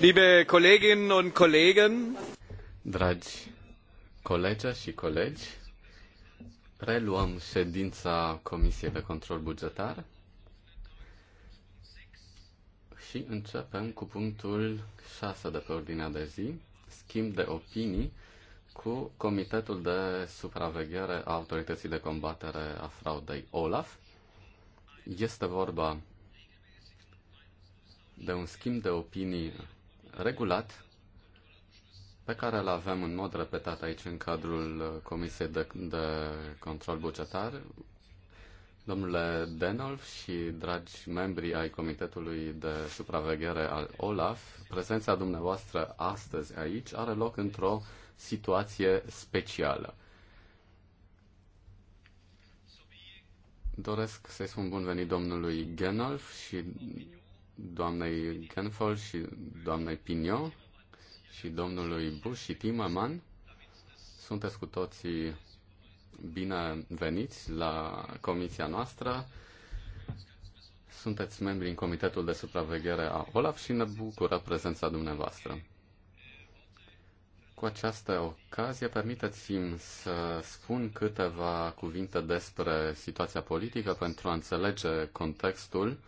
Liebe Kolleginnen und Kollegen, dragi colegi și colegi, reluăm ședința Comisiei de Control Bugetar și începem cu punctul 6 de pe ordinea de zi, schimb de opinii cu Comitetul de Supraveghere a Autorității de Combatere a Fraudei OLAF. Este vorba de un schimb de opinii regulat pe care îl avem în mod repetat aici în cadrul Comisiei de, de Control Bugetar. Domnule Denolf și dragi membri ai Comitetului de Supraveghere al OLAF, prezența dumneavoastră astăzi aici are loc într-o uh, situație specială. Doresc să-i spun bun venit domnului Genolf și doamnei Genfol și doamnei Pignon și domnului Bush și Timerman. Sunteți cu toții bine veniți la comisia noastră. Sunteți membri în Comitetul de Supraveghere a OLAF și ne bucură prezența dumneavoastră. Cu această ocazie, permiteți-mi să spun câteva cuvinte despre situația politică pentru a înțelege contextul.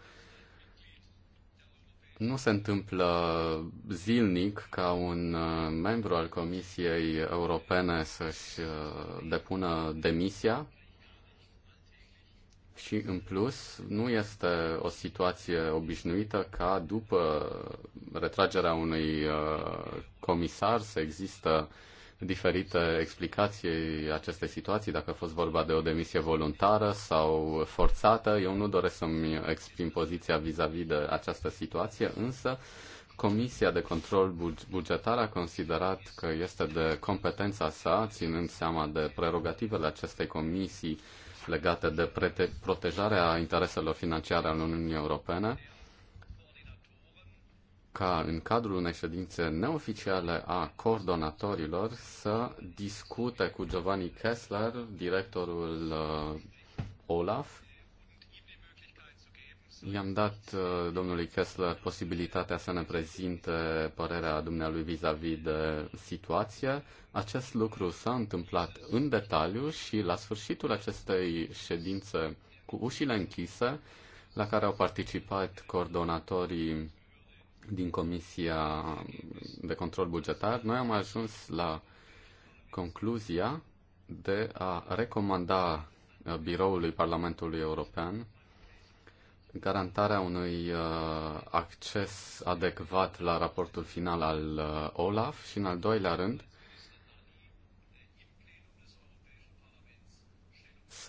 Nu se întâmplă zilnic ca un uh, membru al Comisiei Europene să-și uh, depună demisia și, în plus, nu este o situație obișnuită ca după retragerea unui uh, comisar să există diferite explicații acestei situații, dacă a fost vorba de o demisie voluntară sau forțată. Eu nu doresc să-mi exprim poziția vis-a-vis -vis de această situație, însă Comisia de Control Bugetar a considerat că este de competența sa, ținând seama de prerogativele acestei comisii legate de protejarea intereselor financiare al Uniunii Europene, ca în cadrul unei ședințe neoficiale a coordonatorilor să discute cu Giovanni Kessler, directorul uh, Olaf. I-am dat uh, domnului Kessler posibilitatea să ne prezinte părerea dumnealui vis-a-vis -vis de situație. Acest lucru s-a întâmplat în detaliu și la sfârșitul acestei ședințe cu ușile închise, la care au participat coordonatorii din Comisia de Control Bugetar, noi am ajuns la concluzia de a recomanda uh, biroului Parlamentului European garantarea unui uh, acces adecvat la raportul final al uh, OLAF și, în al doilea rând,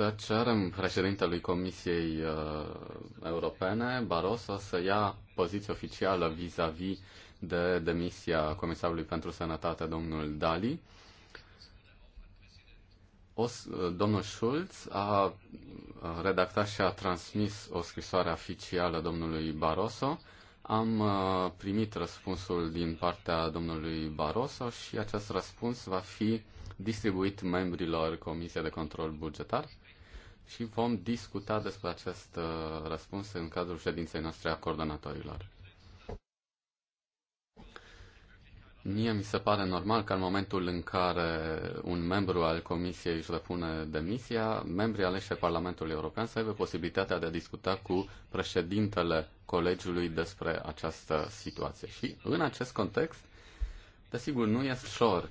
să cerem președintelui Comisiei uh, Europene, Barroso, să ia poziție oficială vis-a-vis -vis de demisia Comisarului pentru Sănătate, domnul Dali. O, uh, domnul Schulz a uh, redactat și a transmis o scrisoare oficială domnului Barroso. Am primit răspunsul din partea domnului Barroso și acest răspuns va fi distribuit membrilor Comisiei de Control Bugetar și vom discuta despre acest uh, răspuns în cadrul ședinței noastre a coordonatorilor. Mie mi se pare normal că în momentul în care un membru al Comisiei își depune demisia, membrii aleși ai Parlamentului European să aibă posibilitatea de a discuta cu președintele colegiului despre această situație. Și în acest context, desigur, nu e ușor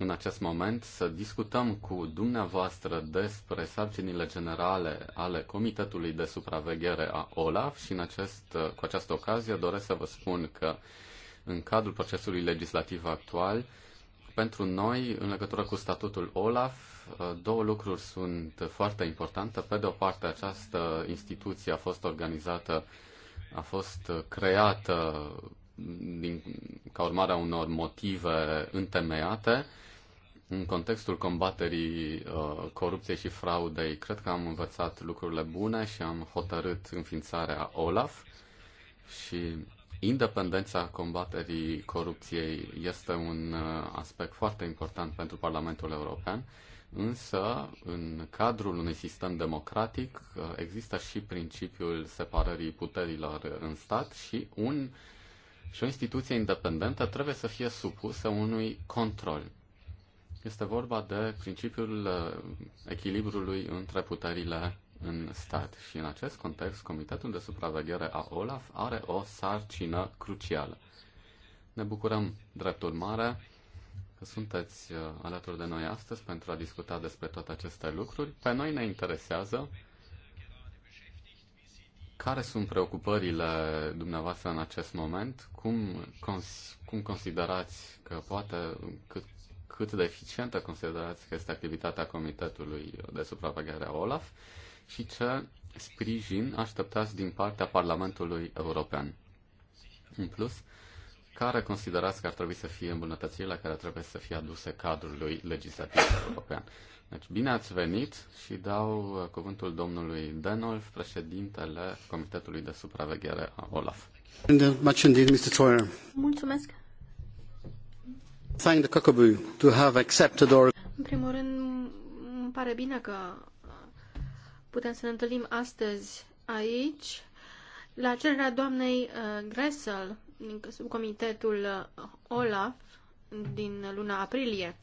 în acest moment să discutăm cu dumneavoastră despre sarcinile generale ale Comitetului de Supraveghere a OLAF și în acest, cu această ocazie doresc să vă spun că în cadrul procesului legislativ actual, pentru noi, în legătură cu statutul OLAF, două lucruri sunt foarte importante. Pe de o parte, această instituție a fost organizată, a fost creată din, ca urmare a unor motive întemeiate în contextul combaterii uh, corupției și fraudei, cred că am învățat lucrurile bune și am hotărât înființarea OLAF și independența combaterii corupției este un uh, aspect foarte important pentru Parlamentul European, însă în cadrul unui sistem democratic uh, există și principiul separării puterilor în stat și un și o instituție independentă trebuie să fie supusă unui control. Este vorba de principiul uh, echilibrului între puterile în stat și în acest context Comitetul de Supraveghere a OLAF are o sarcină crucială. Ne bucurăm drept urmare că sunteți uh, alături de noi astăzi pentru a discuta despre toate aceste lucruri. Pe noi ne interesează care sunt preocupările dumneavoastră în acest moment? Cum, cons- cum considerați că poate, cât, cât de eficientă considerați că este activitatea Comitetului de Supraveghere a OLAF și ce sprijin așteptați din partea Parlamentului European. În plus, care considerați că ar trebui să fie îmbunătățirile care trebuie să fie aduse cadrului legislativ european? Deci, bine ați venit și dau uh, cuvântul domnului Denolf, președintele Comitetului de Supraveghere a OLAF. Mulțumesc în primul rând, îmi pare bine că uh, putem să ne întâlnim astăzi aici la cererea doamnei uh, Gressel din subcomitetul uh, OLAF din luna aprilie.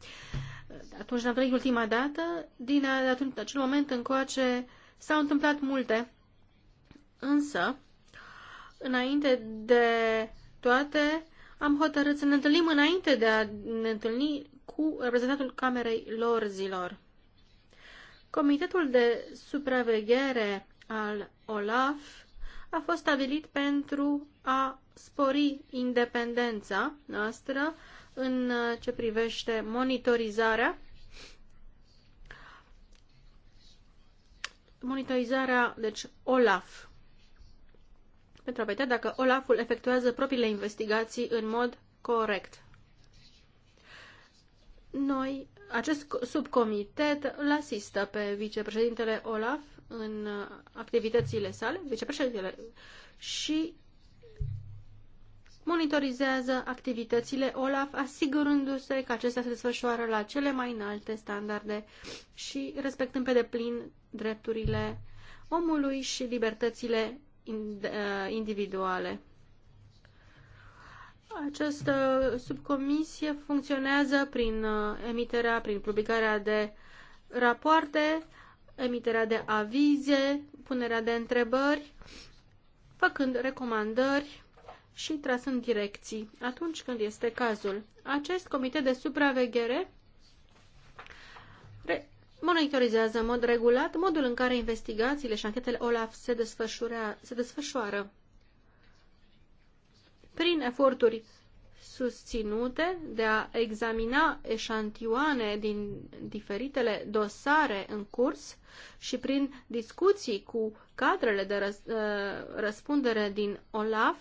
Atunci ne-am întâlnit ultima dată, din atunci, acel moment încoace s-au întâmplat multe, însă, înainte de toate, am hotărât să ne întâlnim înainte de a ne întâlni cu reprezentantul Camerei Lorzilor. Comitetul de supraveghere al OLAF a fost stabilit pentru a spori independența noastră în ce privește monitorizarea monitorizarea, deci OLAF pentru a vedea dacă Olaful efectuează propriile investigații în mod corect. Noi, acest subcomitet îl asistă pe vicepreședintele Olaf în activitățile sale, vicepreședintele, și monitorizează activitățile OLAF, asigurându-se că acestea se desfășoară la cele mai înalte standarde și respectând pe deplin drepturile omului și libertățile Uh, individuale. Această subcomisie funcționează prin uh, emiterea, prin publicarea de rapoarte, emiterea de avize, punerea de întrebări, făcând recomandări și trasând direcții atunci când este cazul. Acest comitet de supraveghere monitorizează în mod regulat modul în care investigațiile și anchetele OLAF se, se desfășoară prin eforturi susținute de a examina eșantioane din diferitele dosare în curs și prin discuții cu cadrele de răs, ă, răspundere din OLAF,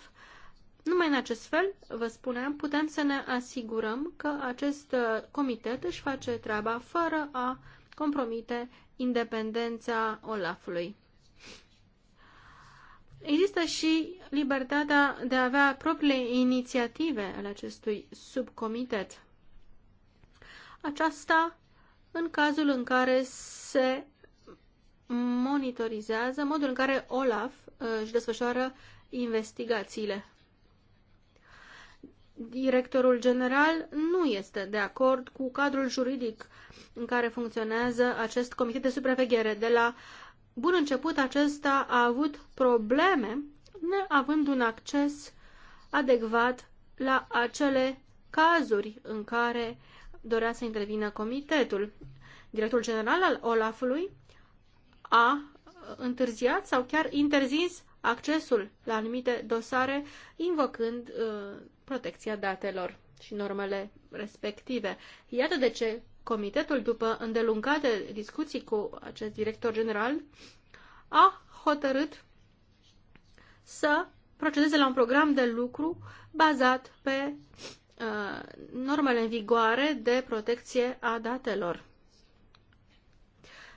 numai în acest fel, vă spuneam, putem să ne asigurăm că acest ă, comitet își face treaba fără a uh, compromite independența Olafului. Există și libertatea de a avea propriile inițiative ale acestui subcomitet. Aceasta în cazul în care se monitorizează modul în care Olaf uh, își desfășoară investigațiile directorul general nu este de acord cu cadrul juridic în care funcționează acest comitet de supraveghere. De la bun început acesta a avut probleme neavând un acces adecvat la acele cazuri în care dorea să intervină comitetul. Directorul general al Olafului a întârziat sau chiar interzis accesul la anumite dosare, invocând uh, protecția datelor și normele respective. Iată de ce comitetul, după îndelungate discuții cu acest director general, a hotărât să procedeze la un program de lucru bazat pe uh, normele în vigoare de protecție a datelor.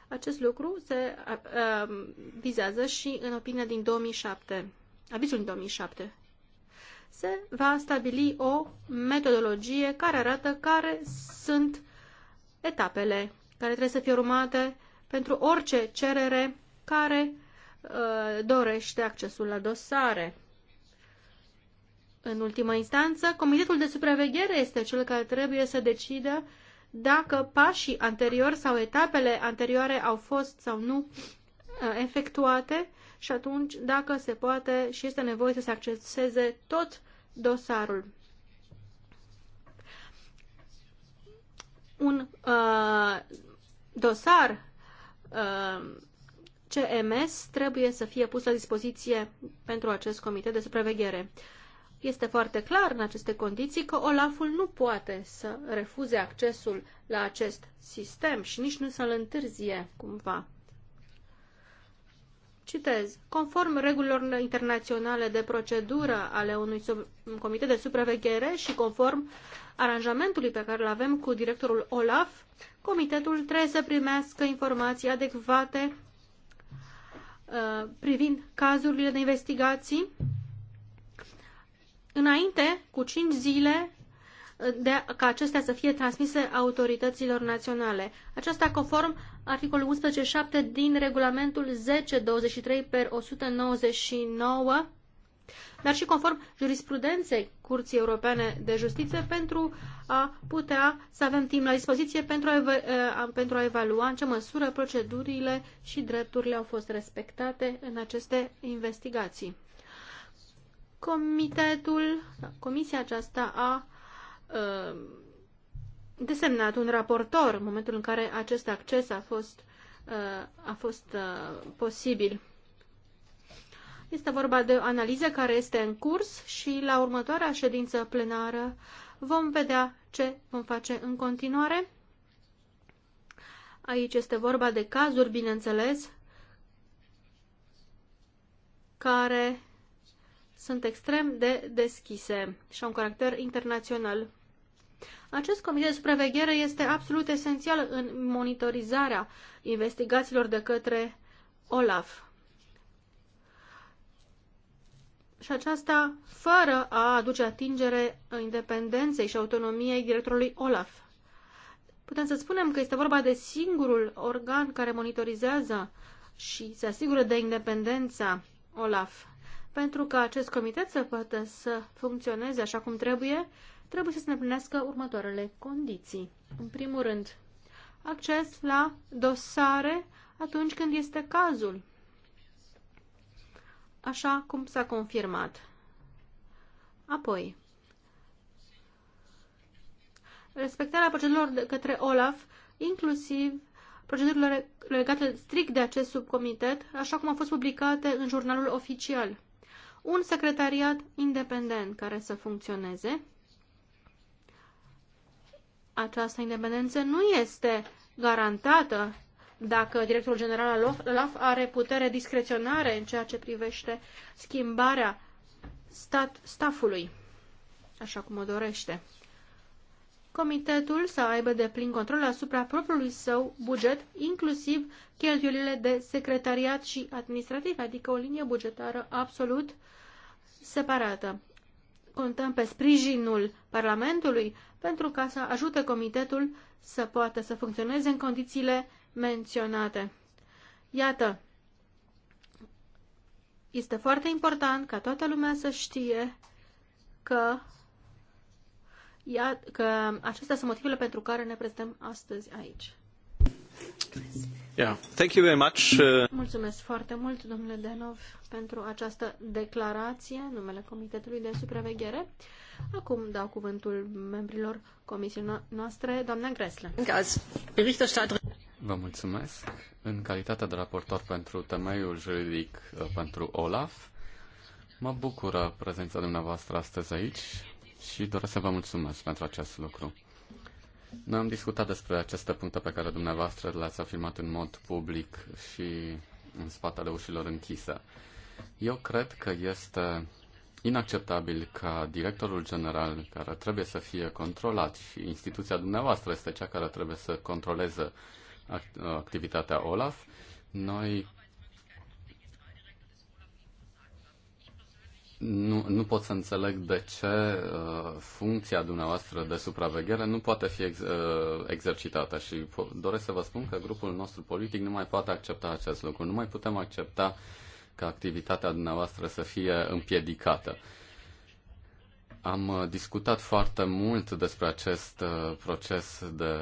Acest lucru se uh, uh vizează și în opinia din 2007, avizul din 2007 se va stabili o metodologie care arată care sunt etapele care trebuie să fie urmate pentru orice cerere care uh, dorește accesul la dosare. În ultima instanță, Comitetul de Supraveghere este cel care trebuie să decidă dacă pașii anteriori sau etapele anterioare au fost sau nu uh, efectuate și atunci dacă se poate și este nevoie să se acceseze tot dosarul. Un uh, dosar uh, CMS trebuie să fie pus la dispoziție pentru acest comitet de supraveghere. Este foarte clar în aceste condiții că Olaful nu poate să refuze accesul la acest sistem și nici nu să-l întârzie cumva. Citez. Conform regulilor internaționale de procedură ale unui comitet de supraveghere și conform aranjamentului pe care îl avem cu directorul OLAF, comitetul trebuie să primească informații adecvate uh, privind cazurile de investigații înainte, cu 5 zile, de, ca acestea să fie transmise autorităților naționale. Aceasta conform articolul 11.7 din regulamentul 1023 per 199, dar și conform jurisprudenței Curții Europene de Justiție pentru a putea să avem timp la dispoziție pentru eh, a, pentru a evalua în ce măsură procedurile și drepturile au fost respectate în aceste investigații. Comitetul, da, comisia aceasta a Uh, desemnat un raportor în momentul în care acest acces a fost, uh, a fost uh, posibil. Este vorba de o analiză care este în curs și la următoarea ședință plenară vom vedea ce vom face în continuare. Aici este vorba de cazuri, bineînțeles, care sunt extrem de deschise și au un caracter internațional. Acest comitet de supraveghere este absolut esențial în monitorizarea investigațiilor de către OLAF. Și aceasta fără a aduce atingere independenței și autonomiei directorului OLAF. Putem să spunem că este vorba de singurul organ care monitorizează și se asigură de independența OLAF. Pentru că acest comitet să poată să funcționeze așa cum trebuie, trebuie să se îndeplinească următoarele condiții. În primul rând, acces la dosare atunci când este cazul, așa cum s-a confirmat. Apoi, respectarea procedurilor de către OLAF, inclusiv procedurile legate strict de acest subcomitet, așa cum au fost publicate în jurnalul oficial. Un secretariat independent care să funcționeze, această independență nu este garantată dacă directorul general al LAF are putere discreționare în ceea ce privește schimbarea stat, stafului, așa cum o dorește. Comitetul să aibă de plin control asupra propriului său buget, inclusiv cheltuielile de secretariat și administrativ, adică o linie bugetară absolut separată contăm pe sprijinul Parlamentului pentru ca să ajute comitetul să poată să funcționeze în condițiile menționate. Iată, este foarte important ca toată lumea să știe că, ia, că acestea sunt motivele pentru care ne prezentăm astăzi aici. Yeah. Thank you very much. Uh, mulțumesc foarte mult, domnule Denov, pentru această declarație în numele Comitetului de Supraveghere. Acum dau cuvântul membrilor comisiei noastre, doamna Gresle. Vă mulțumesc. În calitate de raportor pentru temeiul juridic uh, pentru OLAF, mă bucură prezența dumneavoastră astăzi aici și doresc să vă mulțumesc pentru acest lucru. Noi am discutat despre aceste puncte pe care dumneavoastră le-ați afirmat în mod public și în spatele ușilor închise. Eu cred că este inacceptabil ca directorul general, care trebuie să fie controlat și instituția dumneavoastră este cea care trebuie să controleze activitatea OLAF, noi nu, nu pot să înțeleg de ce uh, funcția dumneavoastră de supraveghere nu poate fi ex, uh, exercitată și doresc să vă spun că grupul nostru politic nu mai poate accepta acest lucru. Nu mai putem accepta ca activitatea dumneavoastră să fie împiedicată. Am uh, discutat foarte mult despre acest uh, proces de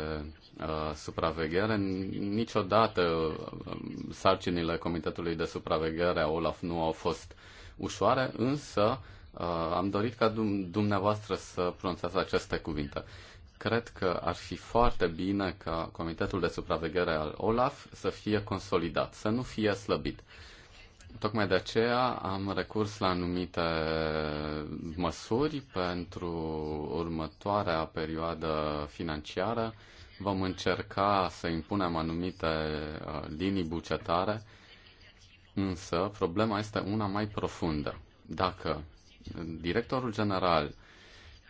uh, supraveghere. Niciodată uh, sarcinile Comitetului de Supraveghere a OLAF nu au fost uh, ușoare, însă uh, am dorit ca dumneavoastră să pronunțați aceste cuvinte. Cred că ar fi foarte bine ca Comitetul de Supraveghere al OLAF să fie consolidat, să nu fie slăbit. Tocmai de aceea am recurs la anumite măsuri pentru următoarea perioadă financiară. Vom încerca să impunem anumite uh, linii bugetare Însă, problema este una mai profundă. Dacă directorul general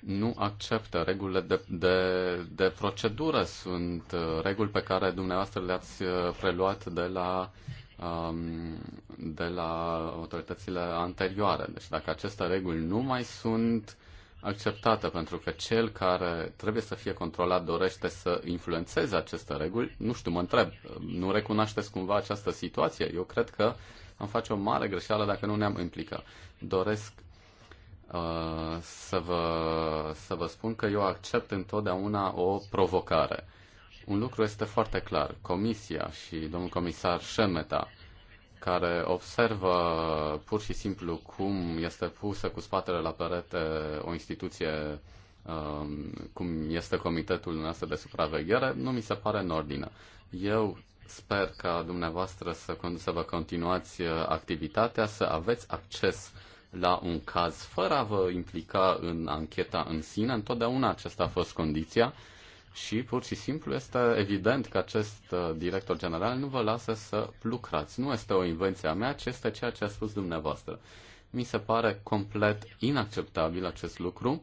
nu acceptă regulile de, de, de procedură, sunt uh, reguli pe care dumneavoastră le-ați uh, preluat de la, um, de la autoritățile anterioare. Deci dacă aceste reguli nu mai sunt acceptată, pentru că cel care trebuie să fie controlat dorește să influențeze aceste reguli. Nu știu, mă întreb, nu recunoașteți cumva această situație? Eu cred că am face o mare greșeală dacă nu ne-am implicat. Doresc uh, să, vă, să vă spun că eu accept întotdeauna o provocare. Un lucru este foarte clar. Comisia și domnul comisar Șemeta care observă pur și simplu cum este pusă cu spatele la perete o instituție um, cum este comitetul nostru de supraveghere, nu mi se pare în ordine. Eu sper ca dumneavoastră să, să vă continuați uh, activitatea, să aveți acces la un caz fără a vă implica în ancheta în sine. Întotdeauna aceasta a fost condiția și pur și simplu este evident că acest uh, director general nu vă lasă să lucrați. Nu este o invenție a mea, ci este ceea ce a spus dumneavoastră. Mi se pare complet inacceptabil acest lucru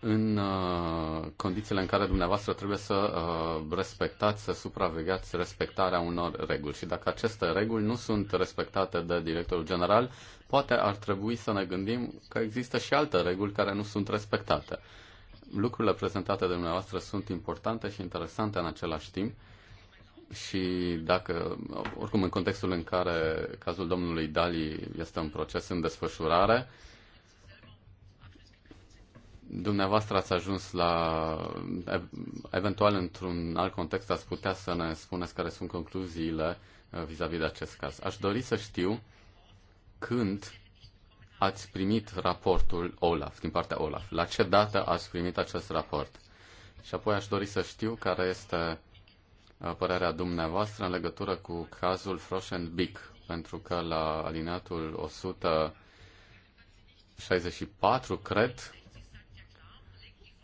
în uh, condițiile în care dumneavoastră trebuie să uh, respectați, să supravegheați respectarea unor reguli. Și dacă aceste reguli nu sunt respectate de directorul general, poate ar trebui să ne gândim că există și alte reguli care nu sunt respectate lucrurile prezentate de dumneavoastră sunt importante și interesante în același timp și dacă, oricum în contextul în care cazul domnului Dali este un proces în desfășurare, dumneavoastră ați ajuns la, eventual într-un alt context, ați putea să ne spuneți care sunt concluziile uh, vis-a-vis -vis de acest caz. Aș dori să știu când ați primit raportul OLAF, din partea OLAF? La ce dată ați primit acest raport? Și apoi aș dori să știu care este uh, părerea dumneavoastră în legătură cu cazul Froschen Bic, pentru că la alineatul 164, cred,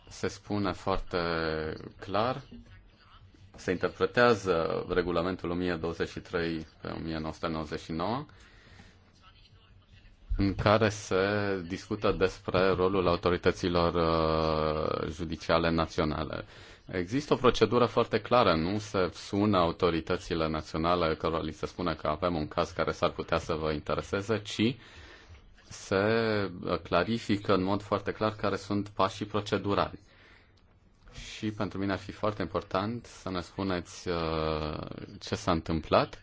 se spune foarte clar, se interpretează regulamentul 1023 pe 1999 în care se discută despre rolul autorităților uh, judiciale naționale. Există o procedură foarte clară, nu se sună autoritățile naționale cărora li se spune că avem un caz care s-ar putea să vă intereseze, ci se uh, clarifică în mod foarte clar care sunt pașii procedurali. Și pentru mine ar fi foarte important să ne spuneți uh, ce s-a întâmplat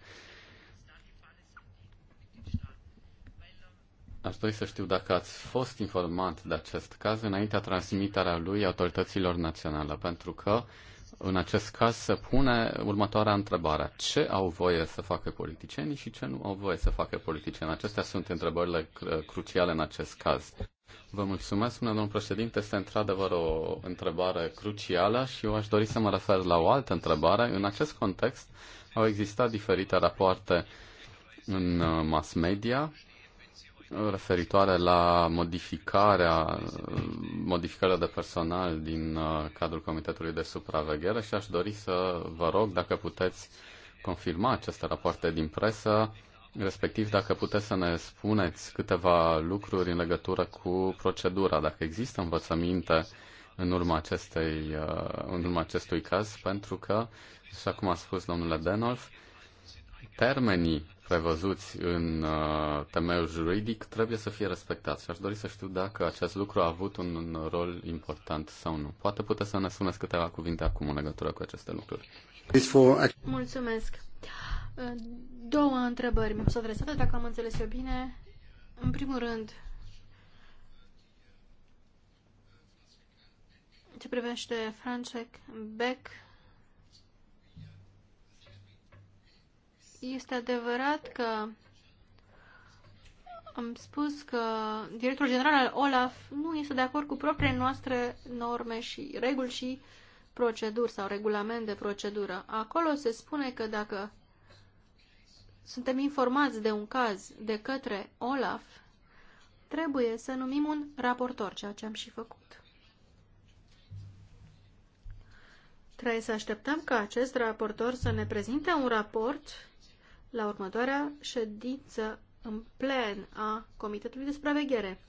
Aș dori să știu dacă ați fost informat de acest caz înaintea transmiterea lui autorităților naționale, pentru că în acest caz se pune următoarea întrebare. Ce au voie să facă politicienii și ce nu au voie să facă politicienii? Acestea sunt întrebările cruciale în acest caz. Vă mulțumesc, spune domnul președinte. Este într-adevăr o întrebare crucială și eu aș dori să mă refer la o altă întrebare. În acest context au existat diferite rapoarte în uh, mass media referitoare la modificarea, modificarea de personal din uh, cadrul Comitetului de Supraveghere și aș dori să vă rog dacă puteți confirma aceste rapoarte din presă, respectiv dacă puteți să ne spuneți câteva lucruri în legătură cu procedura, dacă există învățăminte în urma, acestei, uh, în urma acestui caz, pentru că, așa cum a spus domnule Denolf, termenii prevăzuți în uh, temeiul juridic trebuie să fie respectați. Și aș dori să știu dacă acest lucru a avut un, un rol important sau nu. Poate puteți să ne spuneți câteva cuvinte acum în legătură cu aceste lucruri. Mulțumesc. Uh, două întrebări mi am fost adresate, dacă am înțeles eu bine. În primul rând, ce privește Francek Beck, Este adevărat că am spus că directorul general al OLAF nu este de acord cu propriile noastre norme și reguli și proceduri sau regulament de procedură. Acolo se spune că dacă suntem informați de un caz de către OLAF, trebuie să numim un raportor, ceea ce am și făcut. Trebuie să așteptăm ca acest raportor să ne prezinte un raport la următoarea ședință în plen a Comitetului de Supraveghere.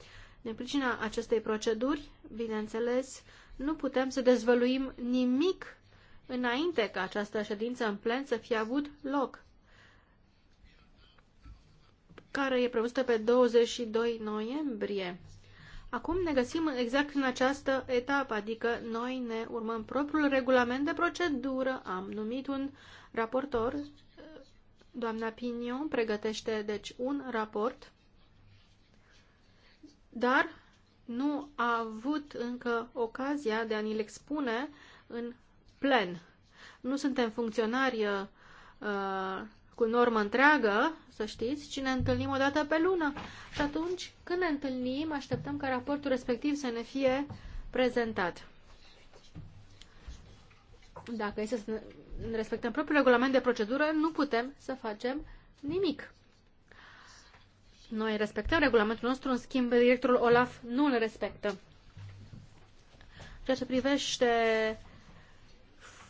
Din pricina acestei proceduri, bineînțeles, nu putem să dezvăluim nimic înainte ca această ședință în plen să fie avut loc, care e prevăzută pe 22 noiembrie. Acum ne găsim exact în această etapă, adică noi ne urmăm propriul regulament de procedură, am numit un raportor Doamna Pignon pregătește, deci, un raport, dar nu a avut încă ocazia de a ni-l expune în plen. Nu suntem funcționari uh, cu normă întreagă, să știți, ci ne întâlnim o dată pe lună. Și atunci, când ne întâlnim, așteptăm ca raportul respectiv să ne fie prezentat. Dacă este să respectăm propriul regulament de procedură, nu putem să facem nimic. Noi respectăm regulamentul nostru, în schimb, directorul Olaf nu îl respectă. Ceea ce privește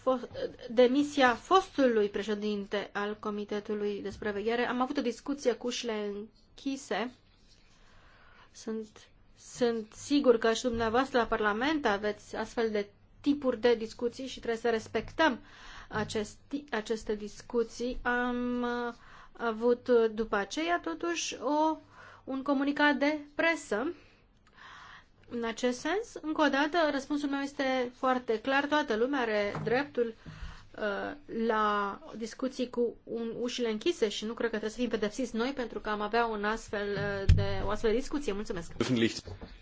fost, demisia fostului președinte al Comitetului de Supraveghere, am avut o discuție cu ușile închise. Sunt, sunt sigur că și dumneavoastră la Parlament aveți astfel de tipuri de discuții și trebuie să respectăm uh, acest, aceste discuții. Am uh, avut după aceea totuși o, un comunicat de presă în acest sens. Încă o dată, răspunsul meu este foarte clar. Toată lumea are dreptul uh, la discuții cu un, ușile închise și nu cred că trebuie să fim pedepsiți noi pentru că am avea un astfel uh, de, o astfel de discuție. Mulțumesc!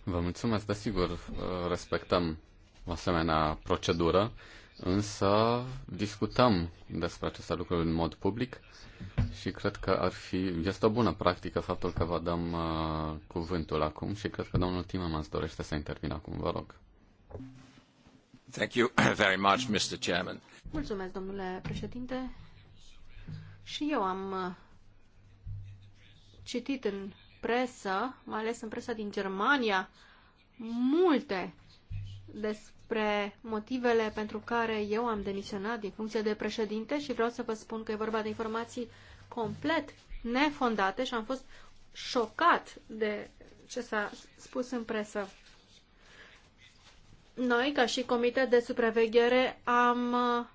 Vă mulțumesc, desigur, respectăm o asemenea procedură însă discutăm despre aceste lucruri în mod public și cred că ar fi, este o bună practică faptul că vă dăm uh, cuvântul acum și cred că domnul Timmermans dorește să intervină acum, vă rog. Thank you very much, Mr. Chairman. Mulțumesc, domnule președinte. Și eu am uh, citit în presă, mai ales în presa din Germania, multe despre despre motivele pentru care eu am demisionat din funcție de președinte și vreau să vă spun că e vorba de informații complet nefondate și am fost șocat de ce s-a spus în presă. Noi, ca și Comitet de Supraveghere, am uh,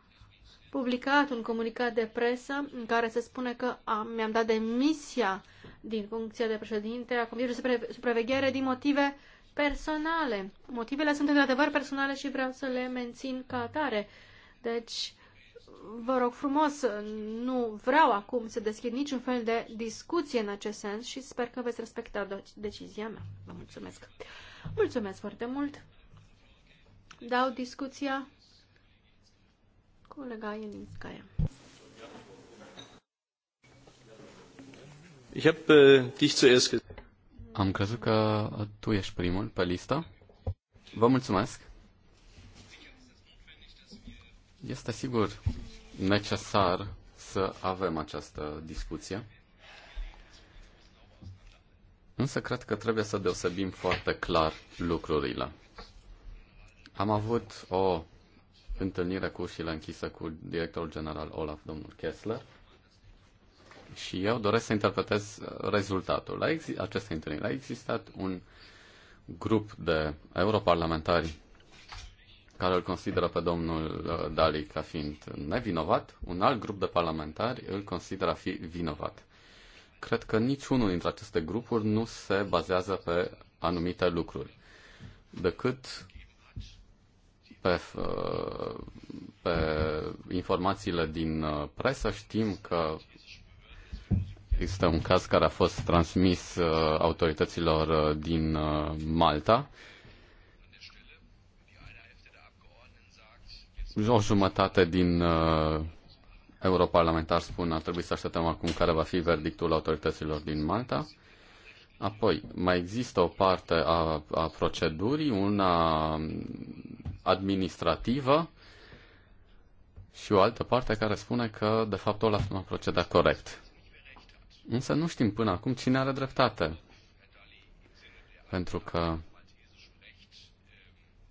publicat un comunicat de presă în care se spune că am, mi-am dat demisia din funcția de președinte a Comitetului de Supraveghere din motive uh, personale. Motivele sunt într-adevăr personale și vreau să le mențin ca atare. Deci, vă rog frumos, nu vreau acum să deschid niciun fel de discuție în acest sens și sper că veți respecta decizia mea. Vă mulțumesc. Mulțumesc foarte mult. Dau discuția colega Ieninskaya. Ich habe äh, dich zuerst am crezut că tu ești primul pe listă. Vă mulțumesc. Este sigur necesar să avem această discuție. Însă cred că trebuie să deosebim foarte clar lucrurile. Am avut o întâlnire cu ușile închisă cu directorul general Olaf, domnul Kessler, și eu doresc să interpretez uh, rezultatul. La ex- acestei întâlniri a existat un grup de europarlamentari care îl consideră pe domnul uh, Dali ca fiind nevinovat, un alt grup de parlamentari îl consideră a fi vinovat. Cred că niciunul dintre aceste grupuri nu se bazează pe anumite lucruri, decât pe, uh, pe informațiile din presă știm că Există un caz care a fost transmis uh, autorităților uh, din uh, Malta. O jumătate din europarlamentar spun ar trebui să așteptăm acum care va fi verdictul autorităților din Malta. Apoi, mai există o parte a, a procedurii, una administrativă și o altă parte care spune că, de fapt, Olaf nu a procedat corect. Însă nu știm până acum cine are dreptate. Pentru că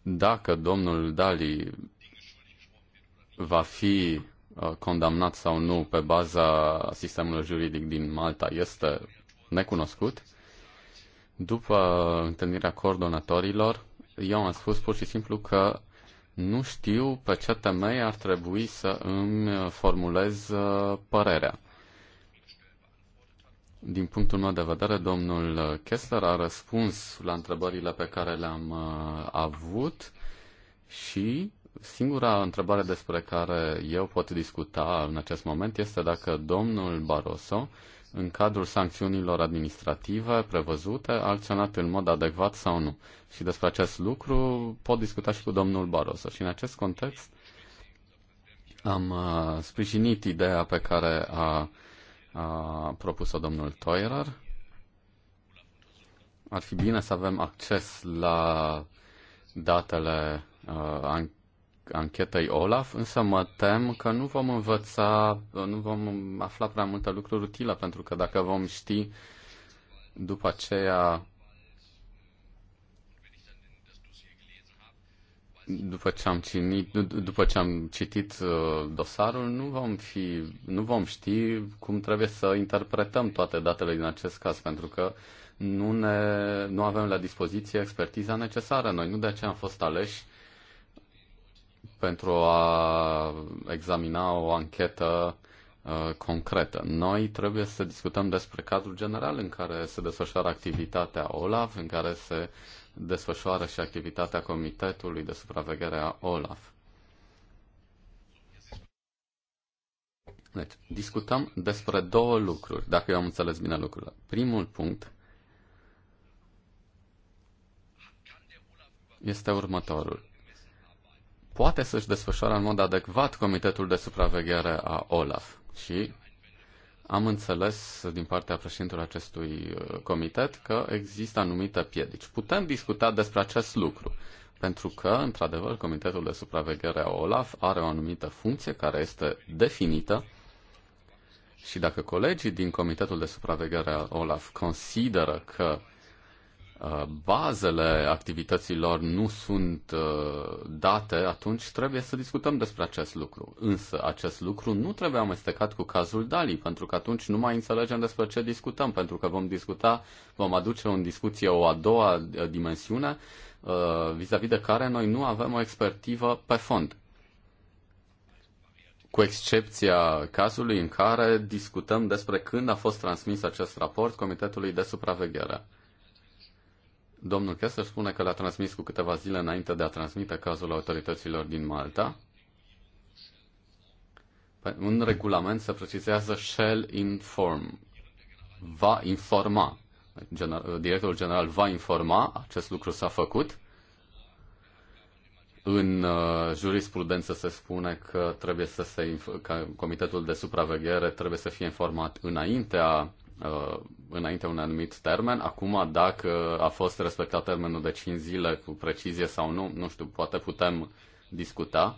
dacă domnul Dali va fi uh, condamnat sau nu pe baza sistemului juridic din Malta este necunoscut. După întâlnirea coordonatorilor, eu am spus pur și simplu că nu știu pe ce temei ar trebui să îmi formulez uh, părerea. Din punctul meu de vedere, domnul Kessler a răspuns la întrebările pe care le-am uh, avut și singura întrebare despre care eu pot discuta în acest moment este dacă domnul Barroso, în cadrul sancțiunilor administrative prevăzute, a acționat în mod adecvat sau nu. Și despre acest lucru pot discuta și cu domnul Barroso. Și în acest context am uh, sprijinit ideea pe care a a propus-o domnul Toirer. Ar fi bine să avem acces la datele uh, anchetei Olaf, însă mă tem că nu vom învăța, nu vom afla prea multe lucruri utile, pentru că dacă vom ști după aceea după ce am, cinit, după ce am citit uh, dosarul, nu vom, fi, nu vom ști cum trebuie să interpretăm toate datele din acest caz, pentru că nu, ne, nu avem la dispoziție expertiza necesară. Noi nu de aceea am fost aleși pentru a examina o anchetă uh, concretă. Noi trebuie să discutăm despre cadrul general în care se desfășoară activitatea OLAF, în care se desfășoară și activitatea Comitetului de Supraveghere a OLAF. Deci, discutăm despre două lucruri, dacă eu am înțeles bine lucrurile. Primul punct este următorul. Poate să-și desfășoare în mod adecvat Comitetul de Supraveghere a OLAF și am înțeles din partea președintelui acestui uh, comitet că există anumite piedici. Putem discuta despre acest lucru, pentru că, într-adevăr, Comitetul de Supraveghere a OLAF are o anumită funcție care este definită și dacă colegii din Comitetul de Supraveghere a OLAF consideră că bazele activităților nu sunt uh, date, atunci trebuie să discutăm despre acest lucru. Însă acest lucru nu trebuie amestecat cu cazul Dali, pentru că atunci nu mai înțelegem despre ce discutăm, pentru că vom discuta, vom aduce în discuție o a doua uh, dimensiune uh, vis-a-vis -vis de care noi nu avem o expertivă pe fond. Cu excepția cazului în care discutăm despre când a fost transmis acest raport Comitetului de Supraveghere. Domnul Kessler spune că l-a transmis cu câteva zile înainte de a transmite cazul autorităților din Malta. Păi, în regulament se precizează shall inform, va informa. General, directorul general va informa, acest lucru s-a făcut. În uh, jurisprudență se spune că trebuie să se, că comitetul de supraveghere trebuie să fie informat înaintea Uh, înainte un anumit termen. Acum, dacă a fost respectat termenul de 5 zile cu precizie sau nu, nu știu, poate putem discuta.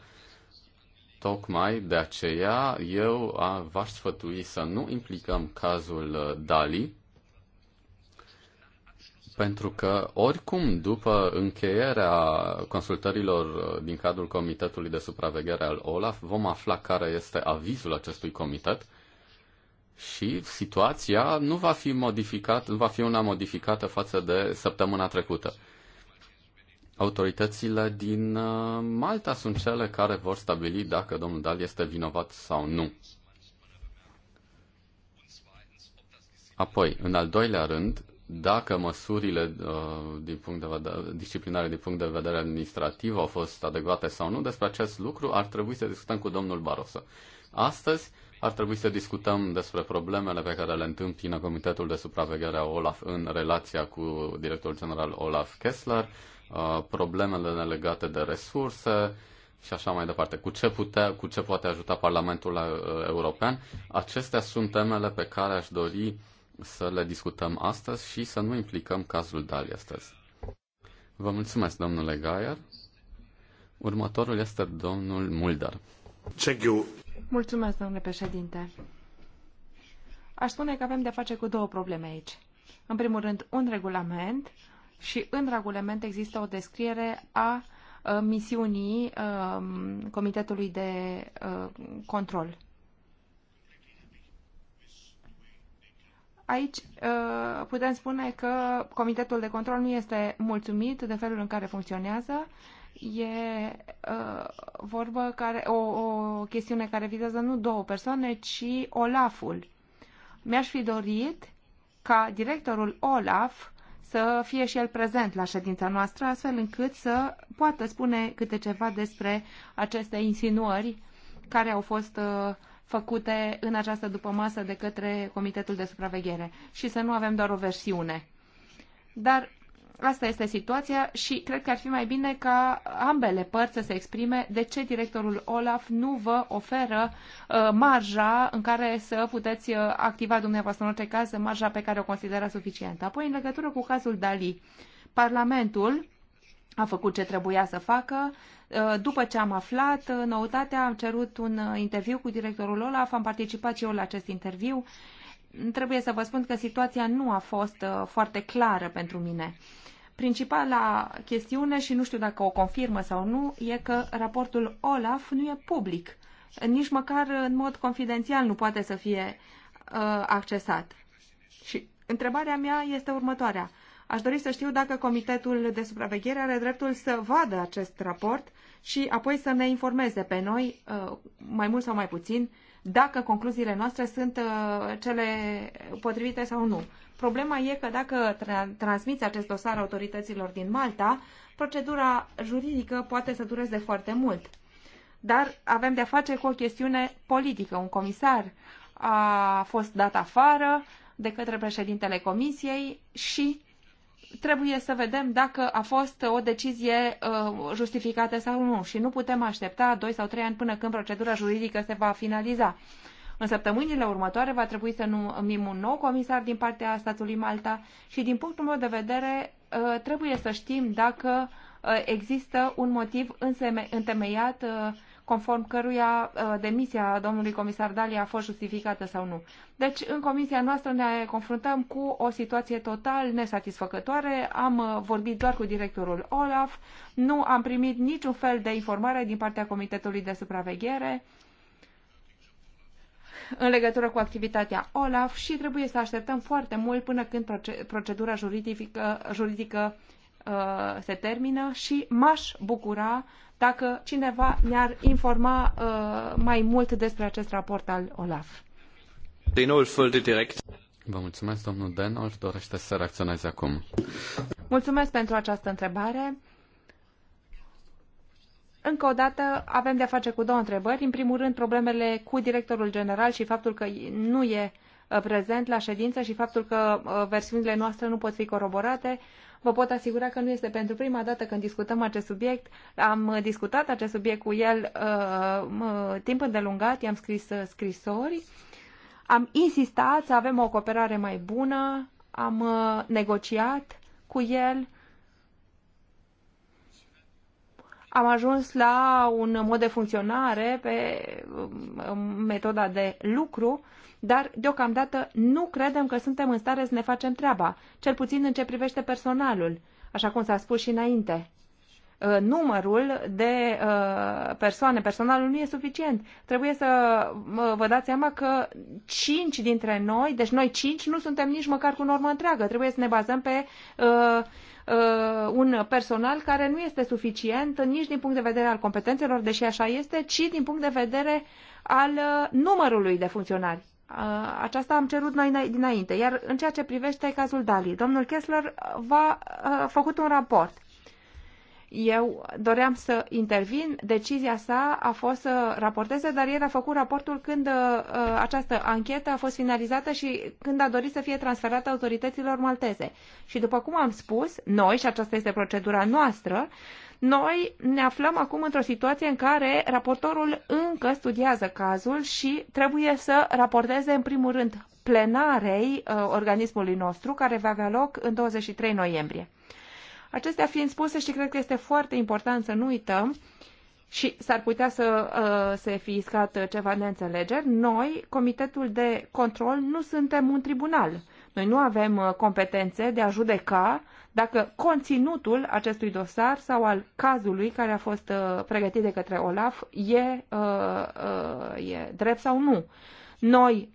Tocmai de aceea eu v-aș sfătui să nu implicăm cazul uh, Dali, pentru că oricum după încheierea consultărilor uh, din cadrul Comitetului de Supraveghere al OLAF vom afla care este avizul acestui comitet și situația nu va fi modificată, nu va fi una modificată față de săptămâna trecută. Autoritățile din uh, Malta sunt cele care vor stabili dacă domnul Dal este vinovat sau nu. Apoi, în al doilea rând, dacă măsurile uh, din punct de vedere, disciplinare din punct de vedere administrativ au fost adecvate sau nu, despre acest lucru ar trebui să discutăm cu domnul Barroso. Astăzi ar trebui să discutăm despre problemele pe care le întâmpină Comitetul de Supraveghere a OLAF în relația cu directorul general OLAF Kessler, uh, problemele legate de resurse și așa mai departe. Cu ce, putea, cu ce poate ajuta Parlamentul uh, European? Acestea sunt temele pe care aș dori să le discutăm astăzi și să nu implicăm cazul Dali astăzi. Vă mulțumesc, domnule Gaier. Următorul este domnul Mulder. Thank you. Mulțumesc, domnule președinte. Aș spune că avem de face cu două probleme aici. În primul rând, un regulament și în regulament există o descriere a misiunii Comitetului de Control. Aici putem spune că Comitetul de Control nu este mulțumit de felul în care funcționează e uh, vorbă care, o, o chestiune care vizează nu două persoane, ci Olaful. Mi-aș fi dorit ca directorul Olaf să fie și el prezent la ședința noastră, astfel încât să poată spune câte ceva despre aceste insinuări care au fost uh, făcute în această dupămasă de către Comitetul de Supraveghere și să nu avem doar o versiune. Dar Asta este situația și cred că ar fi mai bine ca ambele părți să se exprime de ce directorul Olaf nu vă oferă uh, marja în care să puteți uh, activa dumneavoastră în orice caz marja pe care o considera suficientă. Apoi, în legătură cu cazul Dali, Parlamentul a făcut ce trebuia să facă. Uh, după ce am aflat noutatea, am cerut un interviu cu directorul Olaf, am participat și eu la acest interviu trebuie să vă spun că situația nu a fost uh, foarte clară pentru mine. Principala chestiune, și nu știu dacă o confirmă sau nu, e că raportul OLAF nu e public. Nici măcar în mod confidențial nu poate să fie uh, accesat. Și întrebarea mea este următoarea. Aș dori să știu dacă Comitetul de Supraveghere are dreptul să vadă acest raport și apoi să ne informeze pe noi, uh, mai mult sau mai puțin, dacă concluziile noastre sunt uh, cele potrivite sau nu. Problema e că dacă tra- transmiți acest dosar autorităților din Malta, procedura juridică poate să dureze foarte mult. Dar avem de-a face cu o chestiune politică. Un comisar a fost dat afară de către președintele comisiei și trebuie să vedem dacă a fost o decizie uh, justificată sau nu și nu putem aștepta 2 sau 3 ani până când procedura juridică se va finaliza. În săptămânile următoare va trebui să numim un nou comisar din partea statului Malta și din punctul meu de vedere uh, trebuie să știm dacă uh, există un motiv întemeiat conform căruia uh, demisia domnului comisar Dali a fost justificată sau nu. Deci, în comisia noastră ne confruntăm cu o situație total nesatisfăcătoare. Am uh, vorbit doar cu directorul Olaf, nu am primit niciun fel de informare din partea Comitetului de Supraveghere în legătură cu activitatea OLAF și trebuie să așteptăm foarte mult până când procedura juridică, juridică uh, se termină și m-aș bucura dacă cineva ne-ar informa uh, mai mult despre acest raport al OLAF. Din Ulful direct. Vă mulțumesc, domnul Denol, dorește să reacționeze acum. Mulțumesc pentru această întrebare. Încă o dată avem de-a face cu două întrebări. În primul rând, problemele cu directorul general și faptul că nu e uh, prezent la ședință și faptul că uh, versiunile noastre nu pot fi coroborate. Vă pot asigura că nu este pentru prima dată când discutăm acest subiect. Am discutat acest subiect cu el uh, timp îndelungat, i-am scris uh, scrisori. Am insistat să avem o cooperare mai bună, am uh, negociat cu el. Am ajuns la un mod de funcționare pe um, metoda de lucru dar deocamdată nu credem că suntem în stare să ne facem treaba, cel puțin în ce privește personalul, așa cum s-a spus și înainte. Uh, numărul de uh, persoane, personalul nu e suficient. Trebuie să uh, vă dați seama că cinci dintre noi, deci noi cinci, nu suntem nici măcar cu normă întreagă. Trebuie să ne bazăm pe un personal care nu este suficient nici din punct de vedere al competențelor, deși așa este, ci din punct de vedere al numărului de funcționari aceasta am cerut noi dinainte. Iar în ceea ce privește cazul Dali, domnul Kessler va a făcut un raport. Eu doream să intervin, decizia sa a fost să raporteze, dar el a făcut raportul când uh, uh, această anchetă a fost finalizată și când a dorit să fie transferată autorităților malteze. Și după cum am spus, noi, și aceasta este procedura noastră, noi ne aflăm acum într-o situație în care raportorul încă studiază cazul și trebuie să raporteze în primul rând plenarei uh, organismului nostru, care va avea loc în 23 noiembrie. Acestea fiind spuse și cred că este foarte important să nu uităm și s-ar putea să uh, se fi iscat ceva neînțelegeri, noi, Comitetul de Control, nu suntem un tribunal. Noi nu avem uh, competențe de a judeca dacă conținutul acestui dosar sau al cazului care a fost uh, pregătit de către Olaf e, uh, uh, e drept sau nu. Noi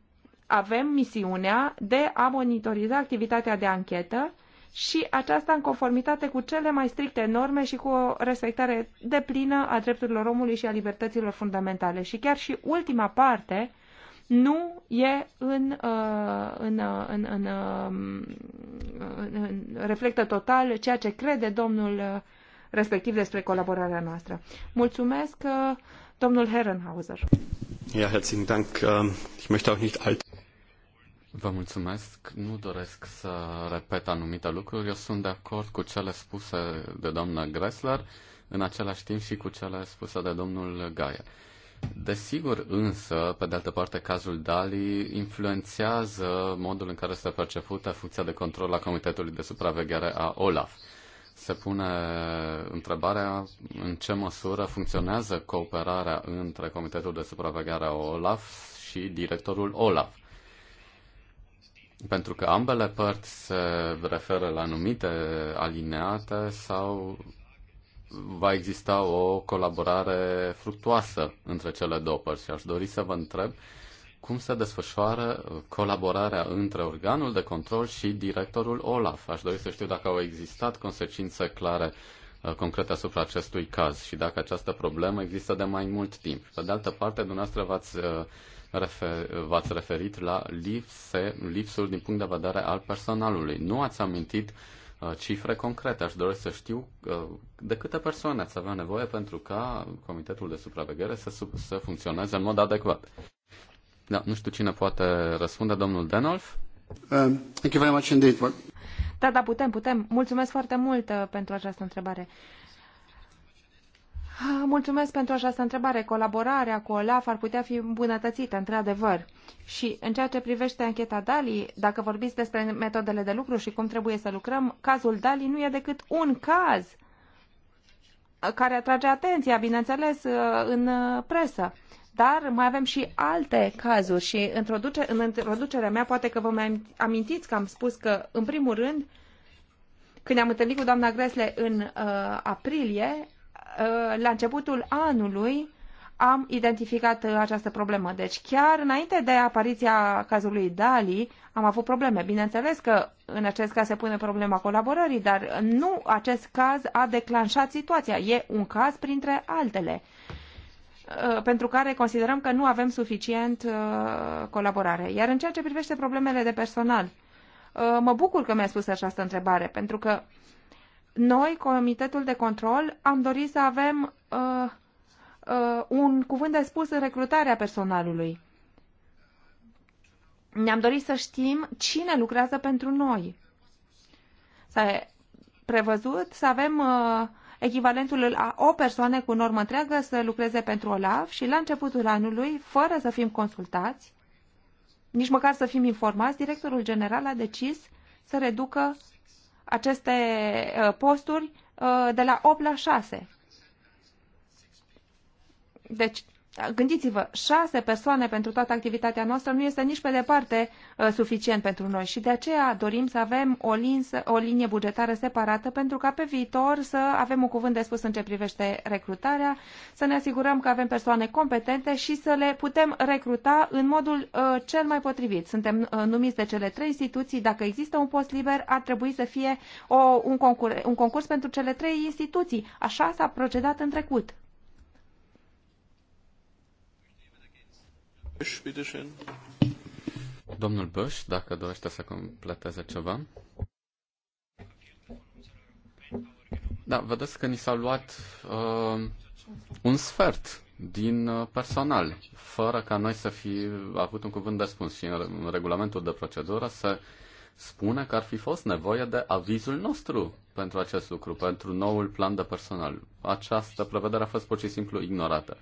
avem misiunea de a monitoriza activitatea de anchetă și aceasta în conformitate cu cele mai stricte norme și cu o respectare deplină a drepturilor omului și a libertăților fundamentale. Și chiar și ultima parte nu e în, uh, uh, în, în, uh, în, în reflectă total ceea ce crede domnul respectiv despre colaborarea noastră. Mulțumesc, domnul Herrenhauser. Ja, herzlichen Dank. Ähm, ich möchte auch nicht alt Vă mulțumesc. Nu doresc să repet anumite lucruri. Eu sunt de acord cu cele spuse de doamna Gressler, în același timp și cu cele spuse de domnul Gaia. Desigur, însă, pe de altă parte, cazul Dali influențează modul în care este percepută funcția de control a Comitetului de Supraveghere a OLAF. Se pune întrebarea în ce măsură funcționează cooperarea între Comitetul de Supraveghere a OLAF și directorul OLAF pentru că ambele părți se referă la anumite alineate sau va exista o colaborare fructuoasă între cele două părți și aș dori să vă întreb cum se desfășoară colaborarea între organul de control și directorul OLAF. Aș dori să știu dacă au existat consecințe clare uh, concrete asupra acestui caz și dacă această problemă există de mai mult timp. Pe de altă parte, dumneavoastră v-ați uh, refer, v-ați referit la lipse, lipsul din punct de vedere al personalului. Nu ați amintit uh, cifre concrete. Aș dori să știu uh, de câte persoane ați avea nevoie pentru ca Comitetul de Supraveghere să, sub, să funcționeze în mod adecvat. Da, nu știu cine poate răspunde, domnul Denolf. Um, thank you very much indeed. Da, da, putem, putem. Mulțumesc foarte mult uh, pentru această întrebare. Uh, Ah, mulțumesc pentru această întrebare. Colaborarea cu OLAF ar putea fi îmbunătățită, într-adevăr. Și în ceea ce privește ancheta Dali, dacă vorbiți despre metodele de lucru și cum trebuie să lucrăm, cazul Dali nu e decât un caz care atrage atenția, bineînțeles, în presă. Dar mai avem și alte cazuri și introduce, în introducerea mea poate că vă mai amintiți că am spus că, în primul rând, când ne-am întâlnit cu doamna Gresle în uh, aprilie, Uh, la începutul anului am identificat uh, această problemă. Deci chiar înainte de apariția cazului Dali am avut probleme. Bineînțeles că în acest caz se pune problema colaborării, dar nu acest caz a declanșat situația. E un caz printre altele uh, pentru care considerăm că nu avem suficient colaborare. Iar în ceea ce privește problemele de personal, mă bucur că mi-a spus această întrebare, pentru că noi, Comitetul de Control, am dorit să avem uh, uh, un cuvânt de spus în recrutarea personalului. Ne-am dorit să știm cine lucrează pentru noi. S-a prevăzut să avem uh, echivalentul a o persoană cu normă întreagă să lucreze pentru OLAF și la începutul anului, fără să fim consultați, nici măcar să fim informați, directorul general a decis să reducă aceste uh, posturi uh, de la 8 la 6. Deci Gândiți-vă, șase persoane pentru toată activitatea noastră nu este nici pe departe uh, suficient pentru noi și de aceea dorim să avem o, linsă, o linie bugetară separată pentru ca pe viitor să avem un cuvânt de spus în ce privește recrutarea, să ne asigurăm că avem persoane competente și să le putem recruta în modul uh, cel mai potrivit. Suntem uh, numiți de cele trei instituții, dacă există un post liber ar trebui să fie o, un, concurs, un concurs pentru cele trei instituții. Așa s-a procedat în trecut. Domnul Bush, dacă dorește să completeze ceva. Da, vedeți că ni s-a luat uh, un sfert din uh, personal, fără ca noi să fi avut un cuvânt de spus. Și în regulamentul de procedură se spune că ar fi fost nevoie de avizul nostru pentru acest lucru, pentru noul plan de personal. Această prevedere a fost pur și simplu ignorată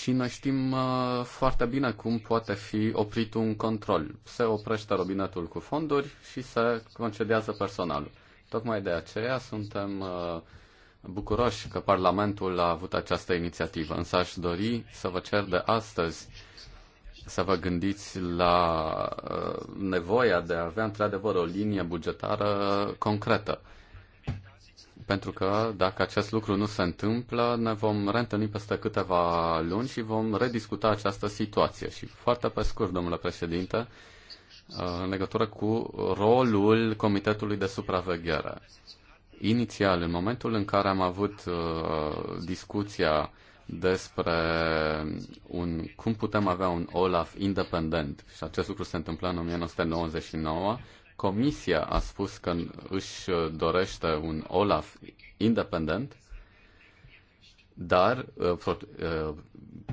și noi știm uh, foarte bine cum poate fi oprit un control. Se oprește robinetul cu fonduri și se concedează personalul. Tocmai de aceea suntem uh, bucuroși că Parlamentul a avut această inițiativă, însă aș dori să vă cer de astăzi să vă gândiți la uh, nevoia de a avea într-adevăr o linie bugetară concretă pentru că dacă acest lucru nu se întâmplă, ne vom reîntâlni peste câteva luni și vom rediscuta această situație. Și foarte pe scurt, domnule președinte, uh, în legătură cu rolul Comitetului de Supraveghere. Inițial, în momentul în care am avut uh, discuția despre un, cum putem avea un Olaf independent, și acest lucru se întâmplă în 1999, Comisia a spus că își dorește un Olaf independent, dar uh, uh,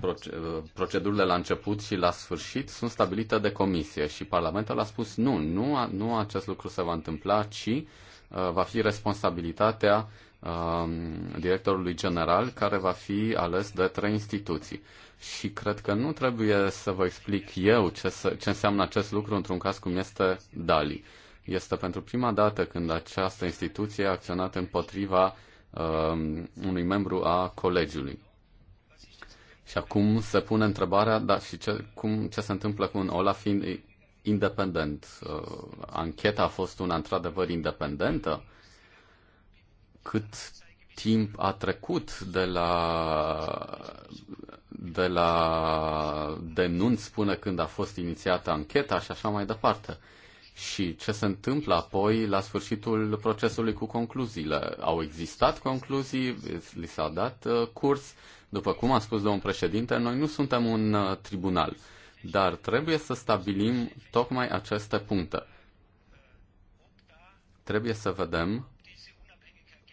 uh, procedurile la început și la sfârșit sunt stabilite de Comisie și Parlamentul a spus nu, nu, nu acest lucru se va întâmpla, ci va fi responsabilitatea um, directorului general care va fi ales de trei instituții. Și cred că nu trebuie să vă explic eu ce, să, ce înseamnă acest lucru într-un caz cum este Dali. Este pentru prima dată când această instituție a acționat împotriva uh, unui membru a colegiului. Și acum se pune întrebarea, dar și ce, cum, ce se întâmplă cu un Olaf independent? Uh, ancheta a fost una într-adevăr independentă? Cât timp a trecut de la, de la denunț până când a fost inițiată ancheta și așa mai departe? Uh, și ce se întâmplă apoi la sfârșitul procesului cu concluziile. Au existat concluzii, li s-a dat uh, curs. După cum a spus domnul președinte, noi nu suntem un uh, tribunal, dar trebuie să stabilim tocmai aceste puncte. Trebuie să vedem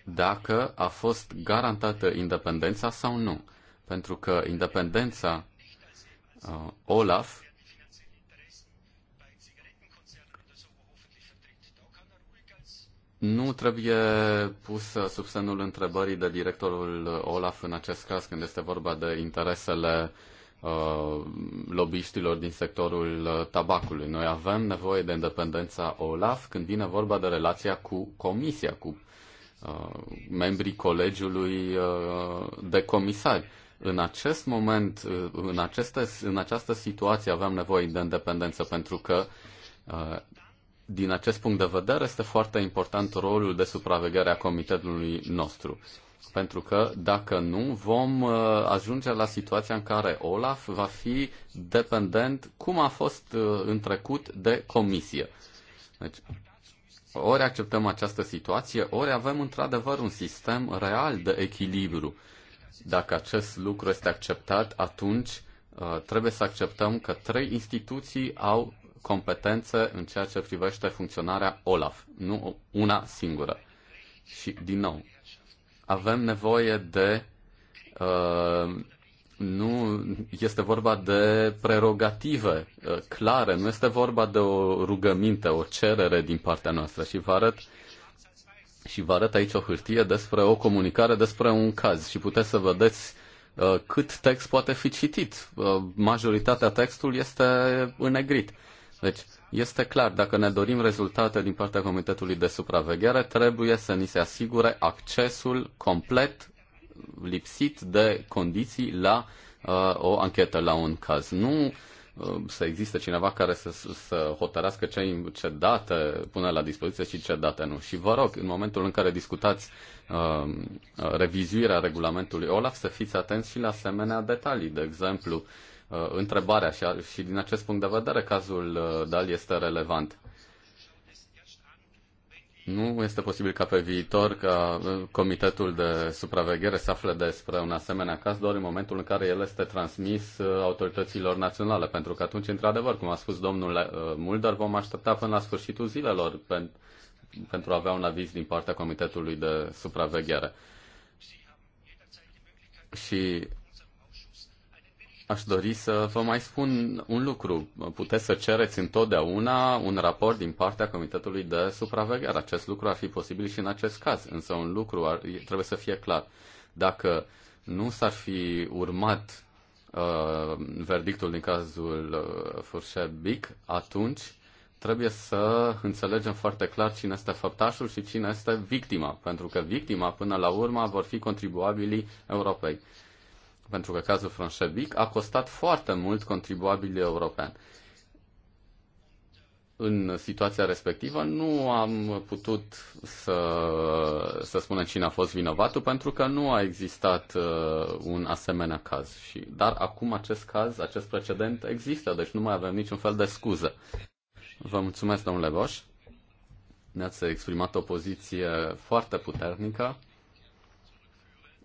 dacă a fost garantată independența sau nu. Pentru că independența uh, Olaf nu trebuie pus sub semnul întrebării de directorul Olaf în acest caz când este vorba de interesele uh, lobbyiștilor din sectorul uh, tabacului. Noi avem nevoie de independența Olaf când vine vorba de relația cu comisia, cu uh, membrii colegiului uh, de comisari. În acest moment, uh, în, aceste, în această situație avem nevoie de independență pentru că uh, din acest punct de vedere, este foarte important rolul de supraveghere a comitetului nostru. Pentru că, dacă nu, vom uh, ajunge la situația în care Olaf va fi dependent, cum a fost uh, în trecut, de comisie. Deci, ori acceptăm această situație, ori avem într-adevăr un sistem real de echilibru. Dacă acest lucru este acceptat, atunci uh, trebuie să acceptăm că trei instituții au competențe în ceea ce privește funcționarea OLAF, nu una singură. Și, din nou, avem nevoie de. Uh, nu este vorba de prerogative uh, clare, nu este vorba de o rugăminte, o cerere din partea noastră. Și vă arăt și vă arăt aici o hârtie despre o comunicare despre un caz și puteți să vedeți uh, cât text poate fi citit. Uh, majoritatea textului este înnegrit. Deci, este clar, dacă ne dorim rezultate din partea Comitetului de Supraveghere, trebuie să ni se asigure accesul complet lipsit de condiții la uh, o anchetă, la un caz. Nu uh, să existe cineva care să, să hotărească ce, ce date pune la dispoziție și ce date nu. Și vă rog, în momentul în care discutați uh, revizuirea regulamentului OLAF, să fiți atenți și la asemenea detalii. De exemplu, uh, Uh, întrebarea și, și din acest punct de vedere cazul uh, Dal este relevant. Nu este posibil ca pe viitor ca uh, comitetul de supraveghere să afle despre un asemenea caz doar în momentul în care el este transmis autorităților naționale, pentru că atunci, într-adevăr, cum a spus domnul Mulder, vom aștepta până la sfârșitul zilelor pentru a avea un aviz din partea comitetului de supraveghere. Și Aș dori să vă mai spun un lucru. Puteți să cereți întotdeauna un raport din partea Comitetului de Supraveghere. Acest lucru ar fi posibil și în acest caz, însă un lucru ar, trebuie să fie clar. Dacă nu s-ar fi urmat uh, verdictul din cazul uh, Furșe Bic, atunci trebuie să înțelegem foarte clar cine este făptașul și cine este victima, pentru că victima, până la urmă, vor fi contribuabilii Europei pentru că cazul Franșebic a costat foarte mult contribuabilii europeni. În situația respectivă nu am putut să, să spunem cine a fost vinovatul pentru că nu a existat uh, un asemenea caz. Și, dar acum acest caz, acest precedent există, deci nu mai avem niciun fel de scuză. Vă mulțumesc, domnule Boș. Ne-ați exprimat o poziție foarte puternică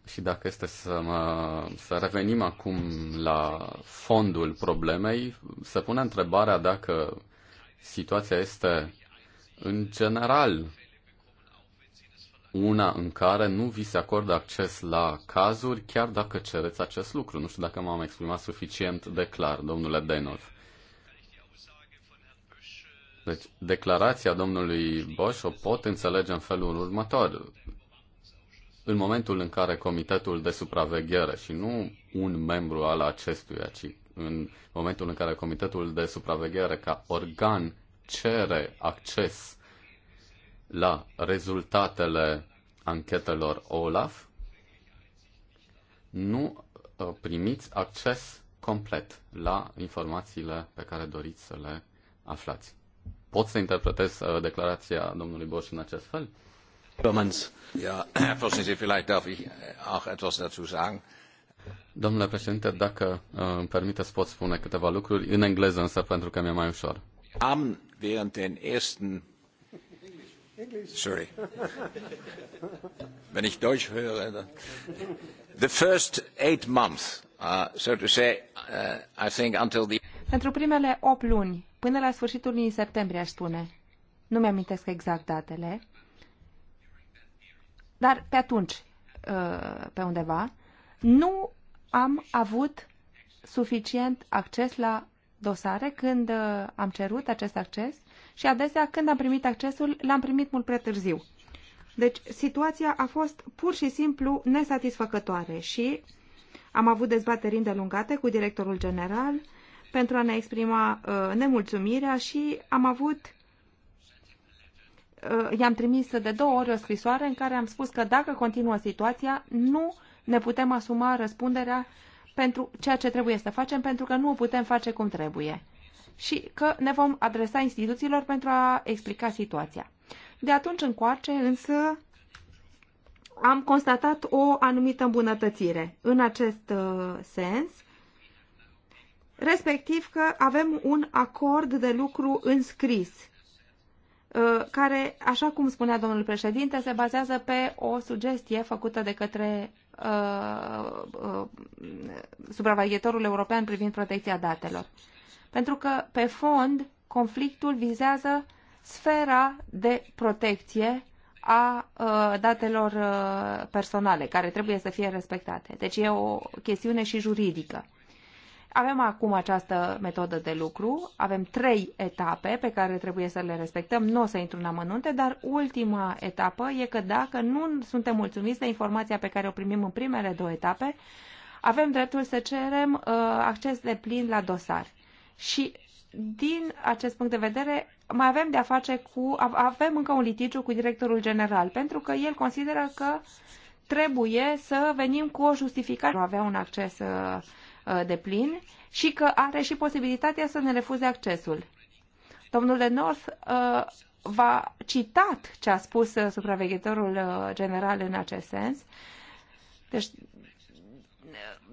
și dacă este să, mă, să revenim acum la fondul problemei, se pune întrebarea dacă situația este în general una în care nu vi se acordă acces la cazuri, chiar dacă cereți acest lucru. Nu știu dacă m-am exprimat suficient de clar, domnule Denov. Deci, declarația domnului Bosch o pot înțelege în felul următor în momentul în care Comitetul de Supraveghere și nu un membru al acestuia, ci în momentul în care Comitetul de Supraveghere ca organ cere acces la rezultatele anchetelor OLAF, nu uh, primiți acces complet la informațiile pe care doriți să le aflați. Pot să interpretez uh, declarația domnului Boș în acest fel? Äh, Domnule președinte, dacă uh, îmi permiteți, pot spune câteva lucruri în engleză, însă pentru că mi-e mai ușor. Am während den ersten Sorry. Wenn ich Deutsch höre, The first eight months, uh, so to say, uh, I think until the... Pentru primele opt luni, până la sfârșitul lunii septembrie, aș spune. Nu mi-amintesc exact datele. Dar pe atunci, uh, pe undeva, nu am avut suficient acces la dosare când uh, am cerut acest acces și adesea când am primit accesul, l-am primit mult prea târziu. Deci situația a fost pur și simplu nesatisfăcătoare și am avut dezbateri îndelungate cu directorul general pentru a ne exprima uh, nemulțumirea și am avut Uh, i-am trimis de două ori o scrisoare în care am spus că dacă continuă situația, nu ne putem asuma răspunderea pentru ceea ce trebuie să facem, pentru că nu o putem face cum trebuie și că ne vom adresa instituțiilor pentru a explica situația. De atunci încoace, însă, am constatat o anumită îmbunătățire în acest uh, sens, respectiv că avem un acord de lucru înscris Uh, care, așa cum spunea domnul președinte, se bazează pe o sugestie făcută de către uh, uh, supraveghetorul european privind protecția datelor. Pentru că, pe fond, conflictul vizează sfera de protecție a uh, datelor uh, personale, care trebuie să fie respectate. Deci e o chestiune și juridică. Avem acum această metodă de lucru, avem trei etape pe care trebuie să le respectăm, nu o să intru în amănunte, dar ultima etapă e că dacă nu suntem mulțumiți de informația pe care o primim în primele două etape, avem dreptul să cerem uh, acces de plin la dosar. Și din acest punct de vedere, mai avem de-a face cu, avem încă un litigiu cu directorul general, pentru că el consideră că trebuie să venim cu o justificare. Nu avea un acces uh, Uh, de plin și că are și posibilitatea să ne refuze accesul. Domnule North uh, va citat ce a spus uh, supraveghetorul general în acest sens. Deci,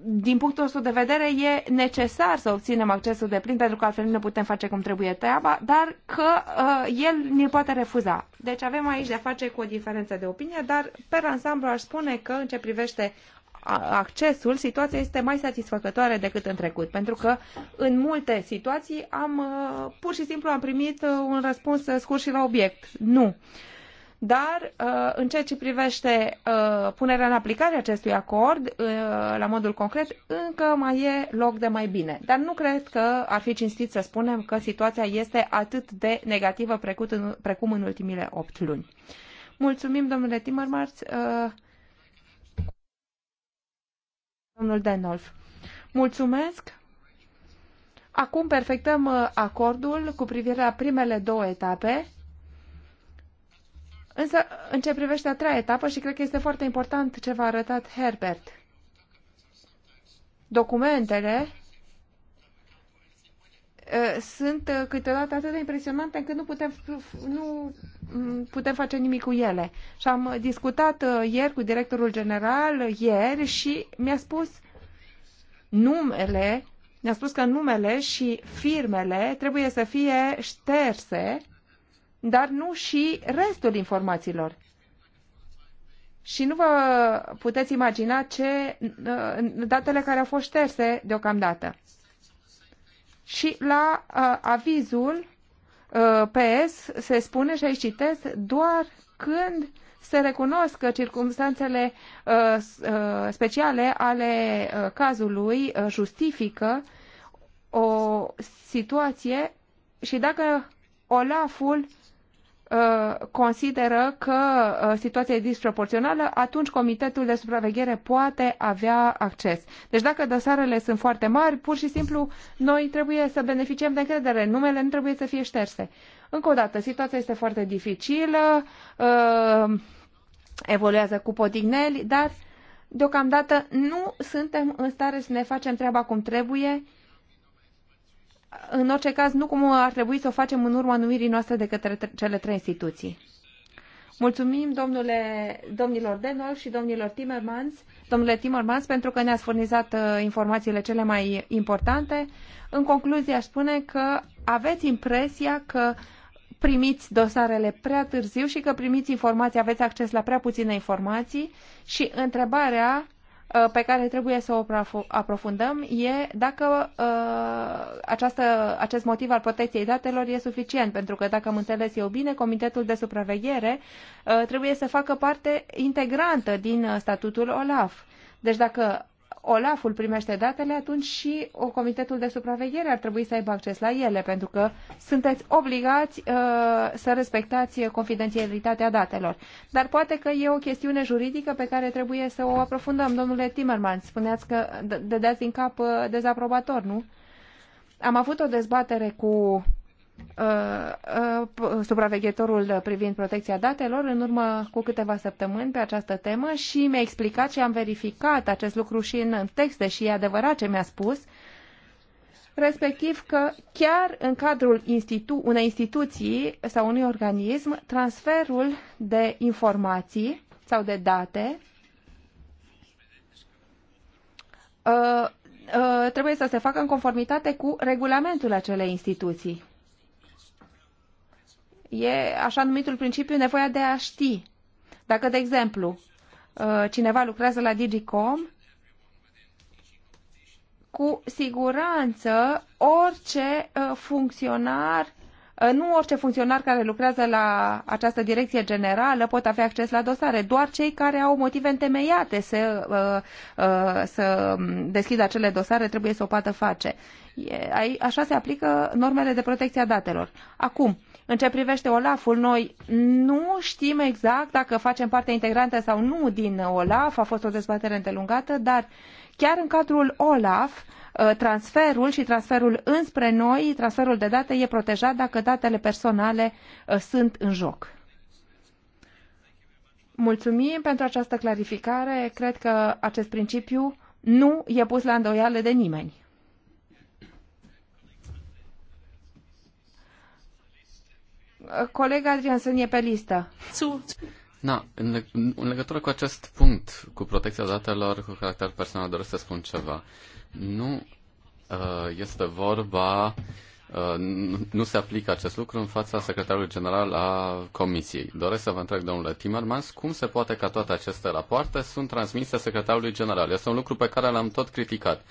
din punctul nostru de vedere, e necesar să obținem accesul de plin, pentru că altfel nu putem face cum trebuie treaba, dar că uh, el ne poate refuza. Deci avem aici de-a face cu o diferență de opinie, dar pe ansamblu aș spune că în ce privește accesul, situația este mai satisfăcătoare decât în trecut, pentru că în multe situații am uh, pur și simplu am primit uh, un răspuns uh, scurt și la obiect. Nu. Dar în ceea ce privește punerea în aplicare acestui acord, la modul concret, încă mai e loc de mai bine. Dar nu cred că ar fi cinstit să spunem că situația este atât de negativă precum în ultimile opt luni. Mulțumim, domnule Timmermans. Domnul Denolf. Mulțumesc! Acum perfectăm uh, acordul cu privire la primele două etape, însă în ce privește a treia etapă și cred că este foarte important ce v-a arătat Herbert. Documentele Eh, sunt eh, câteodată atât de impresionante încât nu putem, nu mm, putem face nimic cu ele. Și am discutat eh, ieri cu directorul general, ieri, și mi-a spus numele, mi-a spus că numele și firmele trebuie să fie șterse, dar nu și restul informațiilor. Și nu vă puteți imagina ce datele care au fost șterse deocamdată. Și la uh, avizul uh, PS se spune, și aici citesc doar când se recunosc circumstanțele uh, uh, speciale ale uh, cazului uh, justifică o situație și dacă Olaful Uh, consideră că uh, situația e disproporțională, atunci Comitetul de Supraveghere poate avea acces. Deci dacă dosarele sunt foarte mari, pur și simplu noi trebuie să beneficiem de încredere. Numele nu trebuie să fie șterse. Încă o dată, situația este foarte dificilă, uh, evoluează cu potigneli, dar deocamdată nu suntem în stare să ne facem treaba cum trebuie în orice caz, nu cum ar trebui să o facem în urma numirii noastre de către cele trei instituții. Mulțumim domnule, domnilor Denol și domnilor Timmermans, domnule Timmermans pentru că ne-ați furnizat uh, informațiile cele mai importante. În concluzie, aș spune că aveți impresia că primiți dosarele prea târziu și că primiți informații, aveți acces la prea puține informații și întrebarea Uh, pe care trebuie să o aprofundăm e dacă uh, această, acest motiv al protecției datelor e suficient, pentru că, dacă am înțeles eu bine, Comitetul de Supraveghere uh, trebuie să facă parte integrantă din statutul OLAF. Deci dacă Olaful primește datele, atunci și o comitetul de supraveghere ar trebui să aibă acces la ele, pentru că sunteți obligați uh, să respectați confidențialitatea datelor. Dar poate că e o chestiune juridică pe care trebuie să o aprofundăm. Domnule Timerman, spuneați că dădeați din cap uh, dezaprobator, nu? Am avut o dezbatere cu Uh, uh, supraveghetorul privind protecția datelor în urmă cu câteva săptămâni pe această temă și mi-a explicat și am verificat acest lucru și în texte și e adevărat ce mi-a spus, respectiv că chiar în cadrul institu- unei instituții sau unui organism, transferul de informații sau de date uh, trebuie să se facă în conformitate cu regulamentul acelei instituții e așa numitul principiu nevoia de a ști. Dacă, de exemplu, uh, cineva lucrează la Digicom, cu siguranță orice uh, funcționar, uh, nu orice funcționar care lucrează la această direcție generală pot avea acces la dosare, doar cei care au motive întemeiate să, să deschidă acele dosare trebuie să o poată face. Așa se aplică normele de protecție a datelor. Acum, în ce privește Olaful, noi nu știm exact dacă facem parte integrantă sau nu din Olaf, a fost o dezbatere îndelungată, dar chiar în cadrul Olaf, ă, transferul și transferul înspre noi, transferul de date e protejat dacă datele personale ă, sunt în joc. Mulțumim pentru această clarificare. Cred că acest principiu nu e pus la îndoială de nimeni. Colega Adrianson e pe listă. Da, în, leg- în legătură cu acest punct, cu protecția datelor cu caracter personal, doresc să spun ceva. Nu uh, este vorba, uh, nu se aplică acest lucru în fața secretarului general a Comisiei. Doresc să vă întreb, domnule Timmermans, cum se poate ca toate aceste rapoarte sunt transmise secretarului general? Este un lucru pe care l-am tot criticat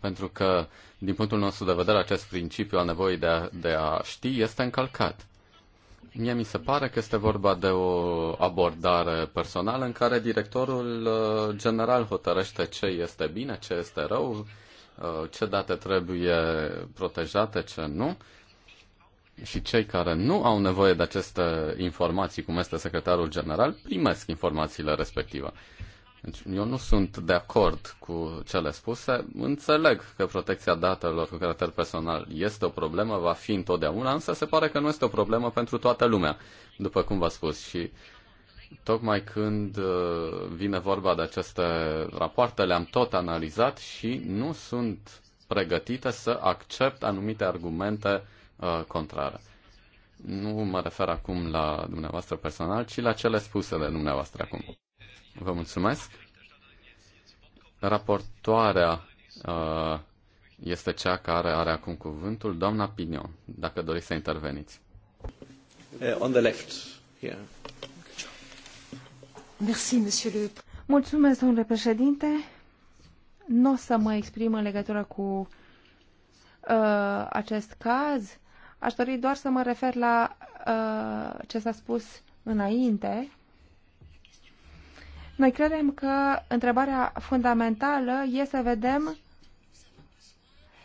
pentru că, din punctul nostru de vedere, acest principiu al nevoii de a, de a ști este încălcat. Mie mi se pare că este vorba de o abordare personală în care directorul uh, general hotărăște ce este bine, ce este rău, uh, ce date trebuie protejate, ce nu. Și cei care nu au nevoie de aceste informații, cum este secretarul general, primesc informațiile respective. Deci, eu nu sunt de acord cu cele spuse. Înțeleg că protecția datelor cu caracter personal este o problemă, va fi întotdeauna, însă se pare că nu este o problemă pentru toată lumea, după cum v-a spus. Și tocmai când uh, vine vorba de aceste rapoarte, le-am tot analizat și nu sunt pregătite să accept anumite argumente uh, contrare. Nu mă refer acum la dumneavoastră personal, ci la cele spuse de dumneavoastră acum. Vă mulțumesc. Raportoarea uh, este cea care are acum cuvântul, doamna Pignon, dacă doriți să interveniți. Uh, on the left, Merci, monsieur le... Mulțumesc, domnule președinte. Nu o să mă exprim în legătură cu uh, acest caz. Aș dori doar să mă refer la uh, ce s-a spus înainte noi credem că întrebarea fundamentală e să vedem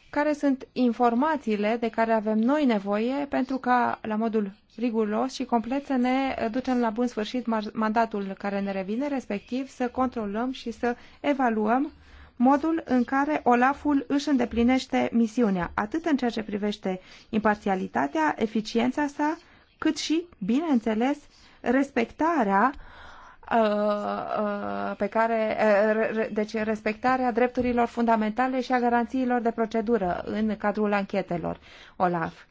care sunt informațiile de care avem noi nevoie pentru ca, la modul riguros și complet, să ne ducem la bun sfârșit mandatul care ne revine, respectiv să controlăm și să evaluăm modul în care Olaful își îndeplinește misiunea, atât în ceea ce privește imparțialitatea, eficiența sa, cât și, bineînțeles, respectarea Uh, uh, pe care, uh, deci respectarea drepturilor fundamentale și a garanțiilor de procedură în cadrul anchetelor OLAF.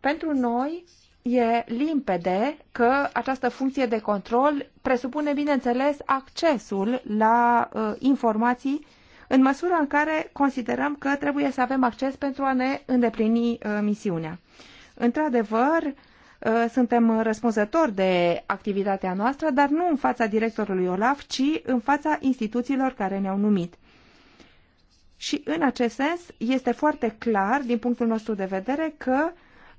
Pentru noi e limpede că această funcție de control presupune, bineînțeles, accesul la informații în măsura în care considerăm că trebuie să avem acces pentru a ne îndeplini misiunea. Într-adevăr, Uh, suntem răspunzători de activitatea noastră, dar nu în fața directorului Olaf, ci în fața instituțiilor care ne-au numit. Și în acest sens este foarte clar, din punctul nostru de vedere, că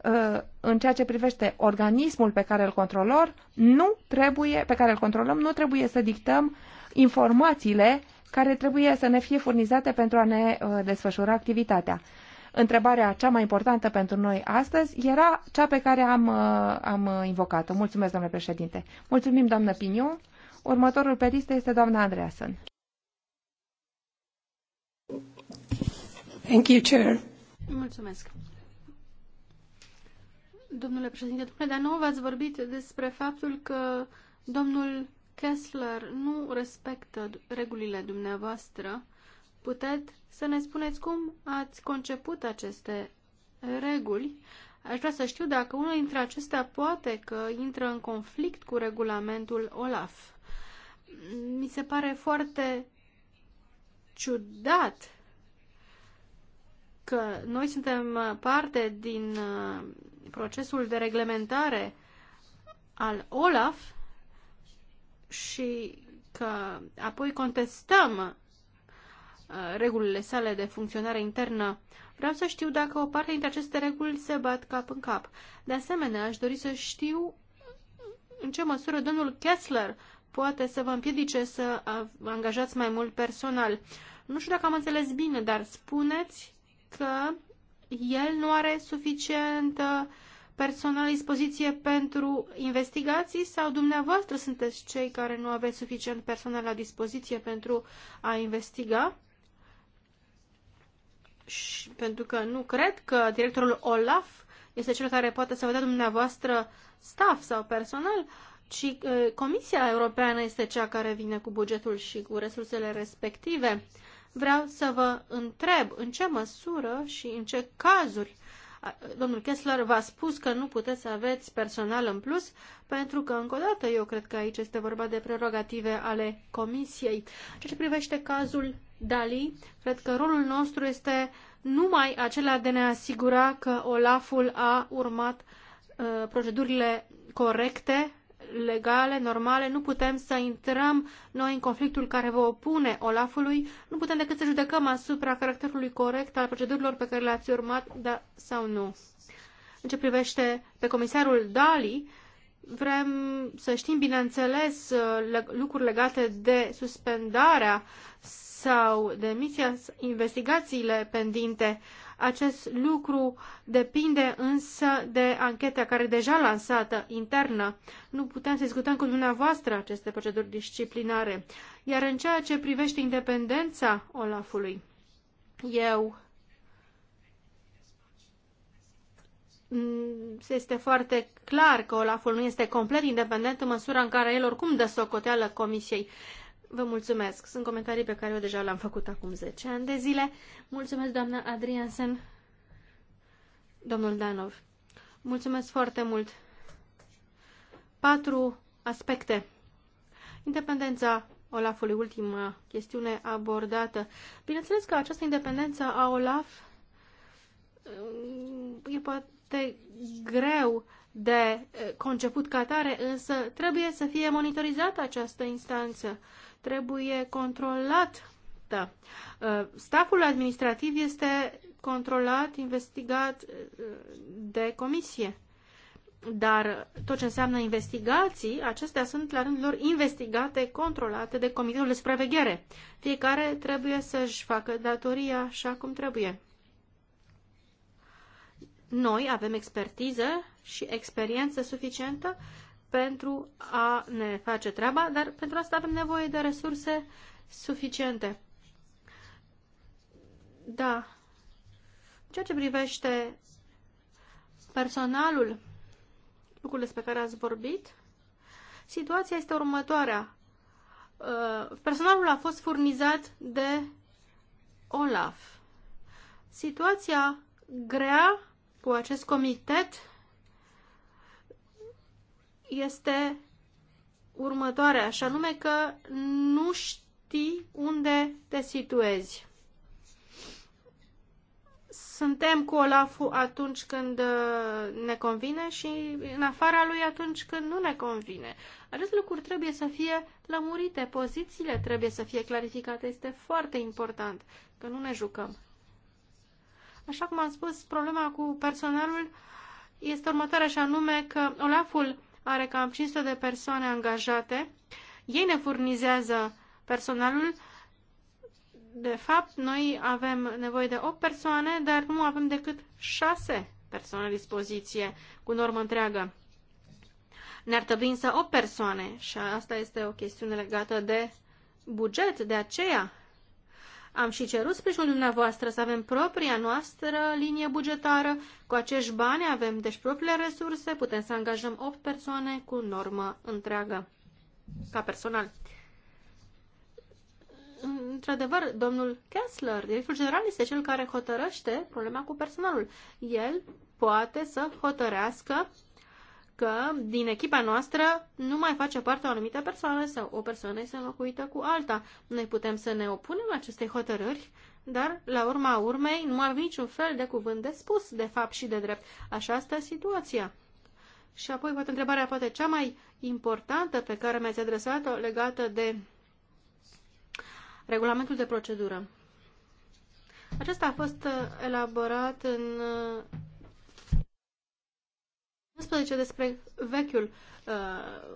uh, în ceea ce privește organismul pe care îl controlăm, nu trebuie, pe care îl controlăm, nu trebuie să dictăm informațiile care trebuie să ne fie furnizate pentru a ne uh, desfășura activitatea întrebarea cea mai importantă pentru noi astăzi era cea pe care am, uh, am invocat-o. Mulțumesc, domnule președinte. Mulțumim, doamnă Piniu. Următorul pe listă este doamna Andreasen. Thank you, Chair. Mulțumesc. Domnule președinte, domnule Danov, ați vorbit despre faptul că domnul Kessler nu respectă regulile dumneavoastră. Puteți să ne spuneți cum ați conceput aceste reguli. Aș vrea să știu dacă unul dintre acestea poate că intră în conflict cu regulamentul OLAF. Mi se pare foarte ciudat că noi suntem parte din uh, procesul de reglementare al OLAF și că apoi contestăm Uh, regulile sale de funcționare internă. Vreau să știu dacă o parte dintre aceste reguli se bat cap în cap. De asemenea, aș dori să știu în ce măsură domnul Kessler poate să vă împiedice să angajați mai mult personal. Nu știu dacă am înțeles bine, dar spuneți că el nu are suficientă personal dispoziție pentru investigații sau dumneavoastră sunteți cei care nu aveți suficient personal la dispoziție pentru a investiga? și pentru că nu cred că directorul Olaf este cel care poate să vă dea dumneavoastră staff sau personal, ci uh, Comisia Europeană este cea care vine cu bugetul și cu resursele respective. Vreau să vă întreb în ce măsură și în ce cazuri uh, domnul Kessler v-a spus că nu puteți să aveți personal în plus, pentru că, încă o dată, eu cred că aici este vorba de prerogative ale Comisiei. Ceea ce privește cazul Dali, cred că rolul nostru este numai acela de a ne asigura că Olaful a urmat uh, procedurile corecte legale, normale, nu putem să intrăm noi în conflictul care vă opune Olafului, nu putem decât să judecăm asupra caracterului corect al procedurilor pe care le-ați urmat, da sau nu. În ce privește pe comisarul Dali, vrem să știm, bineînțeles, lucruri legate de suspendarea sau demisia, investigațiile pendinte uh, acest lucru depinde însă de ancheta care e deja lansată internă. Nu putem să discutăm cu dumneavoastră aceste proceduri disciplinare. Iar în ceea ce privește independența Olafului, eu mm, este foarte clar că Olaful nu este complet independent în măsura în care el oricum dă socoteală comisiei. Vă mulțumesc. Sunt comentarii pe care eu deja le-am făcut acum 10 ani de zile. Mulțumesc, doamna Adriansen. Domnul Danov. Mulțumesc foarte mult. Patru aspecte. Independența Olafului, ultima chestiune abordată. Bineînțeles că această independență a Olaf mm, e poate greu de conceput ca tare, însă trebuie să fie monitorizată această instanță, trebuie controlată. Staful administrativ este controlat, investigat de comisie. Dar tot ce înseamnă investigații, acestea sunt la rândul lor investigate, controlate de Comitetul de Supraveghere. Fiecare trebuie să-și facă datoria așa cum trebuie noi avem expertiză și experiență suficientă pentru a ne face treaba, dar pentru asta avem nevoie de resurse suficiente. Da. Ceea ce privește personalul, lucrul despre care ați vorbit, situația este următoarea. Uh, personalul a fost furnizat de Olaf. Situația grea cu acest comitet este următoarea, așa nume că nu știi unde te situezi. Suntem cu olaf atunci când uh, ne convine și în afara lui atunci când nu ne convine. Aceste lucruri trebuie să fie lămurite, pozițiile trebuie să fie clarificate. Este foarte important că nu ne jucăm Așa cum am spus, problema cu personalul este următoarea și anume că Olaful are cam 500 de persoane angajate, ei ne furnizează personalul, de fapt, noi avem nevoie de 8 persoane, dar nu avem decât 6 persoane la dispoziție cu normă întreagă. Ne-ar trebui însă 8 persoane și asta este o chestiune legată de buget, de aceea am și cerut sprijinul dumneavoastră să avem propria noastră linie bugetară. Cu acești bani avem deci propriile resurse, putem să angajăm 8 persoane cu normă întreagă ca personal. Într-adevăr, domnul Kessler, directorul general, este cel care hotărăște problema cu personalul. El poate să hotărească că din echipa noastră nu mai face parte o anumită persoană sau o persoană este înlocuită cu alta. Noi putem să ne opunem acestei hotărâri, dar, la urma urmei, nu avem niciun fel de cuvânt de spus, de fapt și de drept. Așa stă situația. Și apoi, poate întrebarea poate cea mai importantă pe care mi-ați adresat-o legată de regulamentul de procedură. Acesta a fost uh, elaborat în uh, 11 despre vechiul uh,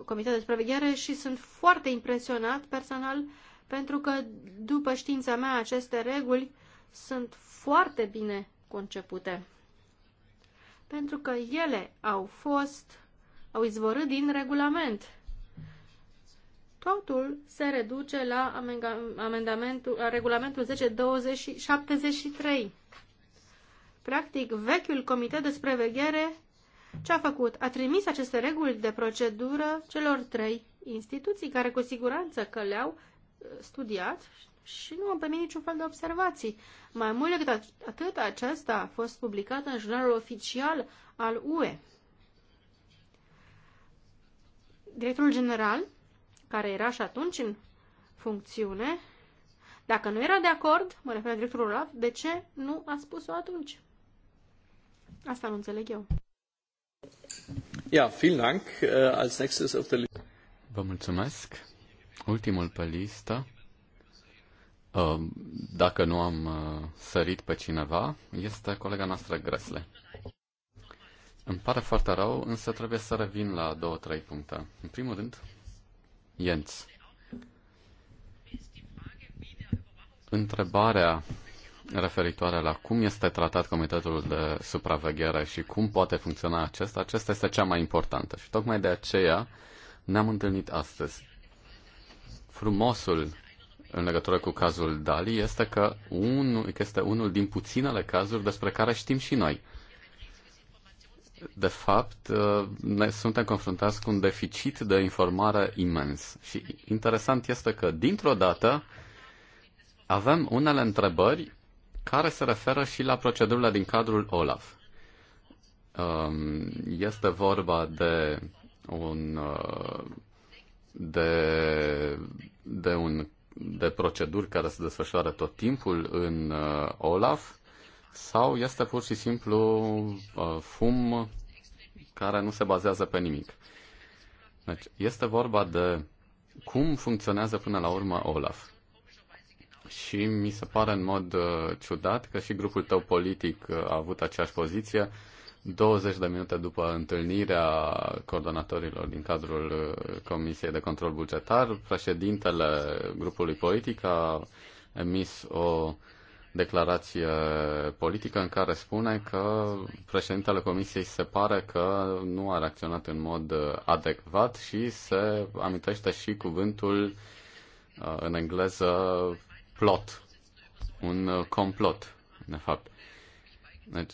comitet de supraveghere și sunt foarte impresionat personal pentru că, după știința mea, aceste reguli sunt foarte bine concepute. Pentru că ele au fost, au izvorât din regulament. Totul se reduce la amendamentul, la regulamentul 10.20.73. Practic, vechiul comitet de supraveghere ce a făcut? A trimis aceste reguli de procedură celor trei instituții care cu siguranță că le-au uh, studiat și nu am primit niciun fel de observații. Mai mult decât atât, aceasta a fost publicată în jurnalul oficial al UE. Directorul general, care era și atunci în funcțiune, dacă nu era de acord, mă refer la directorul Olaf, de ce nu a spus-o atunci? Asta nu înțeleg eu. Ja, vielen Dank. Äh, als nächstes auf der Vă mulțumesc. Ultimul pe listă. Ă, dacă nu am ă, sărit pe cineva, este colega noastră Gresle. Îmi pare foarte rău, însă trebuie să revin la două, trei puncte. În primul rând, Jens. Întrebarea referitoare la cum este tratat Comitetul de Supraveghere și cum poate funcționa acesta, acesta este cea mai importantă. Și tocmai de aceea ne-am întâlnit astăzi. Frumosul în legătură cu cazul Dali este că unul, este unul din puținele cazuri despre care știm și noi. De fapt, ne suntem confruntați cu un deficit de informare imens. Și interesant este că, dintr-o dată, avem unele întrebări care se referă și la procedurile din cadrul OLAF. Um, este vorba de un, uh, de, de un de proceduri care se desfășoară tot timpul în uh, OLAF sau este pur și simplu uh, fum care nu se bazează pe nimic. Deci este vorba de cum funcționează până la urmă OLAF și mi se pare în mod uh, ciudat că și grupul tău politic uh, a avut aceeași poziție 20 de minute după întâlnirea coordonatorilor din cadrul uh, Comisiei de Control Bugetar, președintele grupului politic a emis o declarație politică în care spune că președintele Comisiei se pare că nu a reacționat în mod adecvat și se amintește și cuvântul în engleză plot, un uh, complot, de fapt. Deci,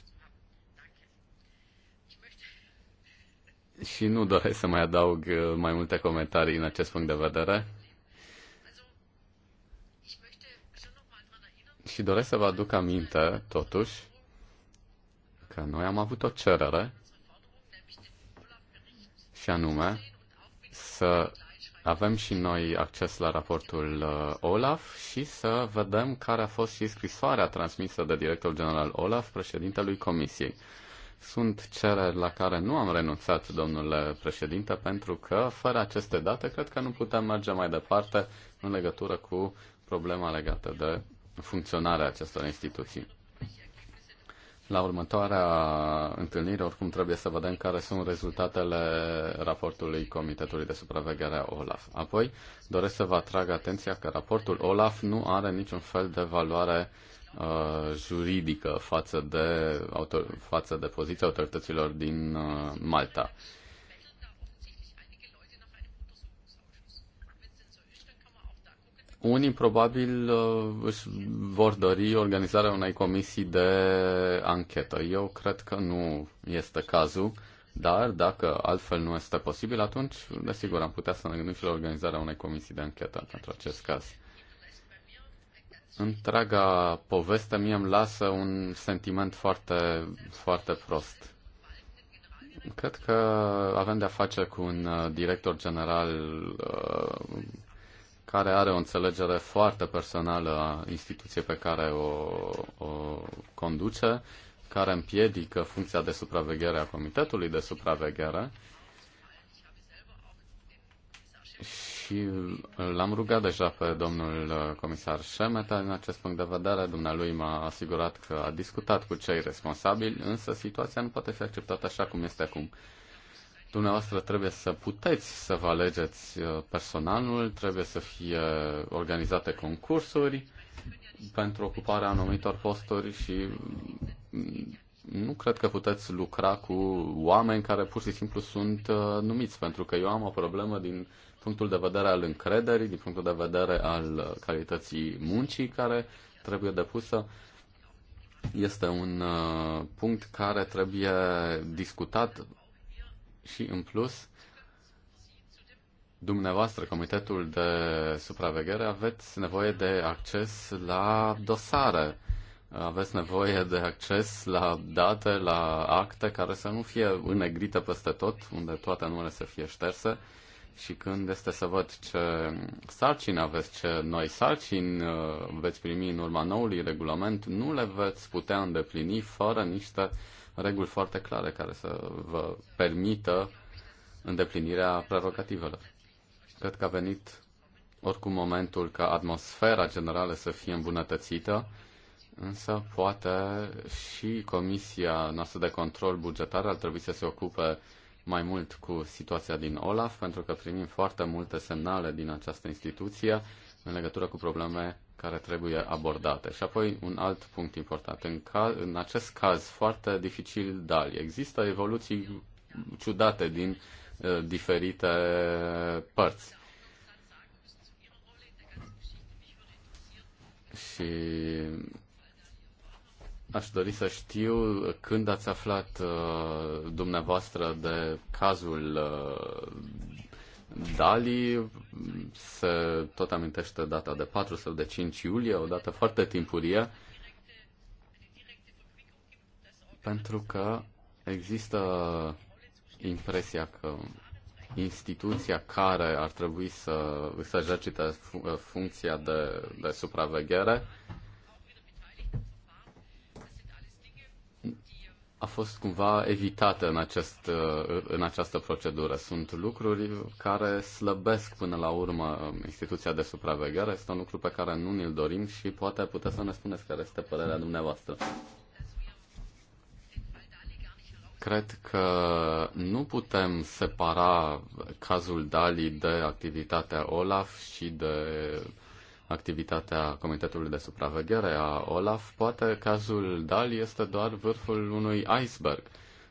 și nu doresc să mai adaug uh, mai multe comentarii în acest punct de vedere. Și doresc să vă aduc aminte, totuși, că noi am avut o cerere și anume să avem și noi acces la raportul uh, Olaf și să vedem care a fost și scrisoarea transmisă de directorul general Olaf președintelui Comisiei. Sunt cereri la care nu am renunțat, domnule președinte, pentru că fără aceste date cred că nu putem merge mai departe în legătură cu problema legată de funcționarea acestor instituții. La următoarea întâlnire, oricum, trebuie să vedem care sunt rezultatele raportului Comitetului de Supraveghere OLAF. Apoi, doresc să vă atrag atenția că raportul OLAF nu are niciun fel de valoare uh, juridică față de, față de poziția autorităților din uh, Malta. Uh, unii probabil uh, își vor dori organizarea unei comisii de anchetă. Eu cred că nu este cazul, dar dacă altfel nu este posibil, atunci, desigur, am putea să ne gândim și la organizarea unei comisii de anchetă pentru acest caz. Întreaga poveste mie îmi lasă un sentiment foarte, foarte prost. Cred că avem de-a face cu un uh, director general uh, care are o înțelegere foarte personală a instituției pe care o, o conduce, care împiedică funcția de supraveghere a Comitetului de Supraveghere. Și l-am rugat deja pe domnul comisar Șemeta în acest punct de vedere. Dumnealui m-a asigurat că a discutat cu cei responsabili, însă situația nu poate fi acceptată așa cum este acum. Dumneavoastră trebuie să puteți să vă alegeți uh, personalul, trebuie să fie organizate concursuri pentru ocuparea anumitor posturi și mm, nu cred că puteți lucra cu oameni care pur și simplu sunt uh, numiți, pentru că eu am o problemă din punctul de vedere al încrederii, din punctul de vedere al uh, calității muncii care trebuie depusă este un punct care trebuie discutat și în plus dumneavoastră, Comitetul de Supraveghere, aveți nevoie de acces la dosare, aveți nevoie de acces la date, la acte care să nu fie înegrite peste tot, unde toate numele să fie șterse. Și când este să văd ce sarcini aveți, ce noi sarcini uh, veți primi în urma noului regulament, nu le veți putea îndeplini fără niște uh, reguli foarte clare care să vă permită îndeplinirea prerogativelor. Cred că a venit oricum momentul ca atmosfera generală să fie îmbunătățită, însă poate și Comisia noastră de control bugetar ar trebui să se ocupe mai mult cu situația din Olaf, pentru că primim foarte multe semnale din această instituție în legătură cu probleme care trebuie abordate. Și apoi un alt punct important. În, ca, în acest caz foarte dificil, dar există evoluții ciudate din uh, diferite părți. Și aș dori să știu când ați aflat uh, dumneavoastră de cazul uh, Dali se tot amintește data de 4 sau de 5 iulie, o dată foarte timpurie, pentru că există impresia că instituția care ar trebui să își exercite funcția de, de supraveghere a fost cumva evitată în, acest, uh, în această procedură. Sunt lucruri care slăbesc până la urmă um, instituția de supraveghere. Este un lucru pe care nu ne l dorim și poate puteți să ne spuneți care este părerea dumneavoastră. Cred că nu putem separa cazul Dali de activitatea Olaf și de uh, activitatea Comitetului de Supraveghere a OLAF, poate cazul DAL este doar vârful unui iceberg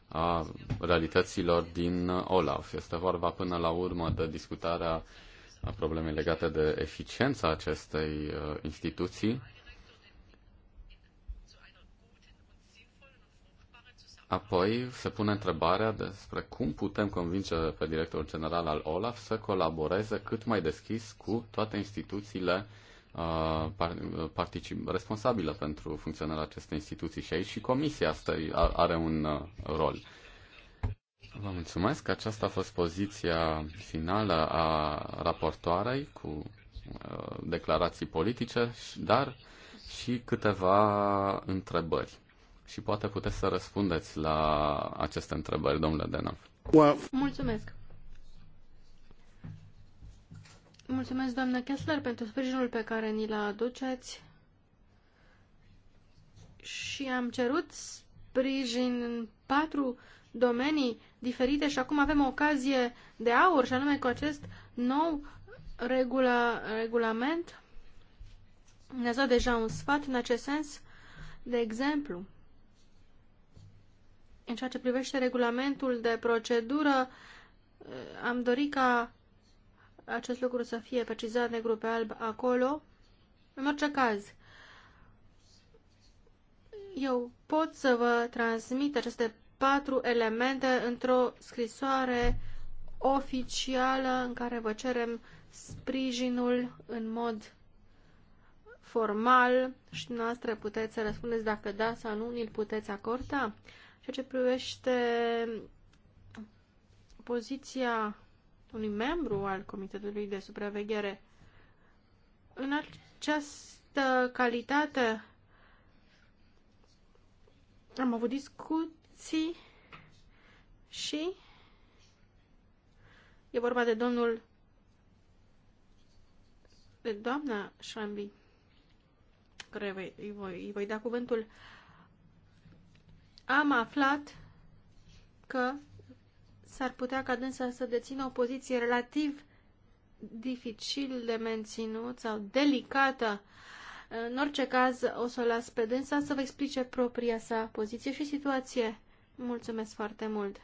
a realităților din OLAF. Este vorba până la urmă de discutarea a problemei legate de eficiența acestei uh, instituții. Apoi se pune întrebarea despre cum putem convinge pe directorul general al OLAF să colaboreze cât mai deschis cu toate instituțiile uh, Uh, particip, responsabilă pentru funcționarea acestei instituții și aici și comisia asta are un uh, rol. Vă mulțumesc. Aceasta a fost poziția finală a raportoarei cu uh, declarații politice, dar și câteva întrebări. Și poate puteți să răspundeți la aceste întrebări, domnule Denov. Mulțumesc. Mulțumesc, doamnă Kessler, pentru sprijinul pe care ni l-a aduceți și am cerut sprijin în patru domenii diferite și acum avem ocazie de aur și anume cu acest nou regula, regulament ne a dat deja un sfat în acest sens, de exemplu, în ceea ce privește regulamentul de procedură, am dorit ca acest lucru să fie precizat negru pe alb acolo. În orice caz, eu pot să vă transmit aceste patru elemente într-o scrisoare oficială în care vă cerem sprijinul în mod formal și noastră puteți să răspundeți dacă da sau nu, îl puteți acorda. Ceea ce privește poziția unui membru al Comitetului de Supraveghere. În această calitate am avut discuții și e vorba de domnul de doamna Șambi care îi voi, îi voi da cuvântul am aflat că s-ar putea ca dânsa să dețină o poziție relativ dificil de menținut sau delicată. În orice caz, o să o las pe dânsa să vă explice propria sa poziție și situație. Mulțumesc foarte mult!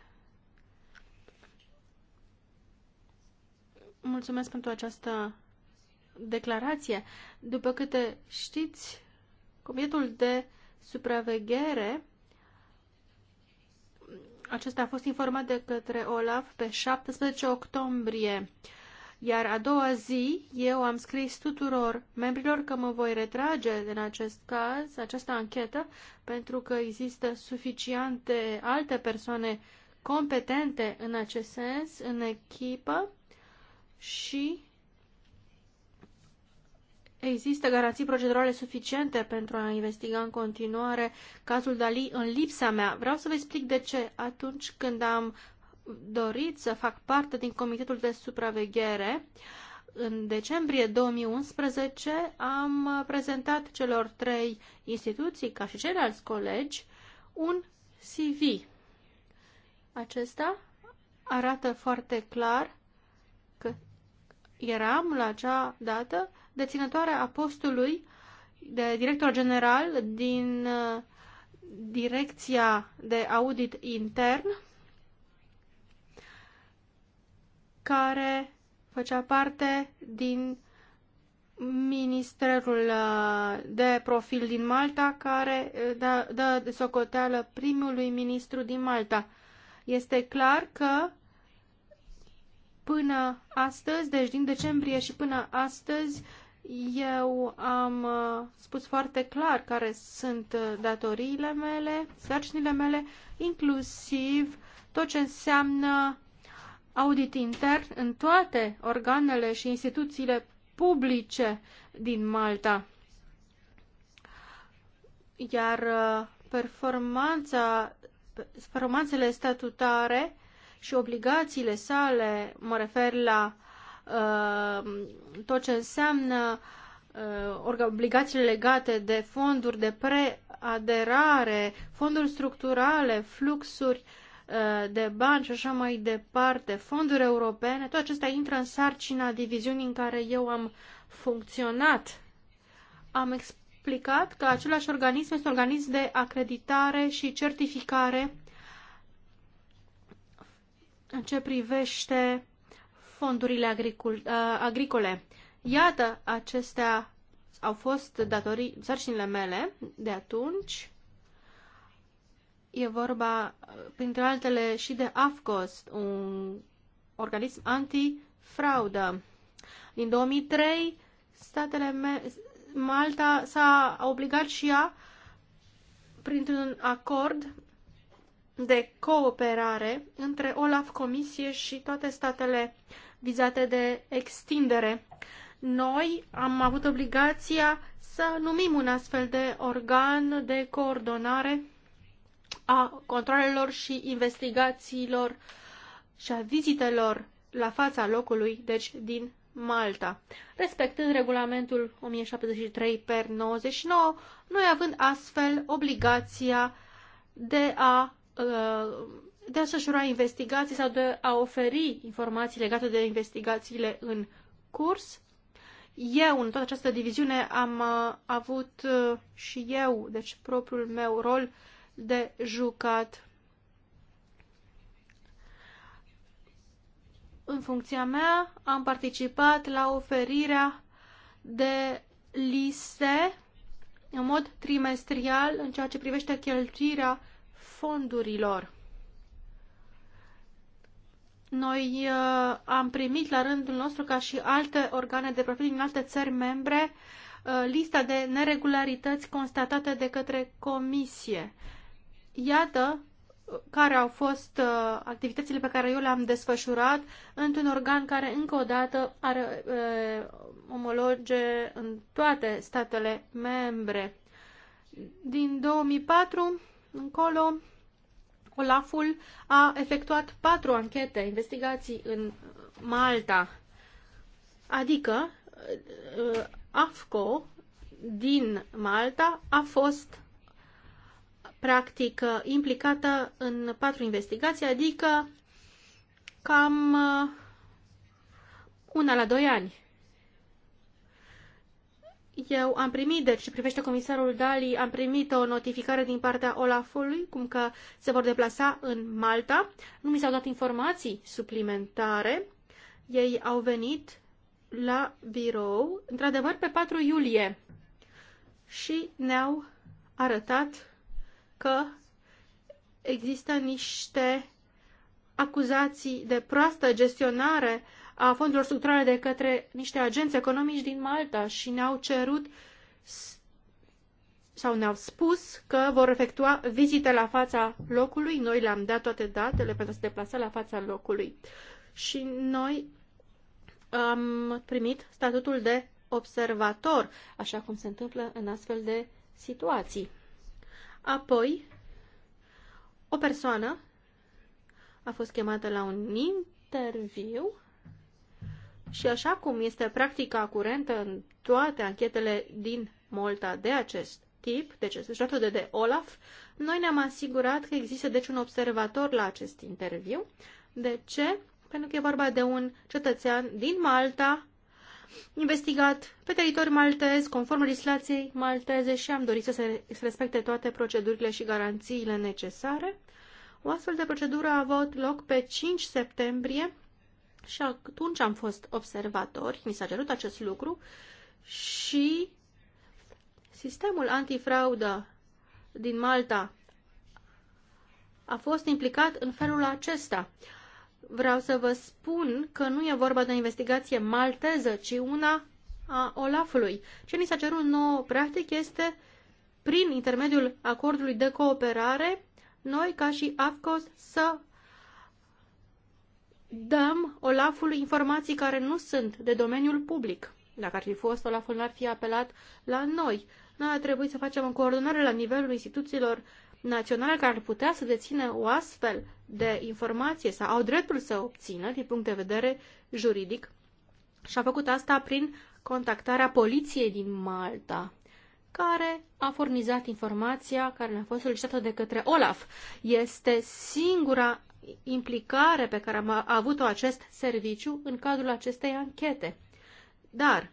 Mulțumesc pentru această declarație. După câte știți, Comitetul de supraveghere acesta a fost informat de către Olaf pe 17 octombrie. Iar a doua zi, eu am scris tuturor membrilor că mă voi retrage din acest caz, această anchetă, pentru că există suficiente alte persoane competente în acest sens, în echipă și Există garanții procedurale suficiente pentru a investiga în continuare cazul Dali în lipsa mea. Vreau să vă explic de ce. Atunci când am dorit să fac parte din Comitetul de Supraveghere, în decembrie 2011 am prezentat celor trei instituții, ca și ceilalți colegi, un CV. Acesta arată foarte clar că eram la acea dată deținătoare a postului de director general din uh, Direcția de Audit Intern, care făcea parte din Ministerul uh, de Profil din Malta, care uh, da, dă, de socoteală primului ministru din Malta. Este clar că până astăzi, deci din decembrie și până astăzi, eu am uh, spus foarte clar care sunt uh, datoriile mele, sarcinile mele, inclusiv tot ce înseamnă audit intern în toate organele și instituțiile publice din Malta. Iar uh, performanța, performanțele statutare și obligațiile sale, mă refer la uh, Uh, tot ce înseamnă uh, obligațiile legate de fonduri de preaderare, fonduri structurale, fluxuri uh, de bani și așa mai departe, fonduri europene, tot acestea intră în sarcina diviziunii în care eu am funcționat. Am explicat că același organism este organism de acreditare și certificare în ce privește fondurile agricul, uh, agricole. Iată, acestea au fost datorii, sarcinile mele de atunci. E vorba, printre altele, și de AFCOS, un organism antifraudă. Din 2003, statele me- Malta s-a obligat și ea, printr-un acord de cooperare între OLAF, Comisie și toate statele uh, vizate de extindere. Noi am avut obligația să numim un astfel de organ de coordonare a controlelor și investigațiilor și a vizitelor la fața locului, deci din Malta. Respectând regulamentul 1073 per 99, noi având astfel obligația de a uh, de a desfășura investigații sau de a oferi informații legate de investigațiile în curs. Eu, în toată această diviziune, am uh, avut uh, și eu, deci propriul meu rol de jucat în funcția mea am participat la oferirea de liste în mod trimestrial în ceea ce privește cheltuirea fondurilor. Noi uh, am primit la rândul nostru, ca și alte organe de profil din alte țări membre, uh, lista de neregularități constatate de către comisie. Iată uh, care au fost uh, activitățile pe care eu le-am desfășurat într-un organ care încă o dată are uh, omologe în toate statele membre. Din 2004 încolo Olaful a efectuat patru anchete, investigații în Malta, adică uh, AFCO din Malta a fost practic uh, implicată în patru investigații, adică cam uh, una la doi ani. Eu am primit, deci ce privește comisarul Dali, am primit o notificare din partea Olafului, cum că se vor deplasa în Malta. Nu mi s-au dat informații suplimentare. Ei au venit la birou, într-adevăr, pe 4 iulie și ne-au arătat că există niște acuzații de proastă gestionare a fondurilor structurale de către niște agenți economici din Malta și ne-au cerut sau ne-au spus că vor efectua vizite la fața locului. Noi le-am dat toate datele pentru a se deplasa la fața locului. Și noi am primit statutul de observator, așa cum se întâmplă în astfel de situații. Apoi, o persoană a fost chemată la un interviu și așa cum este practica curentă în toate anchetele din Malta de acest tip, deci judecată de, de Olaf, noi ne-am asigurat că există deci un observator la acest interviu. De ce? Pentru că e vorba de un cetățean din Malta investigat pe teritoriul maltez, conform legislației malteze și am dorit să se respecte toate procedurile și garanțiile necesare. O astfel de procedură a avut loc pe 5 septembrie și atunci am fost observatori, mi s-a cerut acest lucru și sistemul antifraudă din Malta a fost implicat în felul acesta. Vreau să vă spun că nu e vorba de o investigație malteză, ci una a Olafului. Ce ni s-a cerut nouă, practic, este prin intermediul acordului de cooperare, noi, ca și AFCOS, să dăm Olafului informații care nu sunt de domeniul public. Dacă ar fi fost, Olaful n-ar fi apelat la noi. Noi ar trebui să facem o coordonare la nivelul instituțiilor naționale care ar putea să dețină o astfel de informație sau au dreptul să obțină din punct de vedere juridic și a făcut asta prin contactarea poliției din Malta care a furnizat informația care ne-a fost solicitată de către Olaf. Este singura implicare pe care am avut-o acest serviciu în cadrul acestei anchete. Dar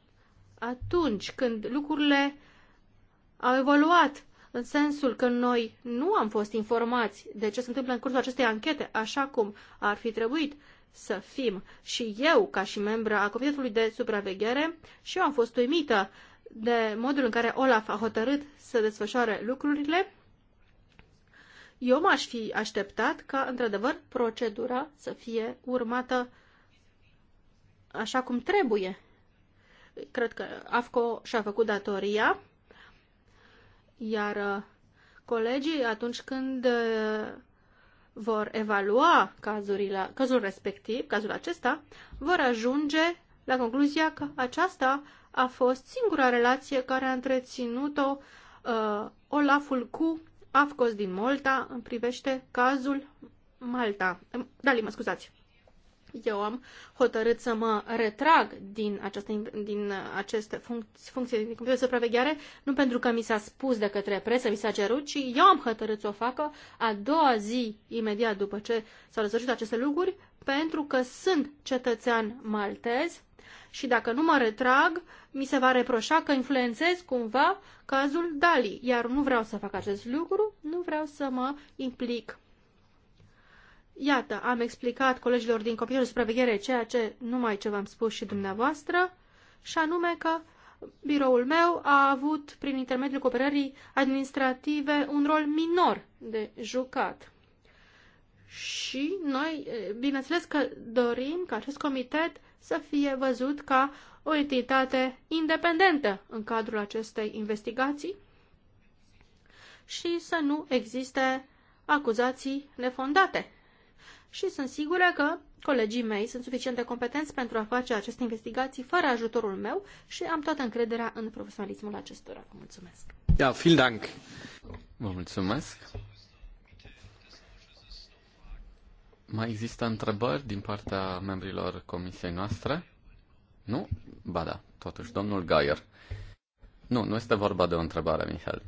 atunci când lucrurile au evoluat în sensul că noi nu am fost informați de ce se întâmplă în cursul acestei anchete, așa cum ar fi trebuit să fim. Și eu, ca și membra a Comitetului de Supraveghere, și eu am fost uimită de modul în care Olaf a hotărât să desfășoare lucrurile eu m-aș fi așteptat ca, într-adevăr, procedura să fie urmată așa cum trebuie. Cred că AFCO și-a făcut datoria, iar uh, colegii, atunci când uh, vor evalua cazurile, cazul respectiv, cazul acesta, vor ajunge la concluzia că aceasta a fost singura relație care a întreținut-o uh, Olaful cu AFCOS din Malta îmi privește cazul Malta. Dali, mă scuzați. Eu am hotărât să mă retrag din, această, din aceste func- funcții din Comitetul de Supraveghere, nu pentru că mi s-a spus de către presă, mi s-a cerut, ci eu am hotărât să o facă a doua zi, imediat după ce s-au răzărit aceste lucruri, pentru că sunt cetățean maltez și dacă nu mă retrag, mi se va reproșa că influențez cumva cazul Dali, iar nu vreau să fac acest lucru, nu vreau să mă implic. Iată, am explicat colegilor din copilul de Supraveghere ceea ce numai ce v-am spus și dumneavoastră, și anume că biroul meu a avut, prin intermediul cooperării administrative, un rol minor de jucat. Și noi, eh, bineînțeles că dorim ca acest comitet să fie văzut ca o entitate independentă în cadrul acestei investigații și să nu existe acuzații nefondate. Și sunt sigură că colegii mei sunt suficient de competenți pentru a face aceste investigații fără ajutorul meu și am toată încrederea în profesionalismul acestora. Mulțumesc! Da, vielen Dank! Vă mulțumesc! Mai există întrebări din partea membrilor comisiei noastre? Nu? Ba da, totuși, domnul Gaier. Nu, nu este vorba de o întrebare, Mihail.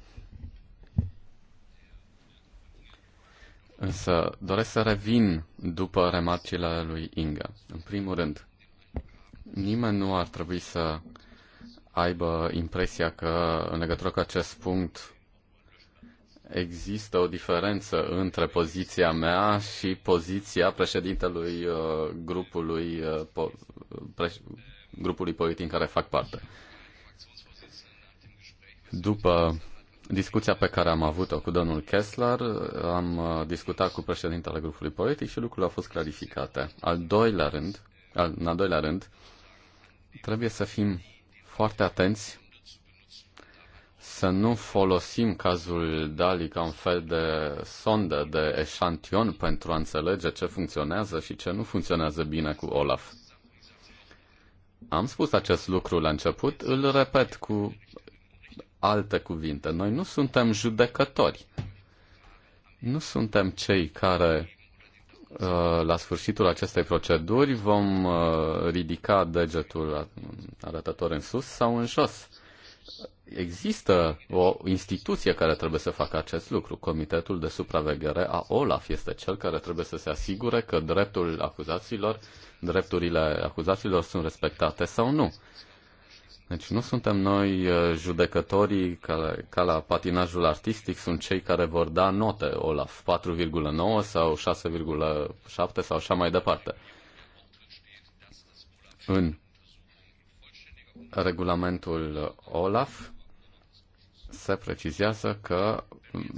Însă doresc să revin după remarcile lui Inga. În primul rând, nimeni nu ar trebui să aibă impresia că în legătură cu acest punct există o diferență între poziția mea și poziția președintelui uh, grupului, uh, po, grupului politic în care fac parte. După discuția pe care am avut-o cu domnul Kessler, am uh, discutat cu președintele grupului politic și lucrurile au fost clarificate. Al doilea rând, al, în al doilea rând, trebuie să fim foarte atenți să nu folosim cazul Dali ca un fel de sondă, de eșantion pentru a înțelege ce funcționează și ce nu funcționează bine cu Olaf. Am spus acest lucru la început, îl repet cu alte cuvinte. Noi nu suntem judecători. Nu suntem cei care uh, la sfârșitul acestei proceduri vom uh, ridica degetul arătător în sus sau în jos există o instituție care trebuie să facă acest lucru. Comitetul de supraveghere a OLAF este cel care trebuie să se asigure că dreptul acuzaților, drepturile acuzaților sunt respectate sau nu. Deci nu suntem noi uh, judecătorii care, ca la patinajul artistic, sunt cei care vor da note OLAF 4,9 sau 6,7 sau așa mai departe. În regulamentul OLAF se precizează că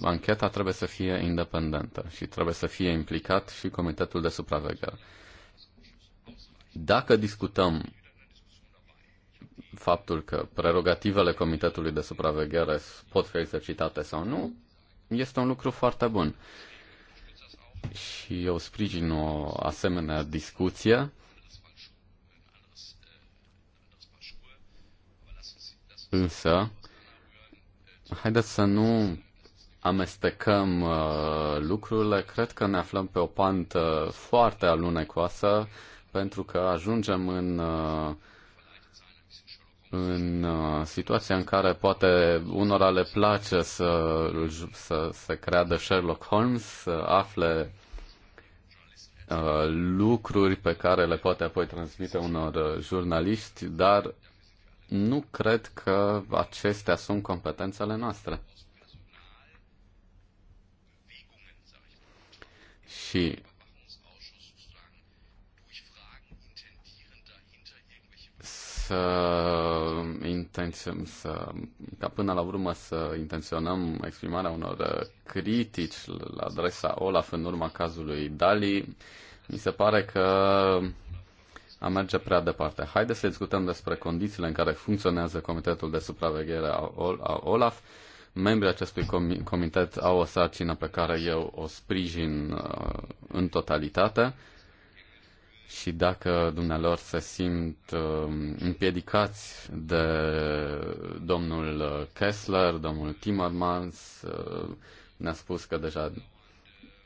ancheta trebuie să fie independentă și trebuie să fie implicat și Comitetul de Supraveghere. Dacă discutăm faptul că prerogativele Comitetului de Supraveghere pot fi exercitate sau nu, este un lucru foarte bun. Și eu sprijin o asemenea discuție Însă, haideți să nu amestecăm uh, lucrurile. Cred că ne aflăm pe o pantă foarte alunecoasă, pentru că ajungem în. Uh, în uh, situația în care poate unora le place să, să, să creadă Sherlock Holmes, să afle uh, lucruri pe care le poate apoi transmite unor uh, jurnaliști, dar nu cred că acestea sunt competențele noastre. Și să intenționăm, să, ca până la urmă să intenționăm exprimarea unor critici la adresa Olaf în urma cazului Dali, mi se pare că a merge prea departe. Haideți să discutăm despre condițiile în care funcționează Comitetul de Supraveghere a OLAF. Membrii acestui comitet au o sarcină pe care eu o sprijin uh, în totalitate și dacă dumnealor se simt uh, împiedicați de domnul Kessler, domnul Timmermans, uh, ne-a spus că deja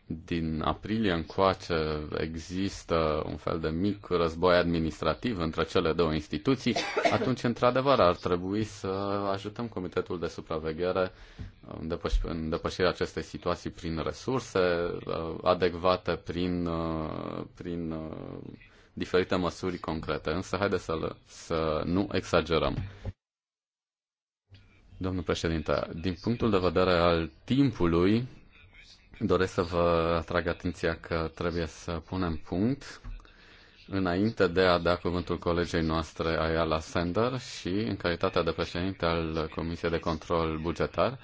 din aprilie încoace există un fel de mic război administrativ între cele două instituții, atunci, într-adevăr, ar trebui să ajutăm Comitetul de Supraveghere în depășirea acestei situații prin resurse uh, adecvate, prin, uh, prin uh, diferite măsuri concrete. Însă, haideți să, să nu exagerăm. Domnul președinte, din punctul de vedere al timpului, Doresc să vă atrag atenția că trebuie să punem punct înainte de a da cuvântul colegei noastre Ayala Sender și în calitatea de președinte al Comisiei de Control Bugetar,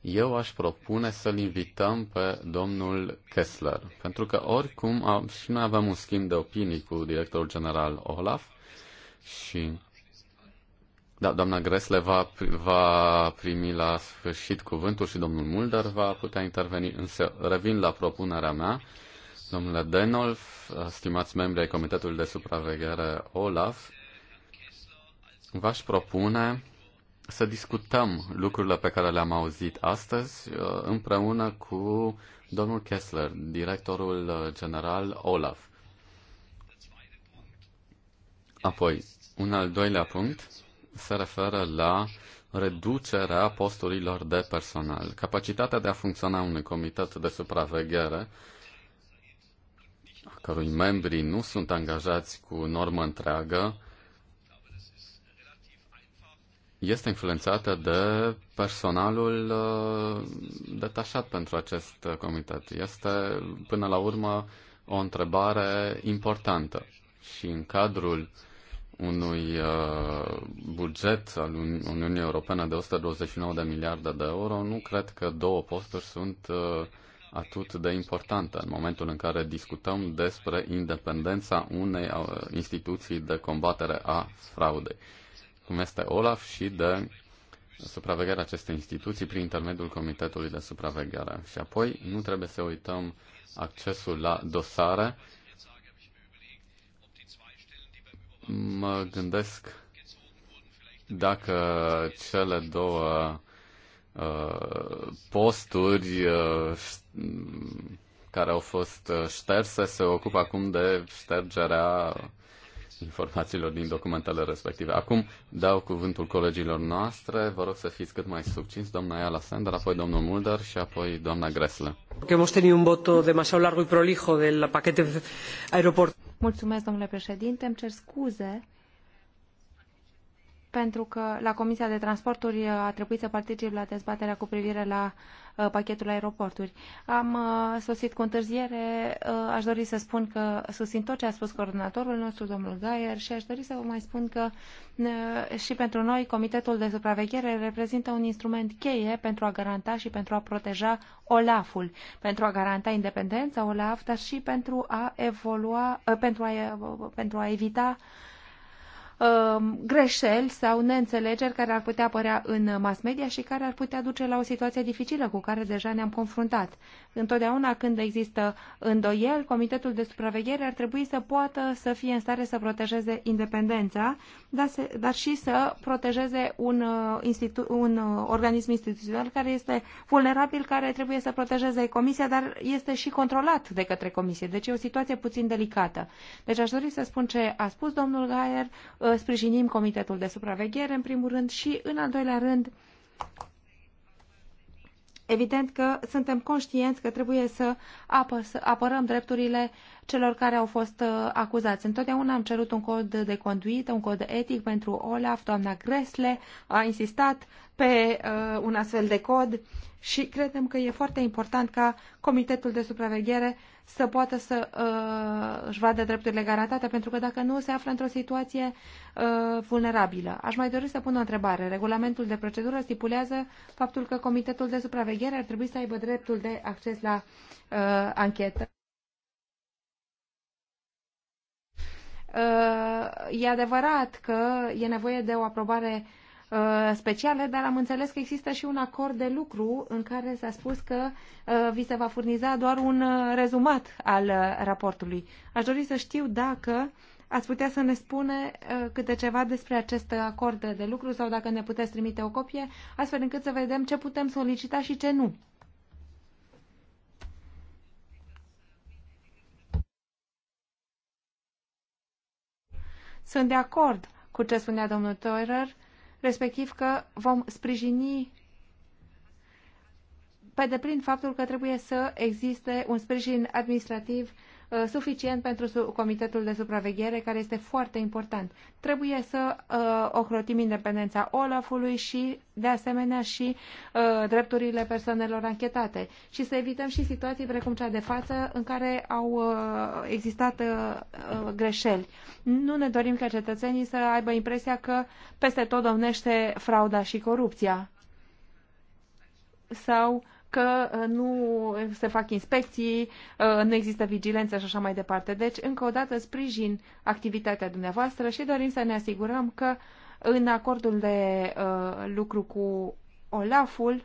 eu aș propune să-l invităm pe domnul Kessler, pentru că oricum și noi avem un schimb de opinii cu directorul general Olaf și da, doamna Gresle va, va primi la sfârșit cuvântul și domnul Mulder va putea interveni, însă revin la propunerea mea. Domnule Denolf, stimați membri ai Comitetului de Supraveghere OLAF, v-aș propune să discutăm lucrurile pe care le-am auzit astăzi uh, împreună cu domnul Kessler, directorul uh, general OLAF. Apoi, un al doilea punct se referă la reducerea posturilor de personal. Capacitatea de a funcționa unui comitet de supraveghere a cărui membrii nu sunt angajați cu normă întreagă este influențată de personalul uh, detașat pentru acest comitet. Este, până la urmă, o întrebare importantă. Și în cadrul uh, unui uh, buget al Uniunii Europene de 129 de miliarde de euro, nu cred că două posturi sunt uh, atât de importante în momentul în care discutăm despre independența unei uh, instituții de combatere a fraudei, cum este OLAF și de supravegherea acestei instituții prin intermediul Comitetului de Supraveghere. Și apoi nu trebuie să uităm accesul la dosare mă gândesc dacă cele două uh, posturi uh, care au fost uh, șterse se ocupă acum de ștergerea informațiilor din documentele respective. Acum dau cuvântul colegilor noastre, vă rog să fiți cât mai succinți, doamna Iala Sender, apoi domnul Mulder și apoi doamna Gresle. Că hemos tenido un voto demasiado largo y prolijo del paquete aeroport. Mulțumesc, domnule președinte. Îmi cer scuze pentru că la Comisia de Transporturi uh, a trebuit să particip la dezbaterea cu privire la uh, pachetul aeroporturi. Am uh, sosit cu întârziere, aș dori să spun că susțin tot ce a spus coordonatorul nostru, domnul Gaier, și aș dori să vă mai spun că și pentru noi Comitetul de Supraveghere reprezintă un instrument cheie pentru a garanta și pentru a proteja OLAF-ul, pentru a garanta independența OLAF, dar și pentru a evolua, pentru a, pentru a evita Um, greșeli sau neînțelegeri care ar putea apărea în mass media și care ar putea duce la o situație dificilă cu care deja ne-am confruntat. Întotdeauna când există îndoiel, Comitetul de Supraveghere ar trebui să poată să fie în stare să protejeze independența, dar, se, dar și să protejeze un, uh, institu, un uh, organism instituțional care este vulnerabil, care trebuie să protejeze Comisia, dar este și controlat de către Comisie. Deci e o situație puțin delicată. Deci aș dori să spun ce a spus domnul Gaier Uh, sprijinim Comitetul de Supraveghere, în primul rând, și, în al doilea rând, Evident că suntem conștienți că trebuie să, apărăm drepturile celor care au fost uh, acuzați. Întotdeauna am cerut un cod de conduită, un cod etic pentru Olaf. Doamna Gresle a insistat pe uh, un astfel de cod și credem că e foarte important ca Comitetul de Supraveghere să poată să uh, își vadă drepturile garantate, pentru că dacă nu, se află într-o situație uh, vulnerabilă. Aș mai dori să pun o întrebare. Regulamentul de procedură stipulează faptul că Comitetul de Supraveghere ar trebui să aibă dreptul de acces la uh, anchetă. Uh, e adevărat că e nevoie de o aprobare uh, speciale, dar am înțeles că există și un acord de lucru în care s-a spus că uh, vi se va furniza doar un rezumat al raportului. Aș dori să știu dacă ați putea să ne spune câte ceva despre acest acord de lucru sau dacă ne puteți trimite o copie, astfel încât să vedem ce putem solicita și ce nu. Sunt de acord cu ce spunea domnul Teurer, respectiv că vom sprijini pe deplin faptul că trebuie să existe un sprijin administrativ uh, Uh, suficient pentru Comitetul de Supraveghere, care este foarte important. Trebuie să uh, ocrotim independența Olafului și, de asemenea, și uh, drepturile persoanelor anchetate și să evităm și situații precum cea de față în care au uh, existat uh, uh greșeli. Nu ne dorim ca cetățenii să aibă impresia că peste tot domnește frauda și corupția sau că uh, nu se fac inspecții, uh, nu există vigilență și așa mai departe. Deci, încă o dată, sprijin activitatea dumneavoastră și dorim să ne asigurăm că în acordul de uh, lucru cu Olaful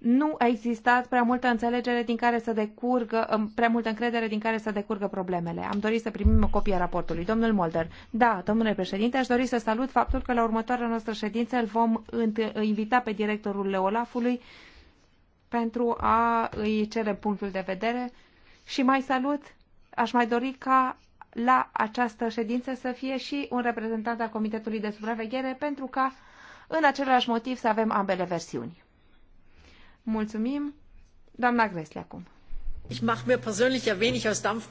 nu a existat prea multă înțelegere din care să decurgă, prea multă încredere din care să decurgă problemele. Am dorit să primim o copie a raportului. Domnul Molder, da, domnule președinte, aș dori să salut faptul că la următoarea noastră ședință îl vom invita pe directorul Leolafului pentru a îi cere punctul de vedere și mai salut, aș mai dori ca la această ședință să fie și un reprezentant al Comitetului de Supraveghere pentru ca în același motiv să avem ambele versiuni. Mulțumim. Doamna Gresle acum. Ich mache mir persönlich ja wenig aus Dampf.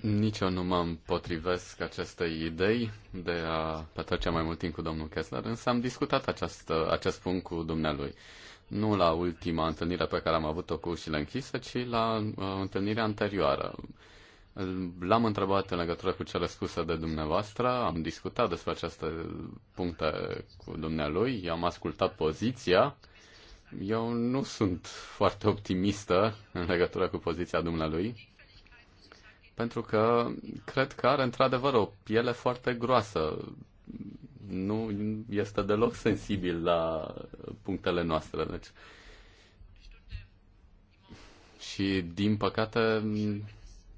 Nici eu nu mă împotrivesc acestei idei de a petrece mai mult timp cu domnul Kessler, însă am discutat acest, acest punct cu dumnealui. Nu la ultima întâlnire pe care am avut-o cu ușile închise, ci la uh, întâlnirea anterioară. L-am întrebat în legătură cu cele spuse de dumneavoastră, am discutat despre aceste puncte cu dumnealui, i-am ascultat poziția eu nu sunt foarte optimistă în legătură cu poziția dumnealui, pentru că cred că are într-adevăr o piele foarte groasă. Nu este deloc sensibil la punctele noastre. Deci. Și, din păcate,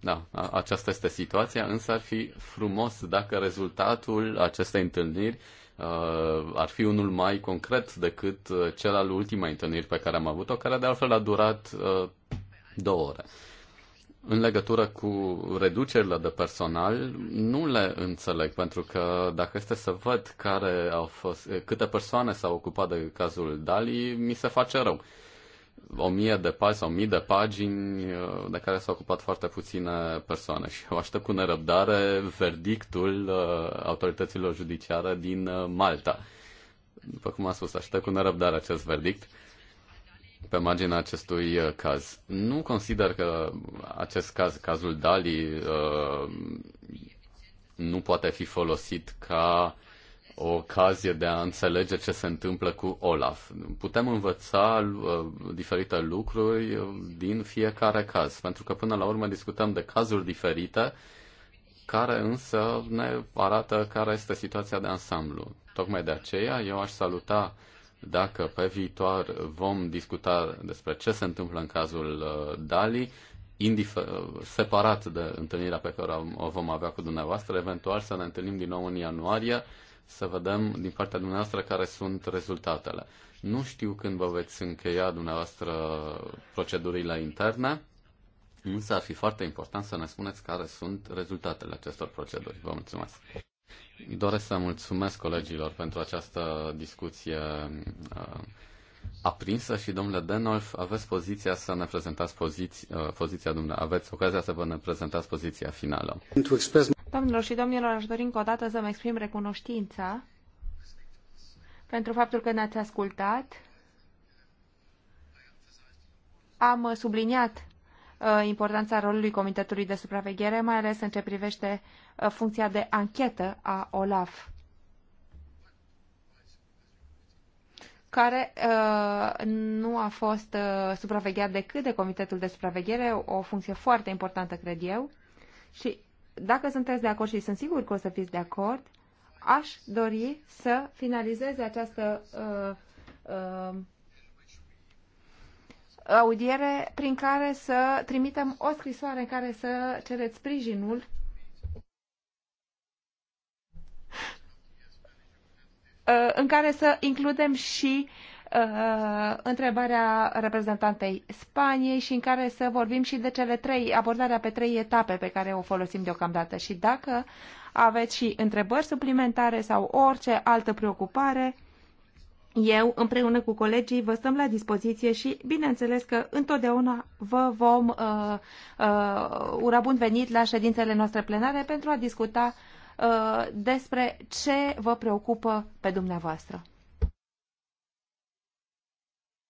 da, aceasta este situația, însă ar fi frumos dacă rezultatul acestei întâlniri Uh, ar fi unul mai concret decât uh, cel al ultimei întâlniri pe care am avut-o, care de altfel a durat uh, două ore. În legătură cu reducerile de personal, nu le înțeleg, pentru că dacă este să văd care au fost, câte persoane s-au ocupat de cazul Dali, mi se face rău. Uh, o mie de pagini sau mii de pagini uh, de care s-au ocupat foarte puține persoane și eu aștept cu nerăbdare verdictul uh, autorităților judiciare din uh, Malta. După cum am spus, aștept cu nerăbdare acest verdict pe marginea acestui caz. Nu consider că acest caz, cazul Dali, nu poate fi folosit ca o ocazie de a înțelege ce se întâmplă cu Olaf. Putem învăța uh, diferite lucruri uh, din fiecare caz, pentru că până la urmă discutăm de cazuri diferite, care însă ne arată care este situația de ansamblu. Tocmai de aceea eu aș saluta dacă pe viitor vom discuta despre ce se întâmplă în cazul uh, Dali, separat de întâlnirea pe care o vom avea cu dumneavoastră, eventual să ne întâlnim din nou în ianuarie să vedem din partea dumneavoastră care sunt rezultatele. Nu știu când vă veți încheia dumneavoastră procedurile interne, însă ar fi foarte important să ne spuneți care sunt rezultatele acestor proceduri. Vă mulțumesc! Doresc să mulțumesc colegilor pentru această discuție uh, aprinsă și, domnule Denolf, aveți poziția să ne prezentați poziția, uh, poziția dumneavoastră, aveți ocazia să vă ne prezentați poziția finală. Doamnelor și domnilor, aș dori încă o dată să-mi exprim recunoștința pentru faptul că ne-ați ascultat. Am subliniat uh, importanța rolului Comitetului de Supraveghere, mai ales în ce privește uh, funcția de anchetă a OLAF. care uh, nu a fost uh, supravegheat decât de Comitetul de Supraveghere, o funcție foarte importantă, cred eu, și dacă sunteți de acord și sunt sigur că o să fiți de acord, aș dori să finalizeze această uh, uh, audiere prin care să trimitem o scrisoare în care să cereți sprijinul uh, în care să includem și uh, Uh, întrebarea reprezentantei Spaniei și în care să vorbim și de cele trei, abordarea pe trei etape pe care o folosim deocamdată. Și dacă aveți și întrebări suplimentare sau orice altă preocupare, eu, împreună cu colegii, vă stăm la dispoziție și, bineînțeles, că întotdeauna vă vom uh, uh, ura bun venit la ședințele noastre plenare pentru a discuta uh, despre ce vă preocupă pe dumneavoastră.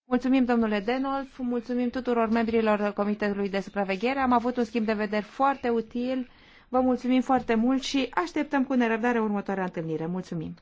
Mulțumim, domnule Denolf, mulțumim tuturor membrilor Comitetului de Supraveghere. Am avut un schimb de vederi foarte util. Vă mulțumim foarte mult și așteptăm cu nerăbdare următoarea întâlnire. Mulțumim!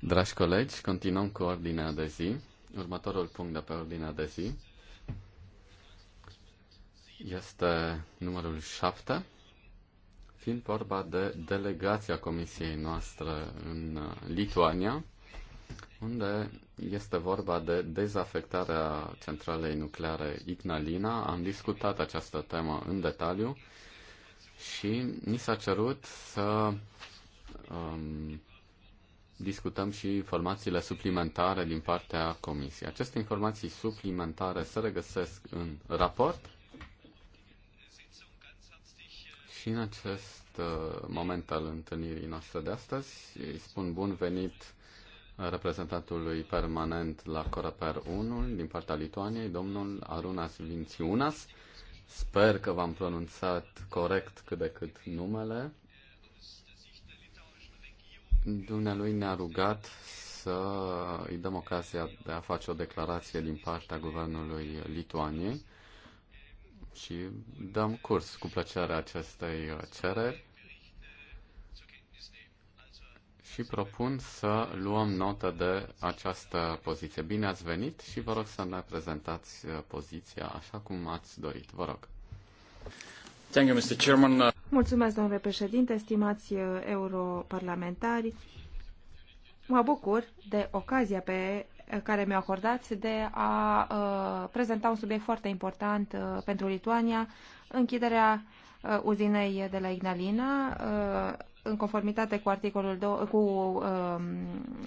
Dragi colegi, continuăm cu ordinea de zi. Următorul punct de pe ordinea de zi este numărul 7, fiind vorba de delegația comisiei noastre în uh, Lituania, unde este vorba de dezafectarea centralei nucleare Ignalina. Am discutat această temă în detaliu și ni s-a cerut să um, discutăm și informațiile suplimentare din partea Comisiei. Aceste informații suplimentare se regăsesc în raport și în acest uh, moment al întâlnirii noastre de astăzi îi spun bun venit reprezentantului permanent la Coreper 1 din partea Lituaniei, domnul Arunas Vinciunas Sper că v-am pronunțat corect cât de cât numele. Dumnealui ne-a rugat să îi dăm ocazia de a face o declarație din partea guvernului Lituaniei și dăm curs cu plăcere acestei cereri și propun să luăm notă de această poziție. Bine ați venit și vă rog să ne prezentați uh, poziția așa cum ați dorit. Vă rog. Thank you, Mr. Chairman. Mulțumesc, domnule președinte, stimați uh, europarlamentari. Mă bucur de ocazia pe uh, care mi-o acordați de a uh, prezenta un subiect foarte important uh, pentru Lituania, închiderea uh, uzinei de la Ignalina. Uh, în conformitate cu articolul do- cu uh,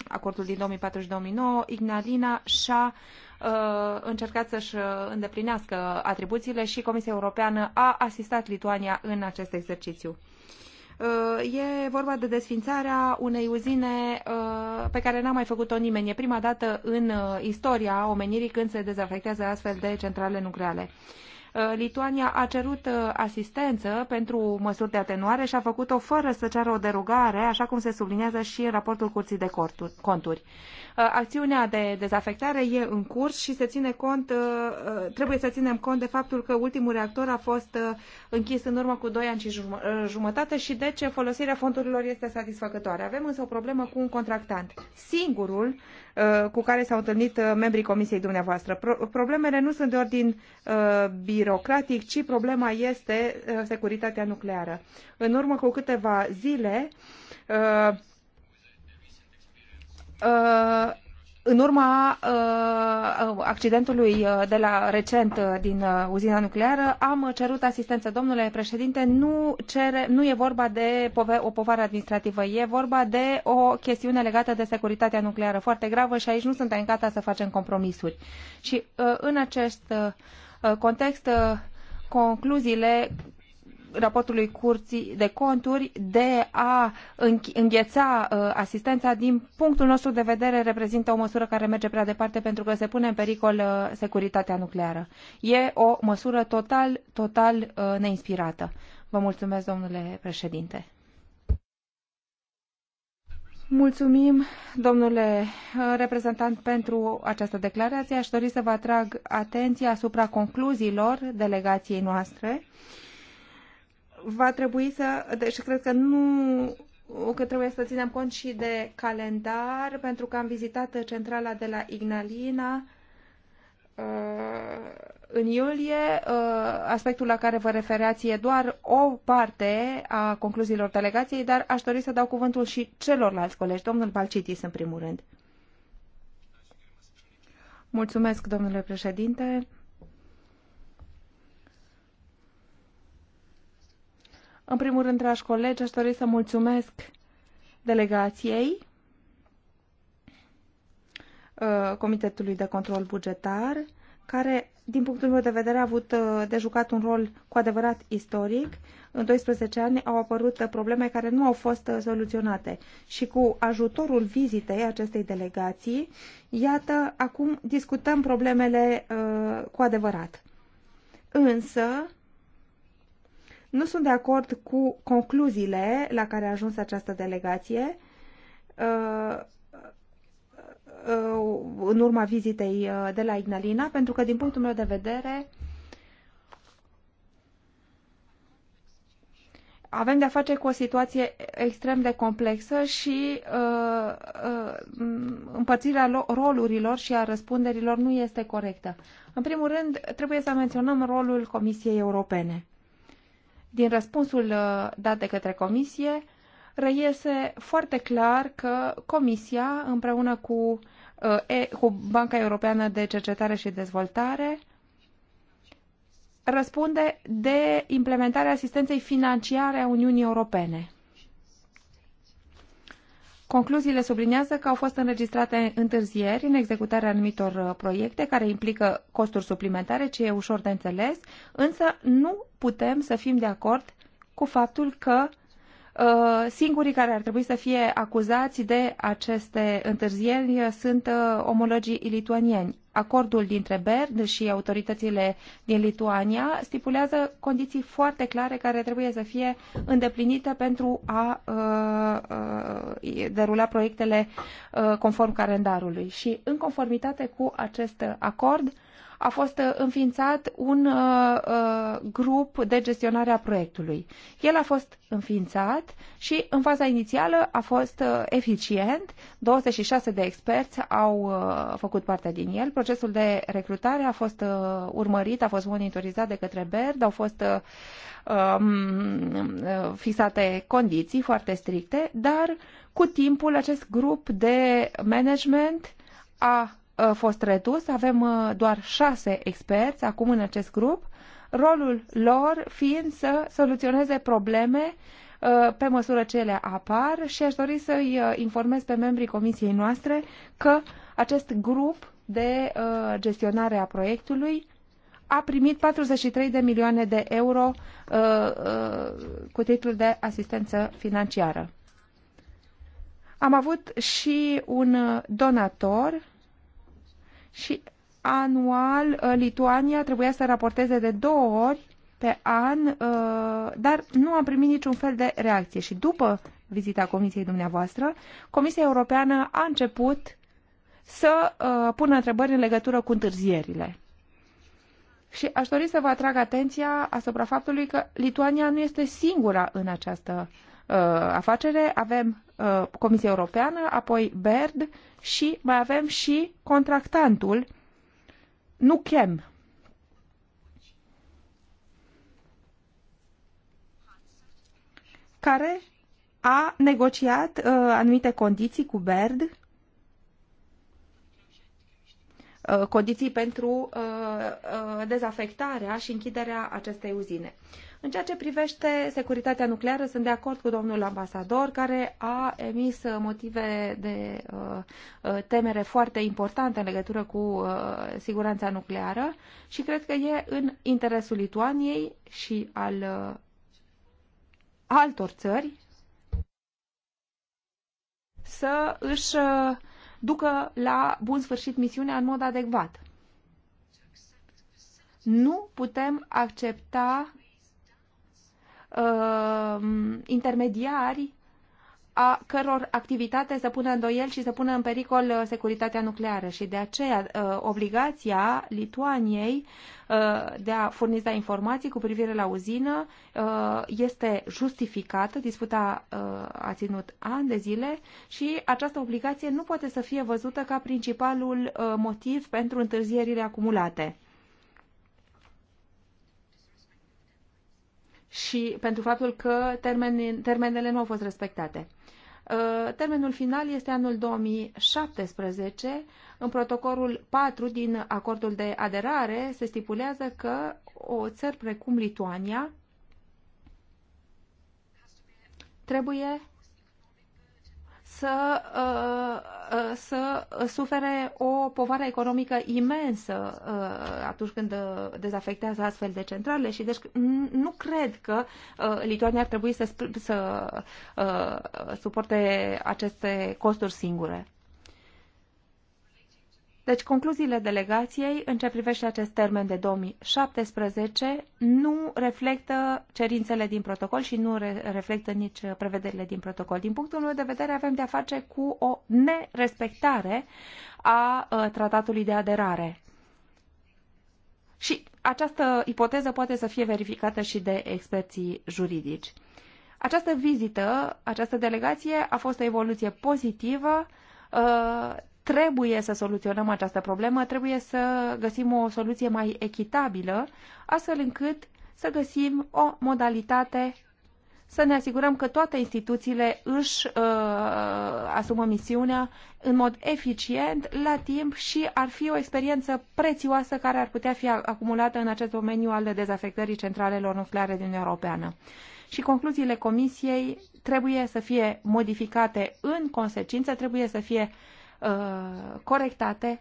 acordul din 2004 2009 Ignalina și-a uh, încercat să-și uh, îndeplinească atribuțiile și Comisia Europeană a asistat Lituania în acest exercițiu. Uh, e vorba de desfințarea unei uzine uh, pe care n-a mai făcut-o nimeni. E prima dată în istoria omenirii când se dezafectează astfel de centrale nucleare. Uh, Lituania a cerut uh, asistență pentru măsuri de atenuare și a făcut-o fără să ceară o derogare, așa cum se subliniază și în raportul Curții de Conturi. Uh, Acțiunea de dezafectare e în curs și se ține cont, trebuie să ținem cont de faptul că ultimul reactor a fost închis în urmă cu 2 ani și jumătate și deci folosirea fondurilor este satisfăcătoare. Avem însă o problemă cu un contractant, singurul Uh, cu care s-au întâlnit uh, membrii comisiei dumneavoastră. Problemele nu sunt de ordin uh, birocratic, ci problema este securitatea nucleară. În urmă cu câteva zile, în urma uh, accidentului uh, de la recent uh, din uzina nucleară, am cerut asistență. Domnule președinte, nu, cere, nu e vorba de o povară administrativă, e vorba de o chestiune legată de securitatea nucleară foarte gravă și aici nu suntem gata să facem compromisuri. Și în acest context, concluziile raportului Curții de Conturi de a îngheța uh, asistența, din punctul nostru de vedere, reprezintă o măsură care merge prea departe pentru că se pune în pericol uh, securitatea nucleară. E o măsură total, total uh, neinspirată. Vă mulțumesc, domnule președinte. Mulțumim, domnule reprezentant, pentru această declarație. Aș dori să vă atrag atenția asupra concluziilor delegației noastre va trebui să, deci cred că nu că trebuie să ținem cont și de calendar, pentru că am vizitat centrala de la Ignalina uh, în iulie. Uh, aspectul la care vă refereați e doar o parte a concluziilor delegației, dar aș dori să dau cuvântul și celorlalți colegi. Domnul Balcitis, în primul rând. Mulțumesc, domnule președinte. În primul rând, dragi colegi, aș dori să mulțumesc delegației uh, Comitetului de Control Bugetar, care, din punctul meu de vedere, a avut uh, de jucat un rol cu adevărat istoric. În 12 ani au apărut probleme care nu au fost uh, soluționate și cu ajutorul vizitei acestei delegații, iată, acum discutăm problemele cu adevărat. Însă, nu sunt de acord cu concluziile la care a ajuns această delegație uh, uh, în urma vizitei uh, de la Ignalina, pentru că, din punctul meu de vedere, avem de-a face cu o situație extrem de complexă și împărțirea rolurilor și a răspunderilor nu este corectă. În primul rând, trebuie să menționăm rolul Comisiei Europene. Din răspunsul uh, dat de către comisie, reiese foarte clar că comisia, împreună cu, uh, cu Banca Europeană de Cercetare și Dezvoltare, răspunde de implementarea asistenței financiare a Uniunii Europene. Concluziile subliniază că au fost înregistrate întârzieri în executarea anumitor uh, proiecte care implică costuri suplimentare, ce e ușor de înțeles, însă nu putem să fim de acord cu faptul că uh, singurii care ar trebui să fie acuzați de aceste întârzieri uh, sunt omologii lituanieni acordul dintre BERD și autoritățile din Lituania stipulează condiții foarte clare care trebuie să fie îndeplinite pentru a uh, uh derula proiectele uh, conform calendarului. Și în conformitate cu acest acord, a fost uh, înființat un uh, uh, grup de gestionare a proiectului. El a fost înființat și în faza inițială a fost uh, eficient, 26 de experți au uh, făcut parte din el. Procesul de recrutare a fost uh, urmărit, a fost monitorizat de către BERD, au fost uh, um, uh, fixate condiții foarte stricte, dar cu timpul acest grup de management a fost redus, avem uh, doar șase experți acum în acest grup, rolul lor fiind să soluționeze probleme uh, pe măsură ce ele apar și aș dori să-i uh, informez pe membrii comisiei noastre că acest grup de gestionare a proiectului a primit 43 de milioane de euro cu titlul de asistență financiară. Am avut și un donator și anual uh, Lituania trebuia să raporteze de două ori pe an, uh, dar nu am primit niciun fel de reacție. Și după vizita Comisiei dumneavoastră, Comisia Europeană a început să uh, pună întrebări în legătură cu întârzierile. Și aș dori să vă atrag atenția asupra faptului că Lituania nu este singura în această Uh, afacere, avem uh, Comisia Europeană, apoi BERD și mai avem și contractantul NUCHEM. care a negociat uh, anumite condiții cu BERD, uh, condiții pentru uh, uh, dezafectarea și închiderea acestei uzine. În ceea ce privește securitatea nucleară, sunt de acord cu domnul ambasador, care a emis uh, motive de uh, uh, temere foarte importante în legătură cu siguranța nucleară și cred că e în interesul Lituaniei și al altor țări să își ducă la bun sfârșit misiunea în mod adecvat. Nu putem accepta uh, intermediari a căror activitate să pună îndoiel și să pună în pericol uh, securitatea nucleară și de aceea uh, obligația Lituaniei uh, de a furniza informații cu privire la uzină este justificată, disputa a ținut ani de zile și această obligație nu poate să fie văzută ca principalul motiv pentru întârzierile acumulate. și pentru faptul că termenele nu au fost respectate. Uh, termenul final este anul 2017. În protocolul 4 din acordul de aderare se stipulează că o țară precum Lituania trebuie să, uh, uh, să sufere o povară economică imensă uh, atunci când dezafectează astfel de centrale și deci nu cred că Lituania ar trebui să, să suporte aceste costuri singure. Deci, concluziile delegației în ce privește acest termen de 2017 nu reflectă cerințele din protocol și nu re- reflectă nici prevederile din protocol. Din punctul meu de vedere, avem de-a face cu o nerespectare a tratatului de aderare. Și această ipoteză poate să fie verificată și de experții juridici. Această vizită, această delegație a fost o evoluție pozitivă trebuie să soluționăm această problemă, trebuie să găsim o soluție mai echitabilă, astfel încât să găsim o modalitate să ne asigurăm că toate instituțiile își uh, asumă misiunea în mod eficient, la timp și ar fi o experiență prețioasă care ar putea fi acumulată în acest domeniu al dezafectării centralelor nucleare din Europeană. Și concluziile Comisiei trebuie să fie modificate în consecință, trebuie să fie uh, Uh, corectate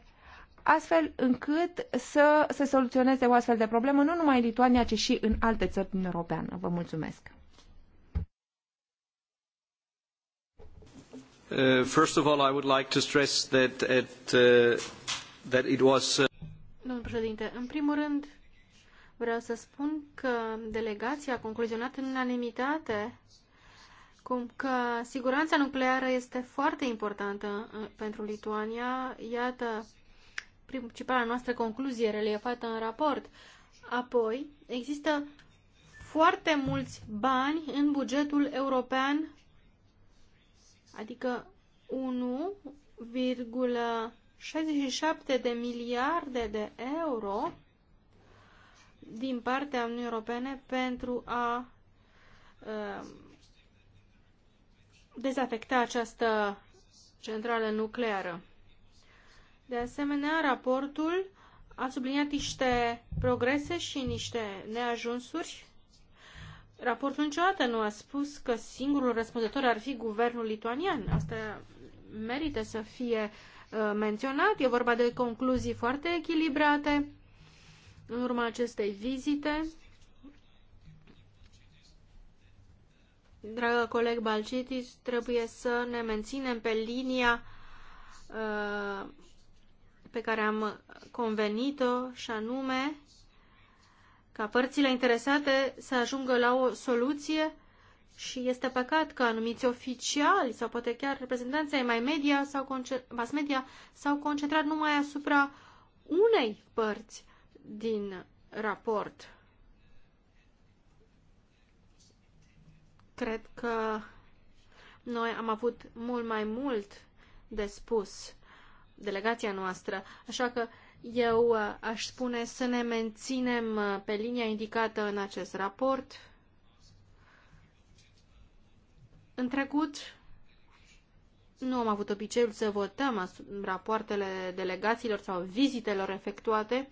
astfel încât să se soluționeze o astfel de problemă nu numai în Lituania, ci și în alte țări din Europeană. Vă mulțumesc! Uh, first of all, I would like to stress that, at, uh, that it was... Uh... Domnul președinte, în primul rând vreau să spun că delegația a concluzionat în unanimitate cum? că siguranța nucleară este foarte importantă uh, pentru Lituania. Iată principala noastră concluzie reliefată în raport. Apoi, există foarte mulți bani în bugetul european, adică 1,67 de miliarde de euro din partea Uniunii Europene pentru a uh, dezafecta această centrală nucleară. De asemenea, raportul a subliniat niște progrese și niște neajunsuri. Raportul niciodată nu a spus că singurul răspunzător ar fi guvernul lituanian. Asta merită să fie uh, menționat. E vorba de concluzii foarte echilibrate în urma acestei vizite dragă coleg Balcitis, trebuie să ne menținem pe linia uh, pe care am convenit-o și anume ca părțile interesate să ajungă la o soluție și este păcat că anumiți oficiali sau poate chiar reprezentanții mai media sau mass media s-au concentrat numai asupra unei părți din raport. Cred că noi am avut mult mai mult de spus delegația noastră, așa că eu uh, aș spune să ne menținem uh, pe linia indicată în acest raport. În trecut, nu am avut obiceiul să votăm rapoartele delegațiilor sau vizitelor efectuate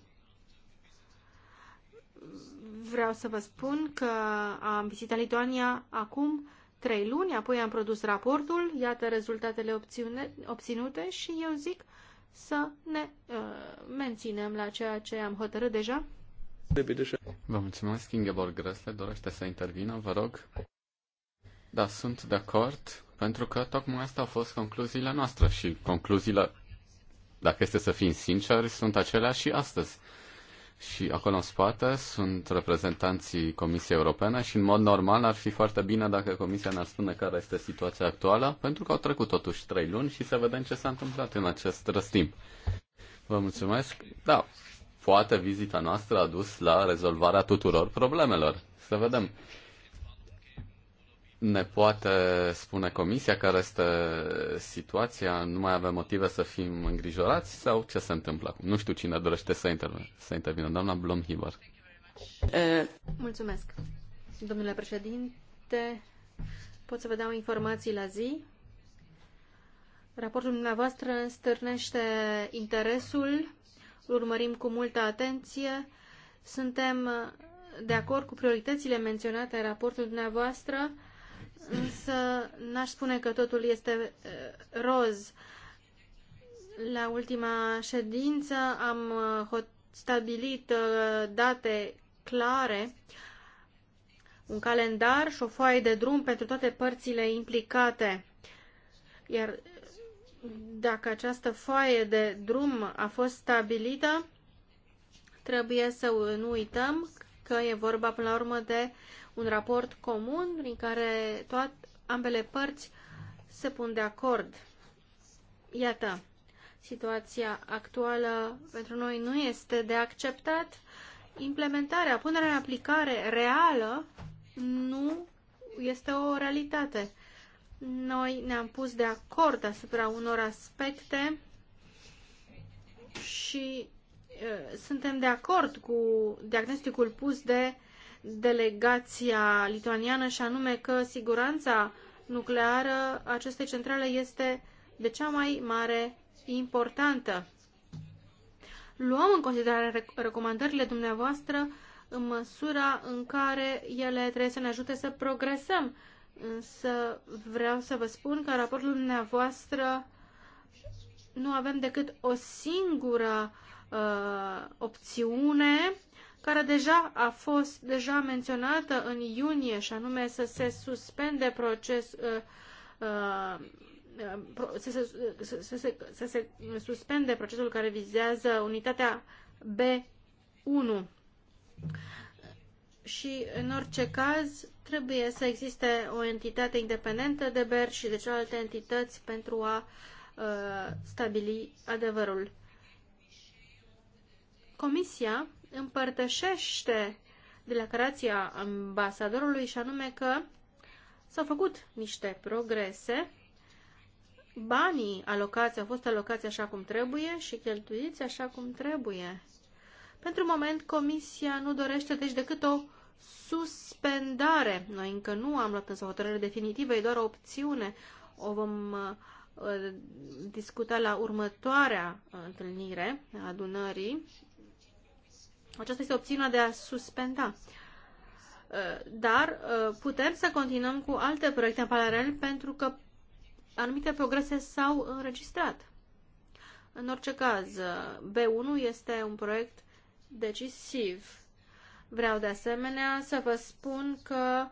Vreau să vă spun că am vizitat Lituania acum trei luni, apoi am produs raportul, iată rezultatele obține, obținute și eu zic să ne uh, menținem la ceea ce am hotărât deja. Vă mulțumesc, Ingeborg Grăsle, dorește să intervină, vă rog. Da, sunt de acord, pentru că tocmai asta au fost concluziile noastre și concluziile, dacă este să fim sinceri, sunt aceleași și astăzi și acolo în spate sunt reprezentanții Comisiei Europene și în mod normal ar fi foarte bine dacă Comisia ne-ar spune care este situația actuală, pentru că au trecut totuși trei luni și să vedem ce s-a întâmplat în acest răstimp. Vă mulțumesc. Da, poate vizita noastră a dus la rezolvarea tuturor problemelor. Să vedem ne poate spune comisia care este situația? Nu mai avem motive să fim îngrijorați sau ce se întâmplă acum? Nu știu cine dorește să, intervine, să intervină. Doamna uh, Mulțumesc. Domnule președinte, pot să vă dau informații la zi? Raportul dumneavoastră stârnește interesul, îl urmărim cu multă atenție. Suntem de acord cu prioritățile menționate în raportul dumneavoastră însă n-aș spune că totul este uh, roz. La ultima ședință am uh, stabilit uh, date clare, un calendar și o foaie de drum pentru toate părțile implicate. Iar dacă această foaie de drum a fost stabilită, trebuie să nu uităm că e vorba până la urmă de un raport comun prin care toate ambele părți se pun de acord. Iată, situația actuală pentru noi nu este de acceptat. Implementarea, punerea în aplicare reală nu este o realitate. Noi ne-am pus de acord asupra unor aspecte și uh, suntem de acord cu diagnosticul pus de delegația lituaniană și anume că siguranța nucleară a acestei centrale este de cea mai mare importantă. Luăm în considerare recomandările dumneavoastră în măsura în care ele trebuie să ne ajute să progresăm. Însă vreau să vă spun că raportul dumneavoastră nu avem decât o singură uh, opțiune care deja a fost deja menționată în iunie, și anume să se suspende proces, uh, uh, să, se, să, se, să se suspende procesul care vizează unitatea B1. Și, în orice caz, trebuie să existe o entitate independentă de BER și de celelalte entități pentru a uh, stabili adevărul. Comisia împărtășește declarația ambasadorului și anume că s-au făcut niște progrese, banii alocați au fost alocați așa cum trebuie și cheltuiți așa cum trebuie. Pentru moment, Comisia nu dorește deci decât o suspendare. Noi încă nu am luat însă hotărâre definitivă, e doar o opțiune. O vom uh, discuta la următoarea uh, întâlnire a adunării aceasta este opțiunea de a suspenda. Uh, dar uh, putem să continuăm cu alte proiecte în paralel pentru că anumite progrese s-au înregistrat. În orice caz, uh, B1 este un proiect decisiv. Vreau de asemenea să vă spun că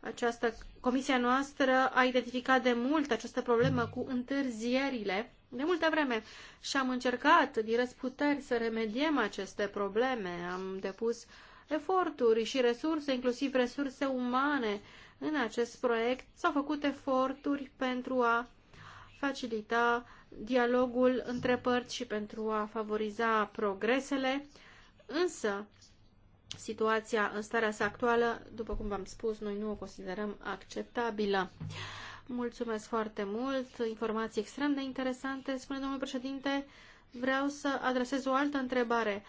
această comisia noastră a identificat de mult această problemă cu întârzierile de multă vreme și am încercat din răsputeri să remediem aceste probleme. Am depus eforturi și resurse, inclusiv resurse umane în acest proiect. S-au făcut eforturi pentru a facilita dialogul între părți și pentru a favoriza progresele, însă situația în starea sa actuală, după cum v-am spus, noi nu o considerăm acceptabilă. Mulțumesc foarte mult, informații extrem de interesante. Spune domnul președinte, vreau să adresez o altă întrebare.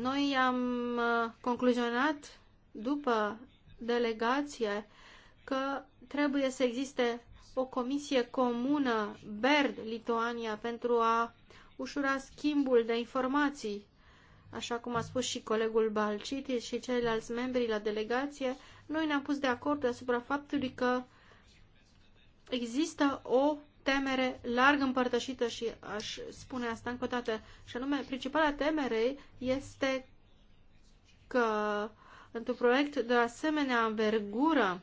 Noi am uh, concluzionat după delegație că trebuie să existe o comisie comună BERD-Lituania pentru a ușura schimbul de informații. Așa cum a spus și colegul Balcitis și ceilalți membri la delegație, noi ne-am pus de acord asupra faptului că există o temere larg împărtășită și aș spune asta încă o dată, și anume, principala temere este că într-un proiect de asemenea învergură,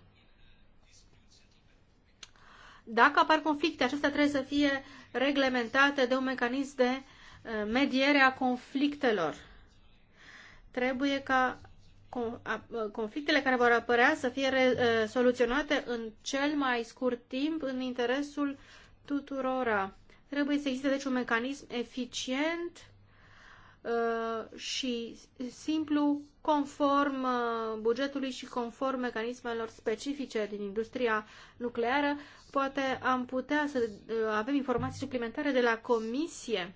dacă apar conflicte, acestea trebuie să fie reglementate de un mecanism de uh, mediere a conflictelor. Trebuie ca conflictele care vor apărea să fie soluționate în cel mai scurt timp în interesul tuturora. Trebuie să existe deci un mecanism eficient și simplu conform bugetului și conform mecanismelor specifice din industria nucleară. Poate am putea să avem informații suplimentare de la comisie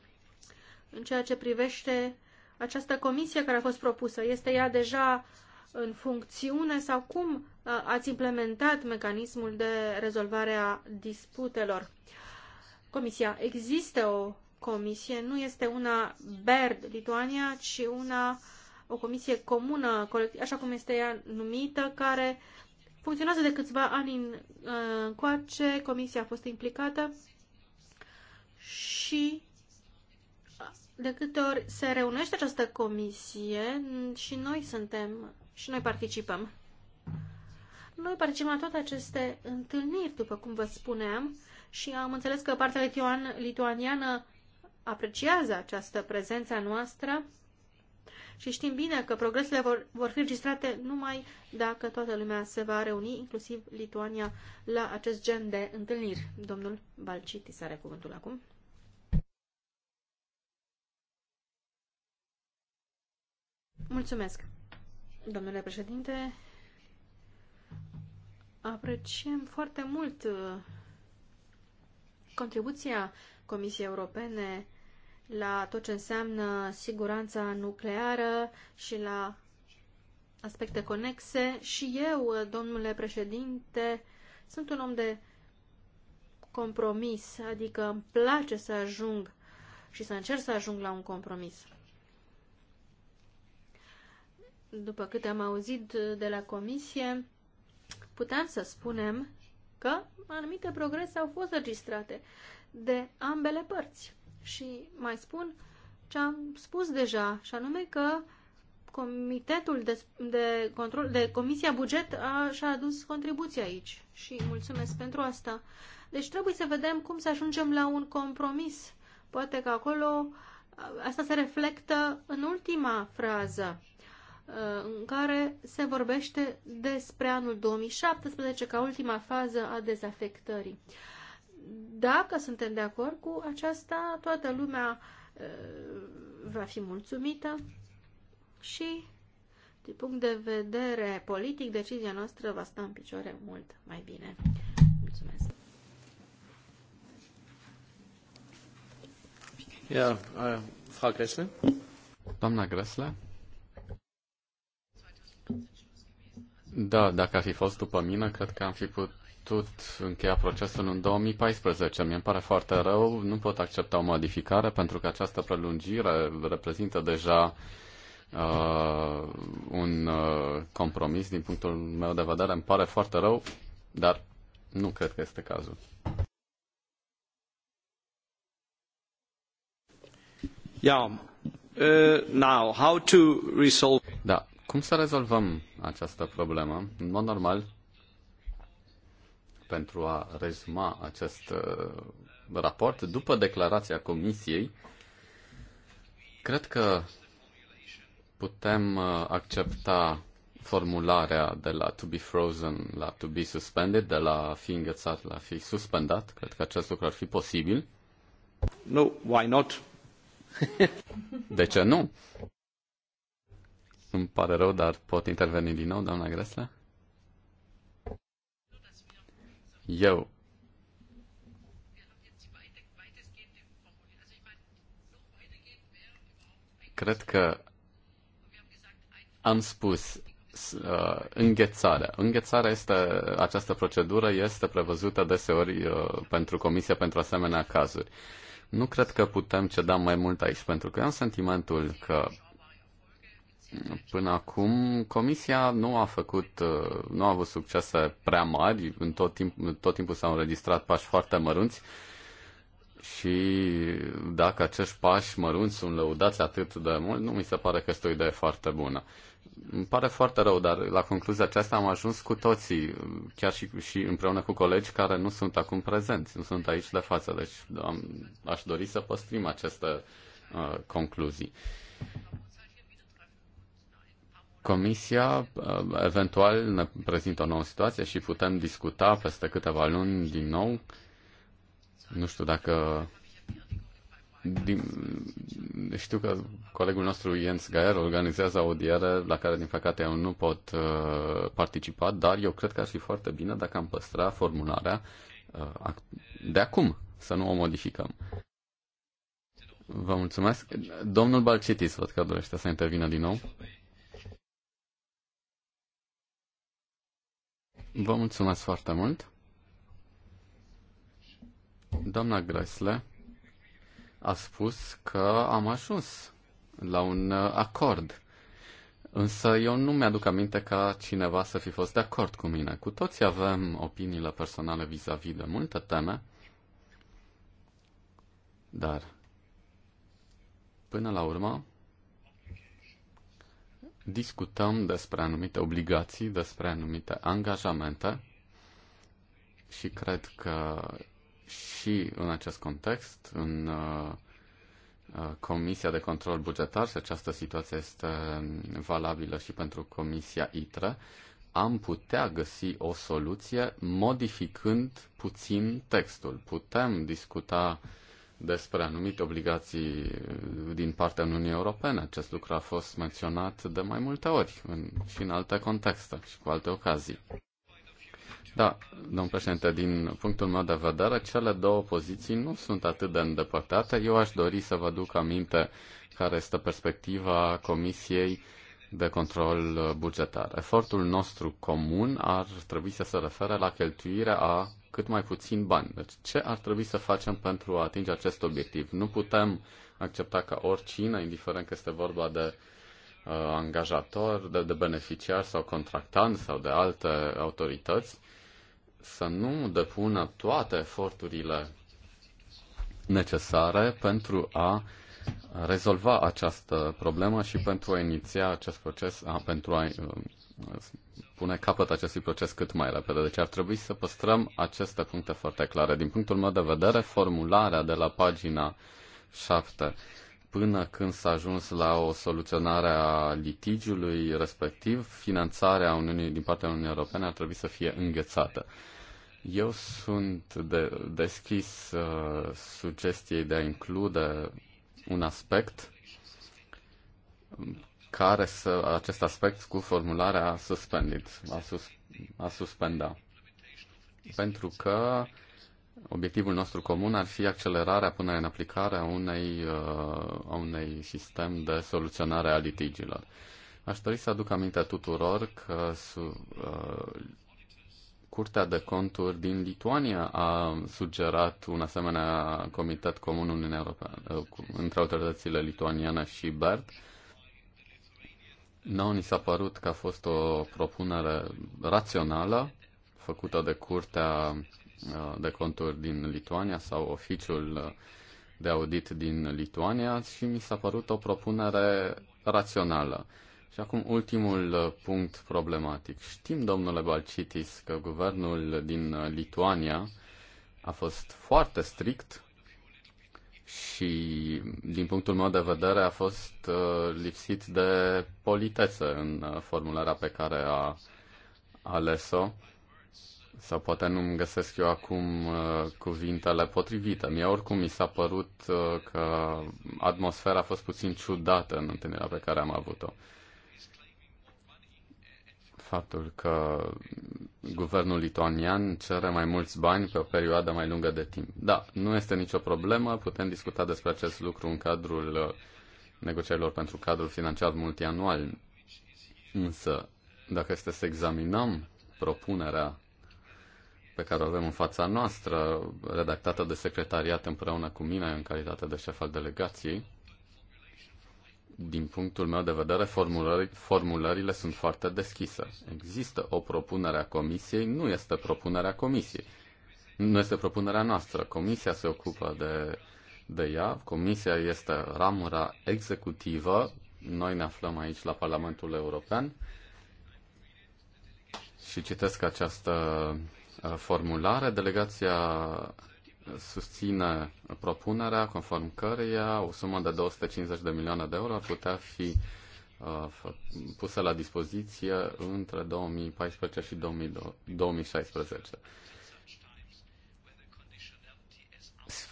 în ceea ce privește această comisie care a fost propusă, este ea deja în funcțiune sau cum uh, ați implementat mecanismul de rezolvare a disputelor? Comisia. Există o comisie, nu este una BERD Lituania, ci una, o comisie comună, așa cum este ea numită, care funcționează de câțiva ani în uh, încoace, comisia a fost implicată și de câte ori se reunește această comisie mm, și noi suntem, și noi participăm. Noi participăm la toate aceste întâlniri, după cum vă spuneam, și am înțeles că partea lituan, lituaniană apreciază această prezență noastră și știm bine că progresele vor, vor fi registrate numai dacă toată lumea se va reuni, inclusiv Lituania, la acest gen de întâlniri. Domnul Balciti are cuvântul acum. Mulțumesc, domnule președinte. Apreciem foarte mult uh, contribuția Comisiei Europene la tot ce înseamnă siguranța nucleară și la aspecte conexe. Și eu, uh, domnule președinte, sunt un om de compromis, adică îmi place să ajung și să încerc să ajung la un compromis după câte am auzit de la comisie, putem să spunem că anumite progrese au fost registrate de ambele părți. Și mai spun ce am spus deja, și anume că Comitetul de, de control, de Comisia Buget a, și-a adus contribuția aici și mulțumesc pentru asta. Deci trebuie să vedem cum să ajungem la un compromis. Poate că acolo asta se reflectă în ultima frază Uh, în care se vorbește despre anul 2017 ca ultima fază a dezafectării. Dacă suntem de acord cu aceasta, toată lumea uh, va fi mulțumită și, din punct de vedere politic, decizia noastră va sta în picioare mult mai bine. Mulțumesc! yeah, äh, uh, Frau Gressle. Doamna Gressle. Da, dacă ar fi fost după mine, cred că am fi putut încheia procesul în 2014. Mi-e pare foarte rău, nu pot accepta o modificare pentru că această prelungire reprezintă deja uh, un uh, compromis. Din punctul meu de vedere îmi pare foarte rău, dar nu cred că este cazul. Yeah. Uh, now, how to resolve... Da, cum să rezolvăm această problemă? În mod normal, pentru a rezuma acest uh, raport, după declarația Comisiei, cred că putem uh, accepta formularea de la to be frozen la to be suspended, de la fi înghețat la fi suspendat. Cred că acest lucru ar fi posibil. No, why not? de ce nu? Îmi pare rău, dar pot interveni din nou, doamna Gresle? Eu. Cred că am spus uh, înghețarea. Înghețarea este, această procedură este prevăzută deseori uh, pentru Comisia pentru asemenea cazuri. Nu cred că putem ceda mai mult aici, pentru că am sentimentul că Până acum, Comisia nu a făcut, uh, nu a avut succese prea mari, în tot, timp, tot timpul s-au înregistrat pași foarte mărunți și dacă acești pași mărunți sunt lăudați atât de mult, nu mi se pare că este o idee foarte bună. Îmi pare foarte rău, dar la concluzia aceasta am ajuns cu toții, chiar și, și împreună cu colegi care nu sunt acum prezenți, nu sunt aici de față, deci am, aș dori să păstrim aceste uh, concluzii. Comisia uh, eventual ne prezintă o nouă situație și putem discuta peste câteva luni din nou. Nu știu dacă din, știu că colegul nostru Jens Gaer organizează audiere la care, din păcate, eu nu pot uh, participa, dar eu cred că ar fi foarte bine dacă am păstra formularea uh, de acum, să nu o modificăm. Vă mulțumesc. Domnul Balcitis, văd că dorește să intervină din nou. Vă mulțumesc foarte mult. Doamna Gresle a spus că am ajuns la un uh, acord. Însă eu nu mi-aduc aminte ca cineva să fi fost de acord cu mine. Cu toții avem opiniile personale vis-a-vis -vis de multe teme, dar până la urmă discutăm despre anumite obligații, despre anumite angajamente și cred că și în acest context, în uh, uh, Comisia de Control Bugetar, și această situație este valabilă și pentru Comisia ITRE, am putea găsi o soluție modificând puțin textul. Putem discuta uh, despre anumite obligații din partea Uniunii Europene. Acest lucru a fost menționat de mai multe ori în, și în alte contexte și cu alte ocazii. Da, domn președinte, din punctul meu de vedere, cele două poziții nu sunt atât de îndepărtate. Eu aș dori să vă duc aminte care este perspectiva Comisiei de control bugetar. Efortul nostru comun ar trebui să se refere la cheltuirea a cât mai puțin bani. Deci ce ar trebui să facem pentru a atinge acest obiectiv? Nu putem accepta ca oricine, indiferent că este vorba de uh, angajator, de, de beneficiar sau contractant sau de alte autorități, să nu depună toate eforturile necesare pentru a rezolva această problemă și pentru a iniția acest proces, a, pentru a uh, pune capăt acestui proces cât mai repede. Deci ar trebui să păstrăm aceste puncte foarte clare. Din punctul meu de vedere, formularea de la pagina 7 până când s-a ajuns la o soluționare a litigiului respectiv, finanțarea Uniunii din partea Uniunii Europene ar trebui să fie înghețată. Eu sunt de, deschis uh, sugestiei de a include un aspect care să, acest aspect cu formularea suspended, a, sus, a suspenda. Pentru că obiectivul nostru comun ar fi accelerarea punerea în aplicare a unei, uh, a unei sistem de soluționare a litigiilor. Aș dori să aduc aminte tuturor că su, uh, Curtea de Conturi din Lituania a sugerat un asemenea comitet comun în Europa, uh, între autoritățile lituaniană și BERT nu ni s-a părut că a fost o propunere rațională făcută de Curtea uh, de Conturi din Lituania sau oficiul uh, de audit din Lituania și mi s-a părut o propunere rațională. Și acum ultimul uh, punct problematic. Știm, domnule Balcitis, că guvernul din Lituania a fost foarte strict și, din punctul meu de vedere, a fost uh, lipsit de politețe în uh, formularea pe care a ales-o. Sau poate nu îmi găsesc eu acum uh, cuvintele potrivite. Mie oricum mi s-a părut că atmosfera a fost puțin ciudată în întâlnirea pe care am avut-o faptul că guvernul lituanian cere mai mulți bani pe o perioadă mai lungă de timp. Da, nu este nicio problemă, putem discuta despre acest lucru în cadrul uh, negocierilor pentru cadrul financiar multianual. Însă, dacă este să examinăm propunerea pe care o avem în fața noastră, redactată de secretariat împreună cu mine în calitate de șef al delegației, din punctul meu de vedere, formulări, formulările sunt foarte deschise. Există o propunere a Comisiei, nu este propunerea Comisiei. Nu este propunerea noastră. Comisia se ocupă de, de ea, Comisia este ramura executivă, noi ne aflăm aici la Parlamentul European și citesc această uh, formulare. Delegația susține propunerea conform căreia o sumă de 250 de milioane de euro ar putea fi uh, pusă la dispoziție între 2014 și 2016.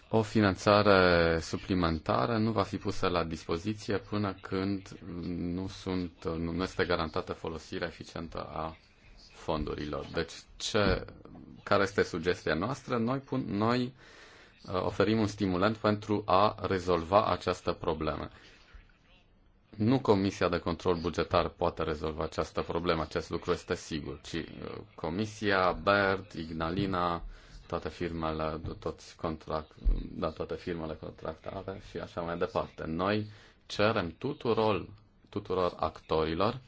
O finanțare suplimentară nu va fi pusă la dispoziție până când nu, sunt, nu este garantată folosirea eficientă a fondurilor. Deci ce care este sugestia noastră? Noi, pun, noi uh, oferim un stimulant pentru a rezolva această problemă. Nu Comisia de Control Bugetar poate rezolva această problemă, acest lucru este sigur, ci uh, Comisia, BERD, Ignalina, toate firmele, toți contract, da, toate firmele contractare și așa mai departe. Noi cerem tuturor, tuturor actorilor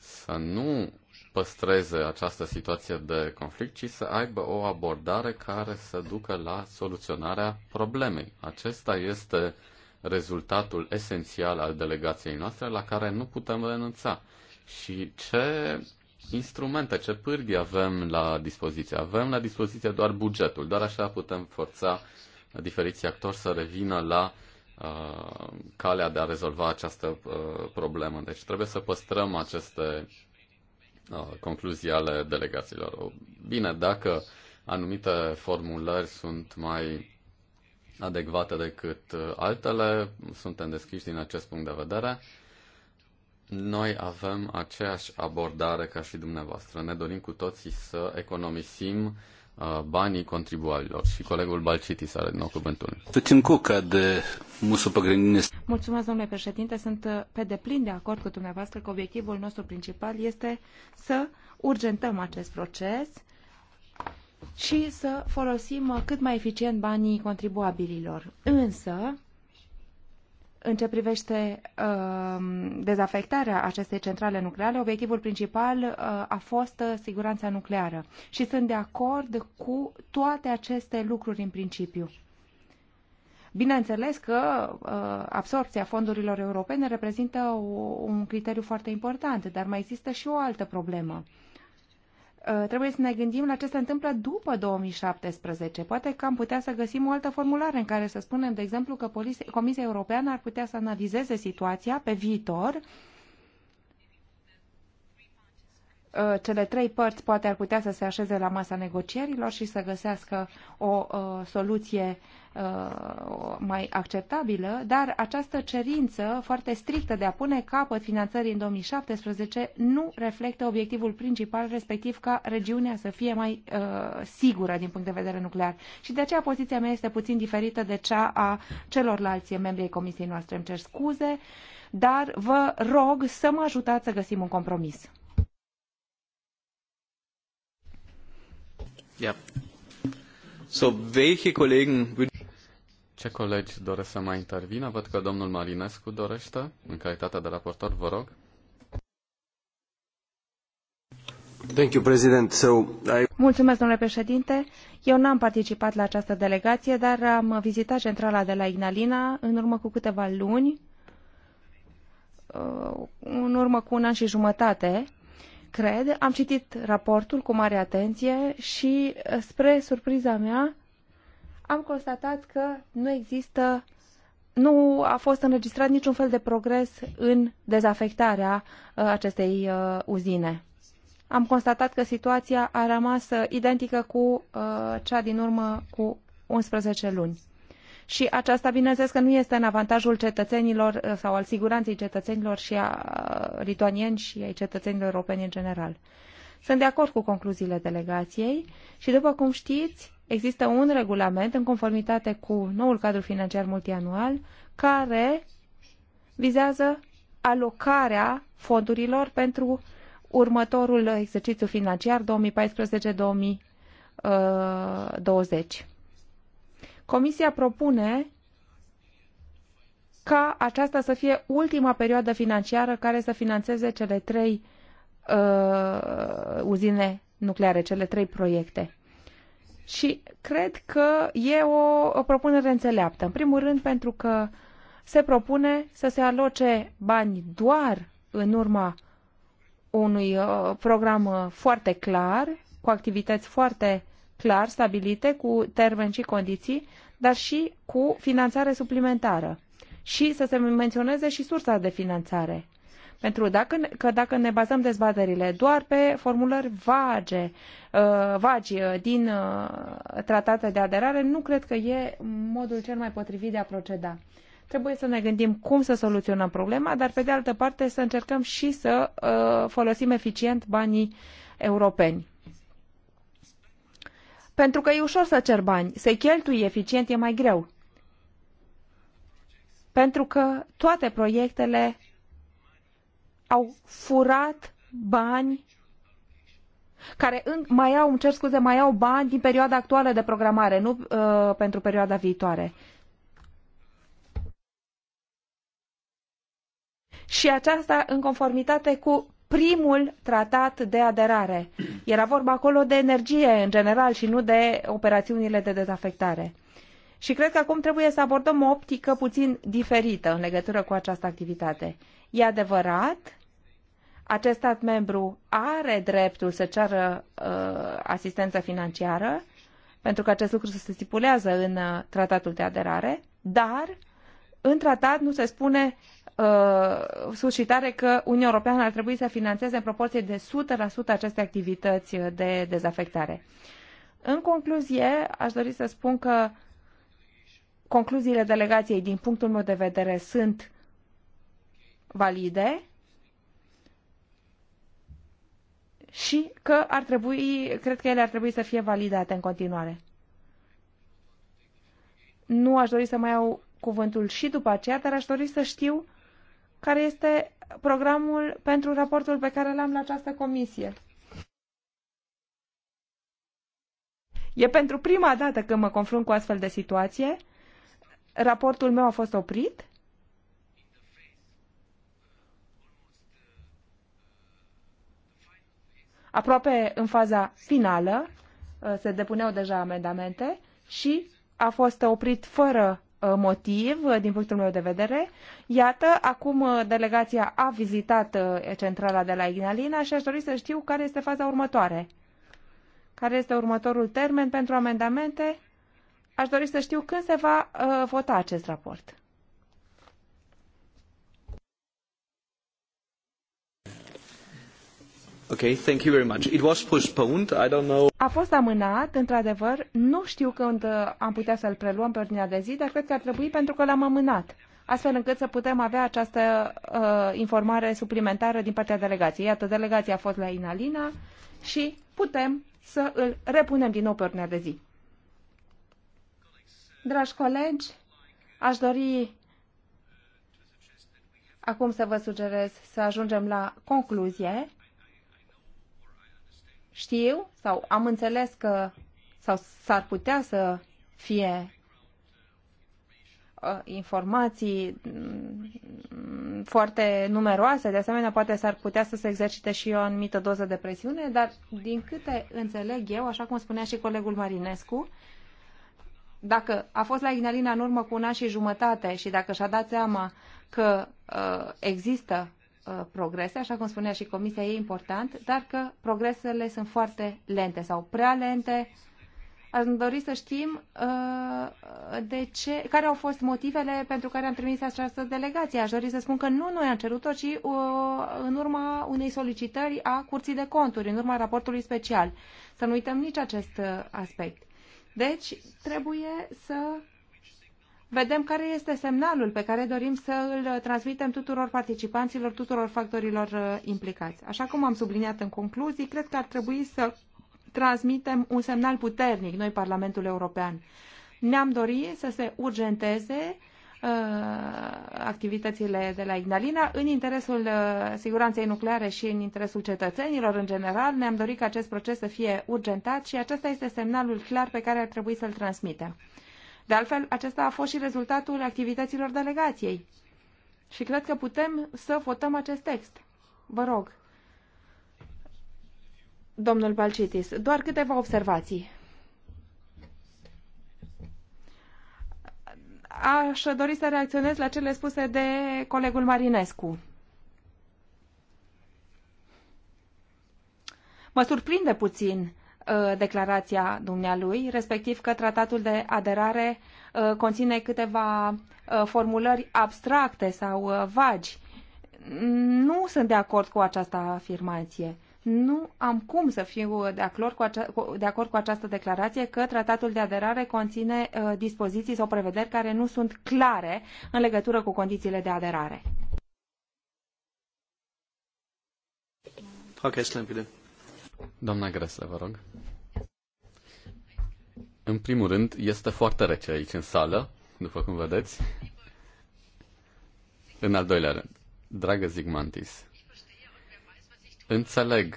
să nu păstreze această situație de conflict, ci să aibă o abordare care să ducă la soluționarea problemei. Acesta este rezultatul esențial al delegației noastre la care nu putem renunța. Și ce instrumente, ce pârghi avem la dispoziție? Avem la dispoziție doar bugetul, doar așa putem forța diferiții actori să revină la uh, calea de a rezolva această uh, problemă. Deci trebuie să păstrăm aceste Uh, concluzii ale delegațiilor. Bine, dacă anumite formulări sunt mai adecvate decât uh, altele, suntem deschiși din acest punct de vedere. Noi avem aceeași abordare ca și dumneavoastră. Ne dorim cu toții să economisim Uh, banii contribuabililor. Și colegul Balcitis are din nou cuvântul. de Mulțumesc, domnule președinte. Sunt uh, pe deplin de acord cu dumneavoastră că obiectivul nostru principal este să urgentăm acest proces și să folosim uh, cât mai eficient banii contribuabililor. Însă, în ce privește uh, dezafectarea acestei centrale nucleare, obiectivul principal uh, a fost uh, siguranța nucleară. Și sunt de acord cu toate aceste lucruri în principiu. Bineînțeles că uh, absorpția fondurilor europene reprezintă o, un criteriu foarte important, dar mai există și o altă problemă. Uh, Uh, trebuie să ne gândim la ce se întâmplă după 2017. Poate că am putea să găsim o altă formulare în care să spunem, de exemplu, că Comisia Europeană ar putea să analizeze situația pe viitor uh, Uh, cele trei părți poate ar putea să se așeze la masa negocierilor și să găsească o uh, soluție uh, mai acceptabilă, dar această cerință foarte strictă de a pune capăt finanțării în 2017 nu reflectă obiectivul principal, respectiv ca regiunea să fie mai uh, sigură din punct de vedere nuclear. Și de aceea poziția mea este puțin diferită de cea a celorlalți membri ai comisiei noastre. Îmi cer scuze, dar vă rog să mă ajutați să găsim un compromis. Yeah. So, welche Kollegen... Ce colegi doresc să mai intervină? Văd că domnul Marinescu dorește, în calitate de raportor, vă rog. Thank you, President. So, I... Mulțumesc, domnule președinte. Eu n-am participat la această delegație, dar am vizitat centrala de la Ignalina în urmă cu câteva luni, uh, în urmă cu un an și jumătate, cred. Am citit raportul cu mare atenție și, uh, spre surpriza mea, am constatat că nu există, nu a fost înregistrat niciun fel de progres în dezafectarea uh, acestei uh, uzine. Am constatat că situația a rămas identică cu cea din urmă cu 11 luni și aceasta, bineînțeles, că nu este în avantajul cetățenilor uh, sau al siguranței cetățenilor și a uh, lituanieni și ai cetățenilor europeni în general. Sunt de acord cu concluziile delegației și, după cum știți, există un regulament în conformitate cu noul cadru financiar multianual care vizează alocarea fondurilor pentru următorul exercițiu financiar 2014-2020. Comisia propune ca aceasta să fie ultima perioadă financiară care să financeze cele trei uh, uzine nucleare, cele trei proiecte. Și cred că e o, o propunere înțeleaptă. În primul rând pentru că se propune să se aloce bani doar în urma unui uh, program uh, foarte clar, cu activități foarte uh, clar stabilite, cu termeni și condiții, dar și cu finanțare suplimentară. Și să se menționeze și sursa de finanțare. Pentru dacă, că dacă ne bazăm dezbaterile doar pe formulări vage, uh, vagi uh, din uh, tratate de aderare, nu cred că e modul cel mai potrivit de a proceda trebuie să ne gândim cum să soluționăm problema, dar pe de altă parte să încercăm și să uh, folosim eficient banii europeni. Pentru că e ușor să cer bani, să cheltui eficient e mai greu. Pentru că toate proiectele au furat bani care în, mai au, îmi cer scuze, mai au bani din perioada actuală de programare, nu uh, pentru perioada viitoare. Și aceasta în conformitate cu primul tratat de aderare. Era vorba acolo de energie în general și nu de operațiunile de dezafectare. Și cred că acum trebuie să abordăm o optică puțin diferită în legătură cu această activitate. E adevărat, acest stat membru are dreptul să ceară uh, asistență financiară, pentru că acest lucru se stipulează în uh, tratatul de aderare, dar în tratat nu se spune uh, suscitare că Uniunea Europeană ar trebui să financeze în proporție de 100% aceste activități de dezafectare. În concluzie, aș dori să spun că concluziile delegației, din punctul meu de vedere, sunt valide și că ar trebui, cred că ele ar trebui să fie validate în continuare. Nu aș dori să mai au cuvântul și după aceea, dar aș dori să știu care este programul pentru raportul pe care l-am la această comisie. E pentru prima dată când mă confrunt cu astfel de situație. Raportul meu a fost oprit. Aproape în faza finală uh, se depuneau deja amendamente și a fost oprit fără Uh, motiv, uh, din punctul meu de vedere. Iată, acum uh, delegația a vizitat centrala de la Ignalina și aș dori să știu care este faza următoare. Care este următorul termen pentru amendamente? Aș dori să știu când se va uh, vota acest raport. Okay, thank you very much. It was postponed. I don't know. A fost amânat, într-adevăr. Nu știu când uh, am putea să-l preluăm pe ordinea de zi, dar cred că ar trebui pentru că l-am amânat, astfel încât să putem avea această uh, informare suplimentară din partea delegației. Iată, delegația a fost la Inalina și putem să îl repunem din nou pe ordinea de zi. Dragi colegi, aș dori acum să vă sugerez să ajungem la concluzie. Știu sau am înțeles că sau s-ar putea să fie uh, informații mm, foarte numeroase, de asemenea poate s-ar putea să se exercite și o anumită doză de presiune, dar din câte înțeleg eu, așa cum spunea și colegul Marinescu, dacă a fost la Ignalina în urmă cu un an și jumătate și dacă și-a dat seama că uh, există Uh, progrese, așa cum spunea și Comisia, e important, dar că progresele sunt foarte lente sau prea lente. Am dori să știm uh, de ce, care au fost motivele pentru care am trimis această delegație. Aș dori să spun că nu noi am cerut-o, ci uh, în urma unei solicitări a Curții de Conturi, în urma raportului special. Să nu uităm nici acest aspect. Deci, trebuie să vedem care este semnalul pe care dorim să îl transmitem tuturor participanților, tuturor factorilor uh, implicați. Așa cum am subliniat în concluzii, cred că ar trebui să transmitem un semnal puternic noi, Parlamentul European. Ne-am dorit să se urgenteze uh, activitățile de la Ignalina în interesul uh, siguranței nucleare și în interesul cetățenilor în general. Ne-am dorit ca acest proces să fie urgentat și acesta este semnalul clar pe care ar trebui să-l transmitem. De altfel, acesta a fost și rezultatul activităților delegației. Și cred că putem să votăm acest text. Vă rog. Domnul Balcitis, doar câteva observații. Aș dori să reacționez la cele spuse de colegul Marinescu. Mă surprinde puțin Uh, declarația dumnealui, respectiv că tratatul de aderare uh, conține câteva uh, formulări abstracte sau vagi. Nu sunt de acord cu această afirmație. Nu am cum să fiu de acord cu, acea, de acord cu această declarație că tratatul de aderare conține dispoziții sau prevederi care nu sunt clare în legătură cu condițiile de aderare. Okay, Doamna Gresle, vă rog. În primul rând, este foarte rece aici în sală, după cum vedeți. În al doilea rând, dragă Zigmantis, înțeleg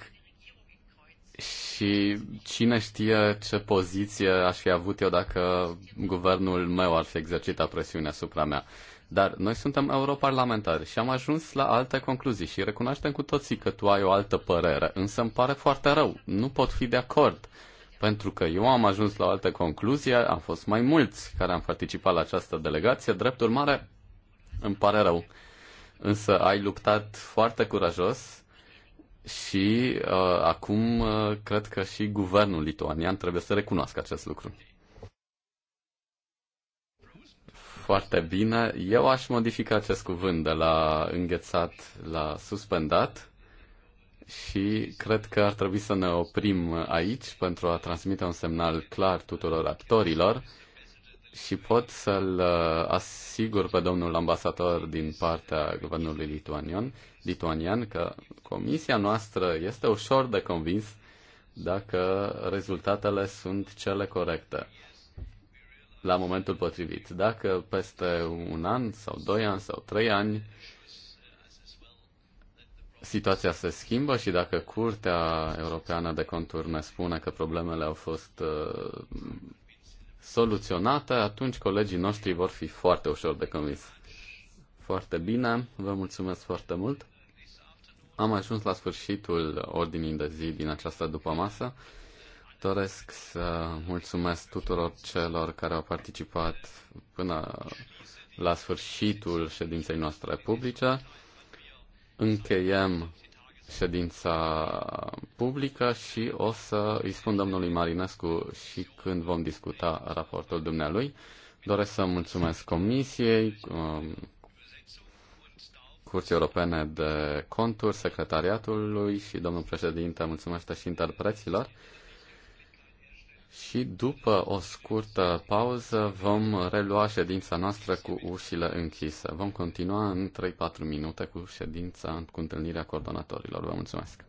și cine știe ce poziție aș fi avut eu dacă guvernul meu ar fi exercitat presiunea asupra mea. Dar noi suntem europarlamentari și am ajuns la alte concluzii și recunoaștem cu toții că tu ai o altă părere, însă îmi pare foarte rău, nu pot fi de acord. Pentru că eu am ajuns la o altă concluzie, am fost mai mulți care am participat la această delegație, drept urmare, îmi pare rău. Însă ai luptat foarte curajos și uh, acum uh, cred că și guvernul lituanian trebuie să recunoască acest lucru. foarte bine. Eu aș modifica acest cuvânt de la înghețat la suspendat și cred că ar trebui să ne oprim aici pentru a transmite un semnal clar tuturor actorilor și pot să-l uh, asigur pe domnul ambasador din partea guvernului lituanian, lituanian că comisia noastră este ușor de convins dacă rezultatele sunt cele corecte la momentul potrivit. Dacă peste un an sau doi ani sau trei ani situația se schimbă și dacă Curtea Europeană de Conturi ne spune că problemele au fost uh, soluționate, atunci colegii noștri vor fi foarte ușor de convins. Foarte bine, vă mulțumesc foarte mult. Am ajuns la sfârșitul ordinii de zi din această dupămasă. masă Doresc să mulțumesc tuturor celor care au participat până la sfârșitul ședinței noastre publice. Încheiem ședința publică și o să îi spun domnului Marinescu și când vom discuta raportul dumnealui. Doresc să mulțumesc Comisiei, um, Curții Europene de Conturi, Secretariatului și domnul președinte, mulțumesc și interpreților și după o scurtă pauză vom relua ședința noastră cu ușile închise. Vom continua în 3-4 minute cu ședința, cu întâlnirea coordonatorilor. Vă mulțumesc!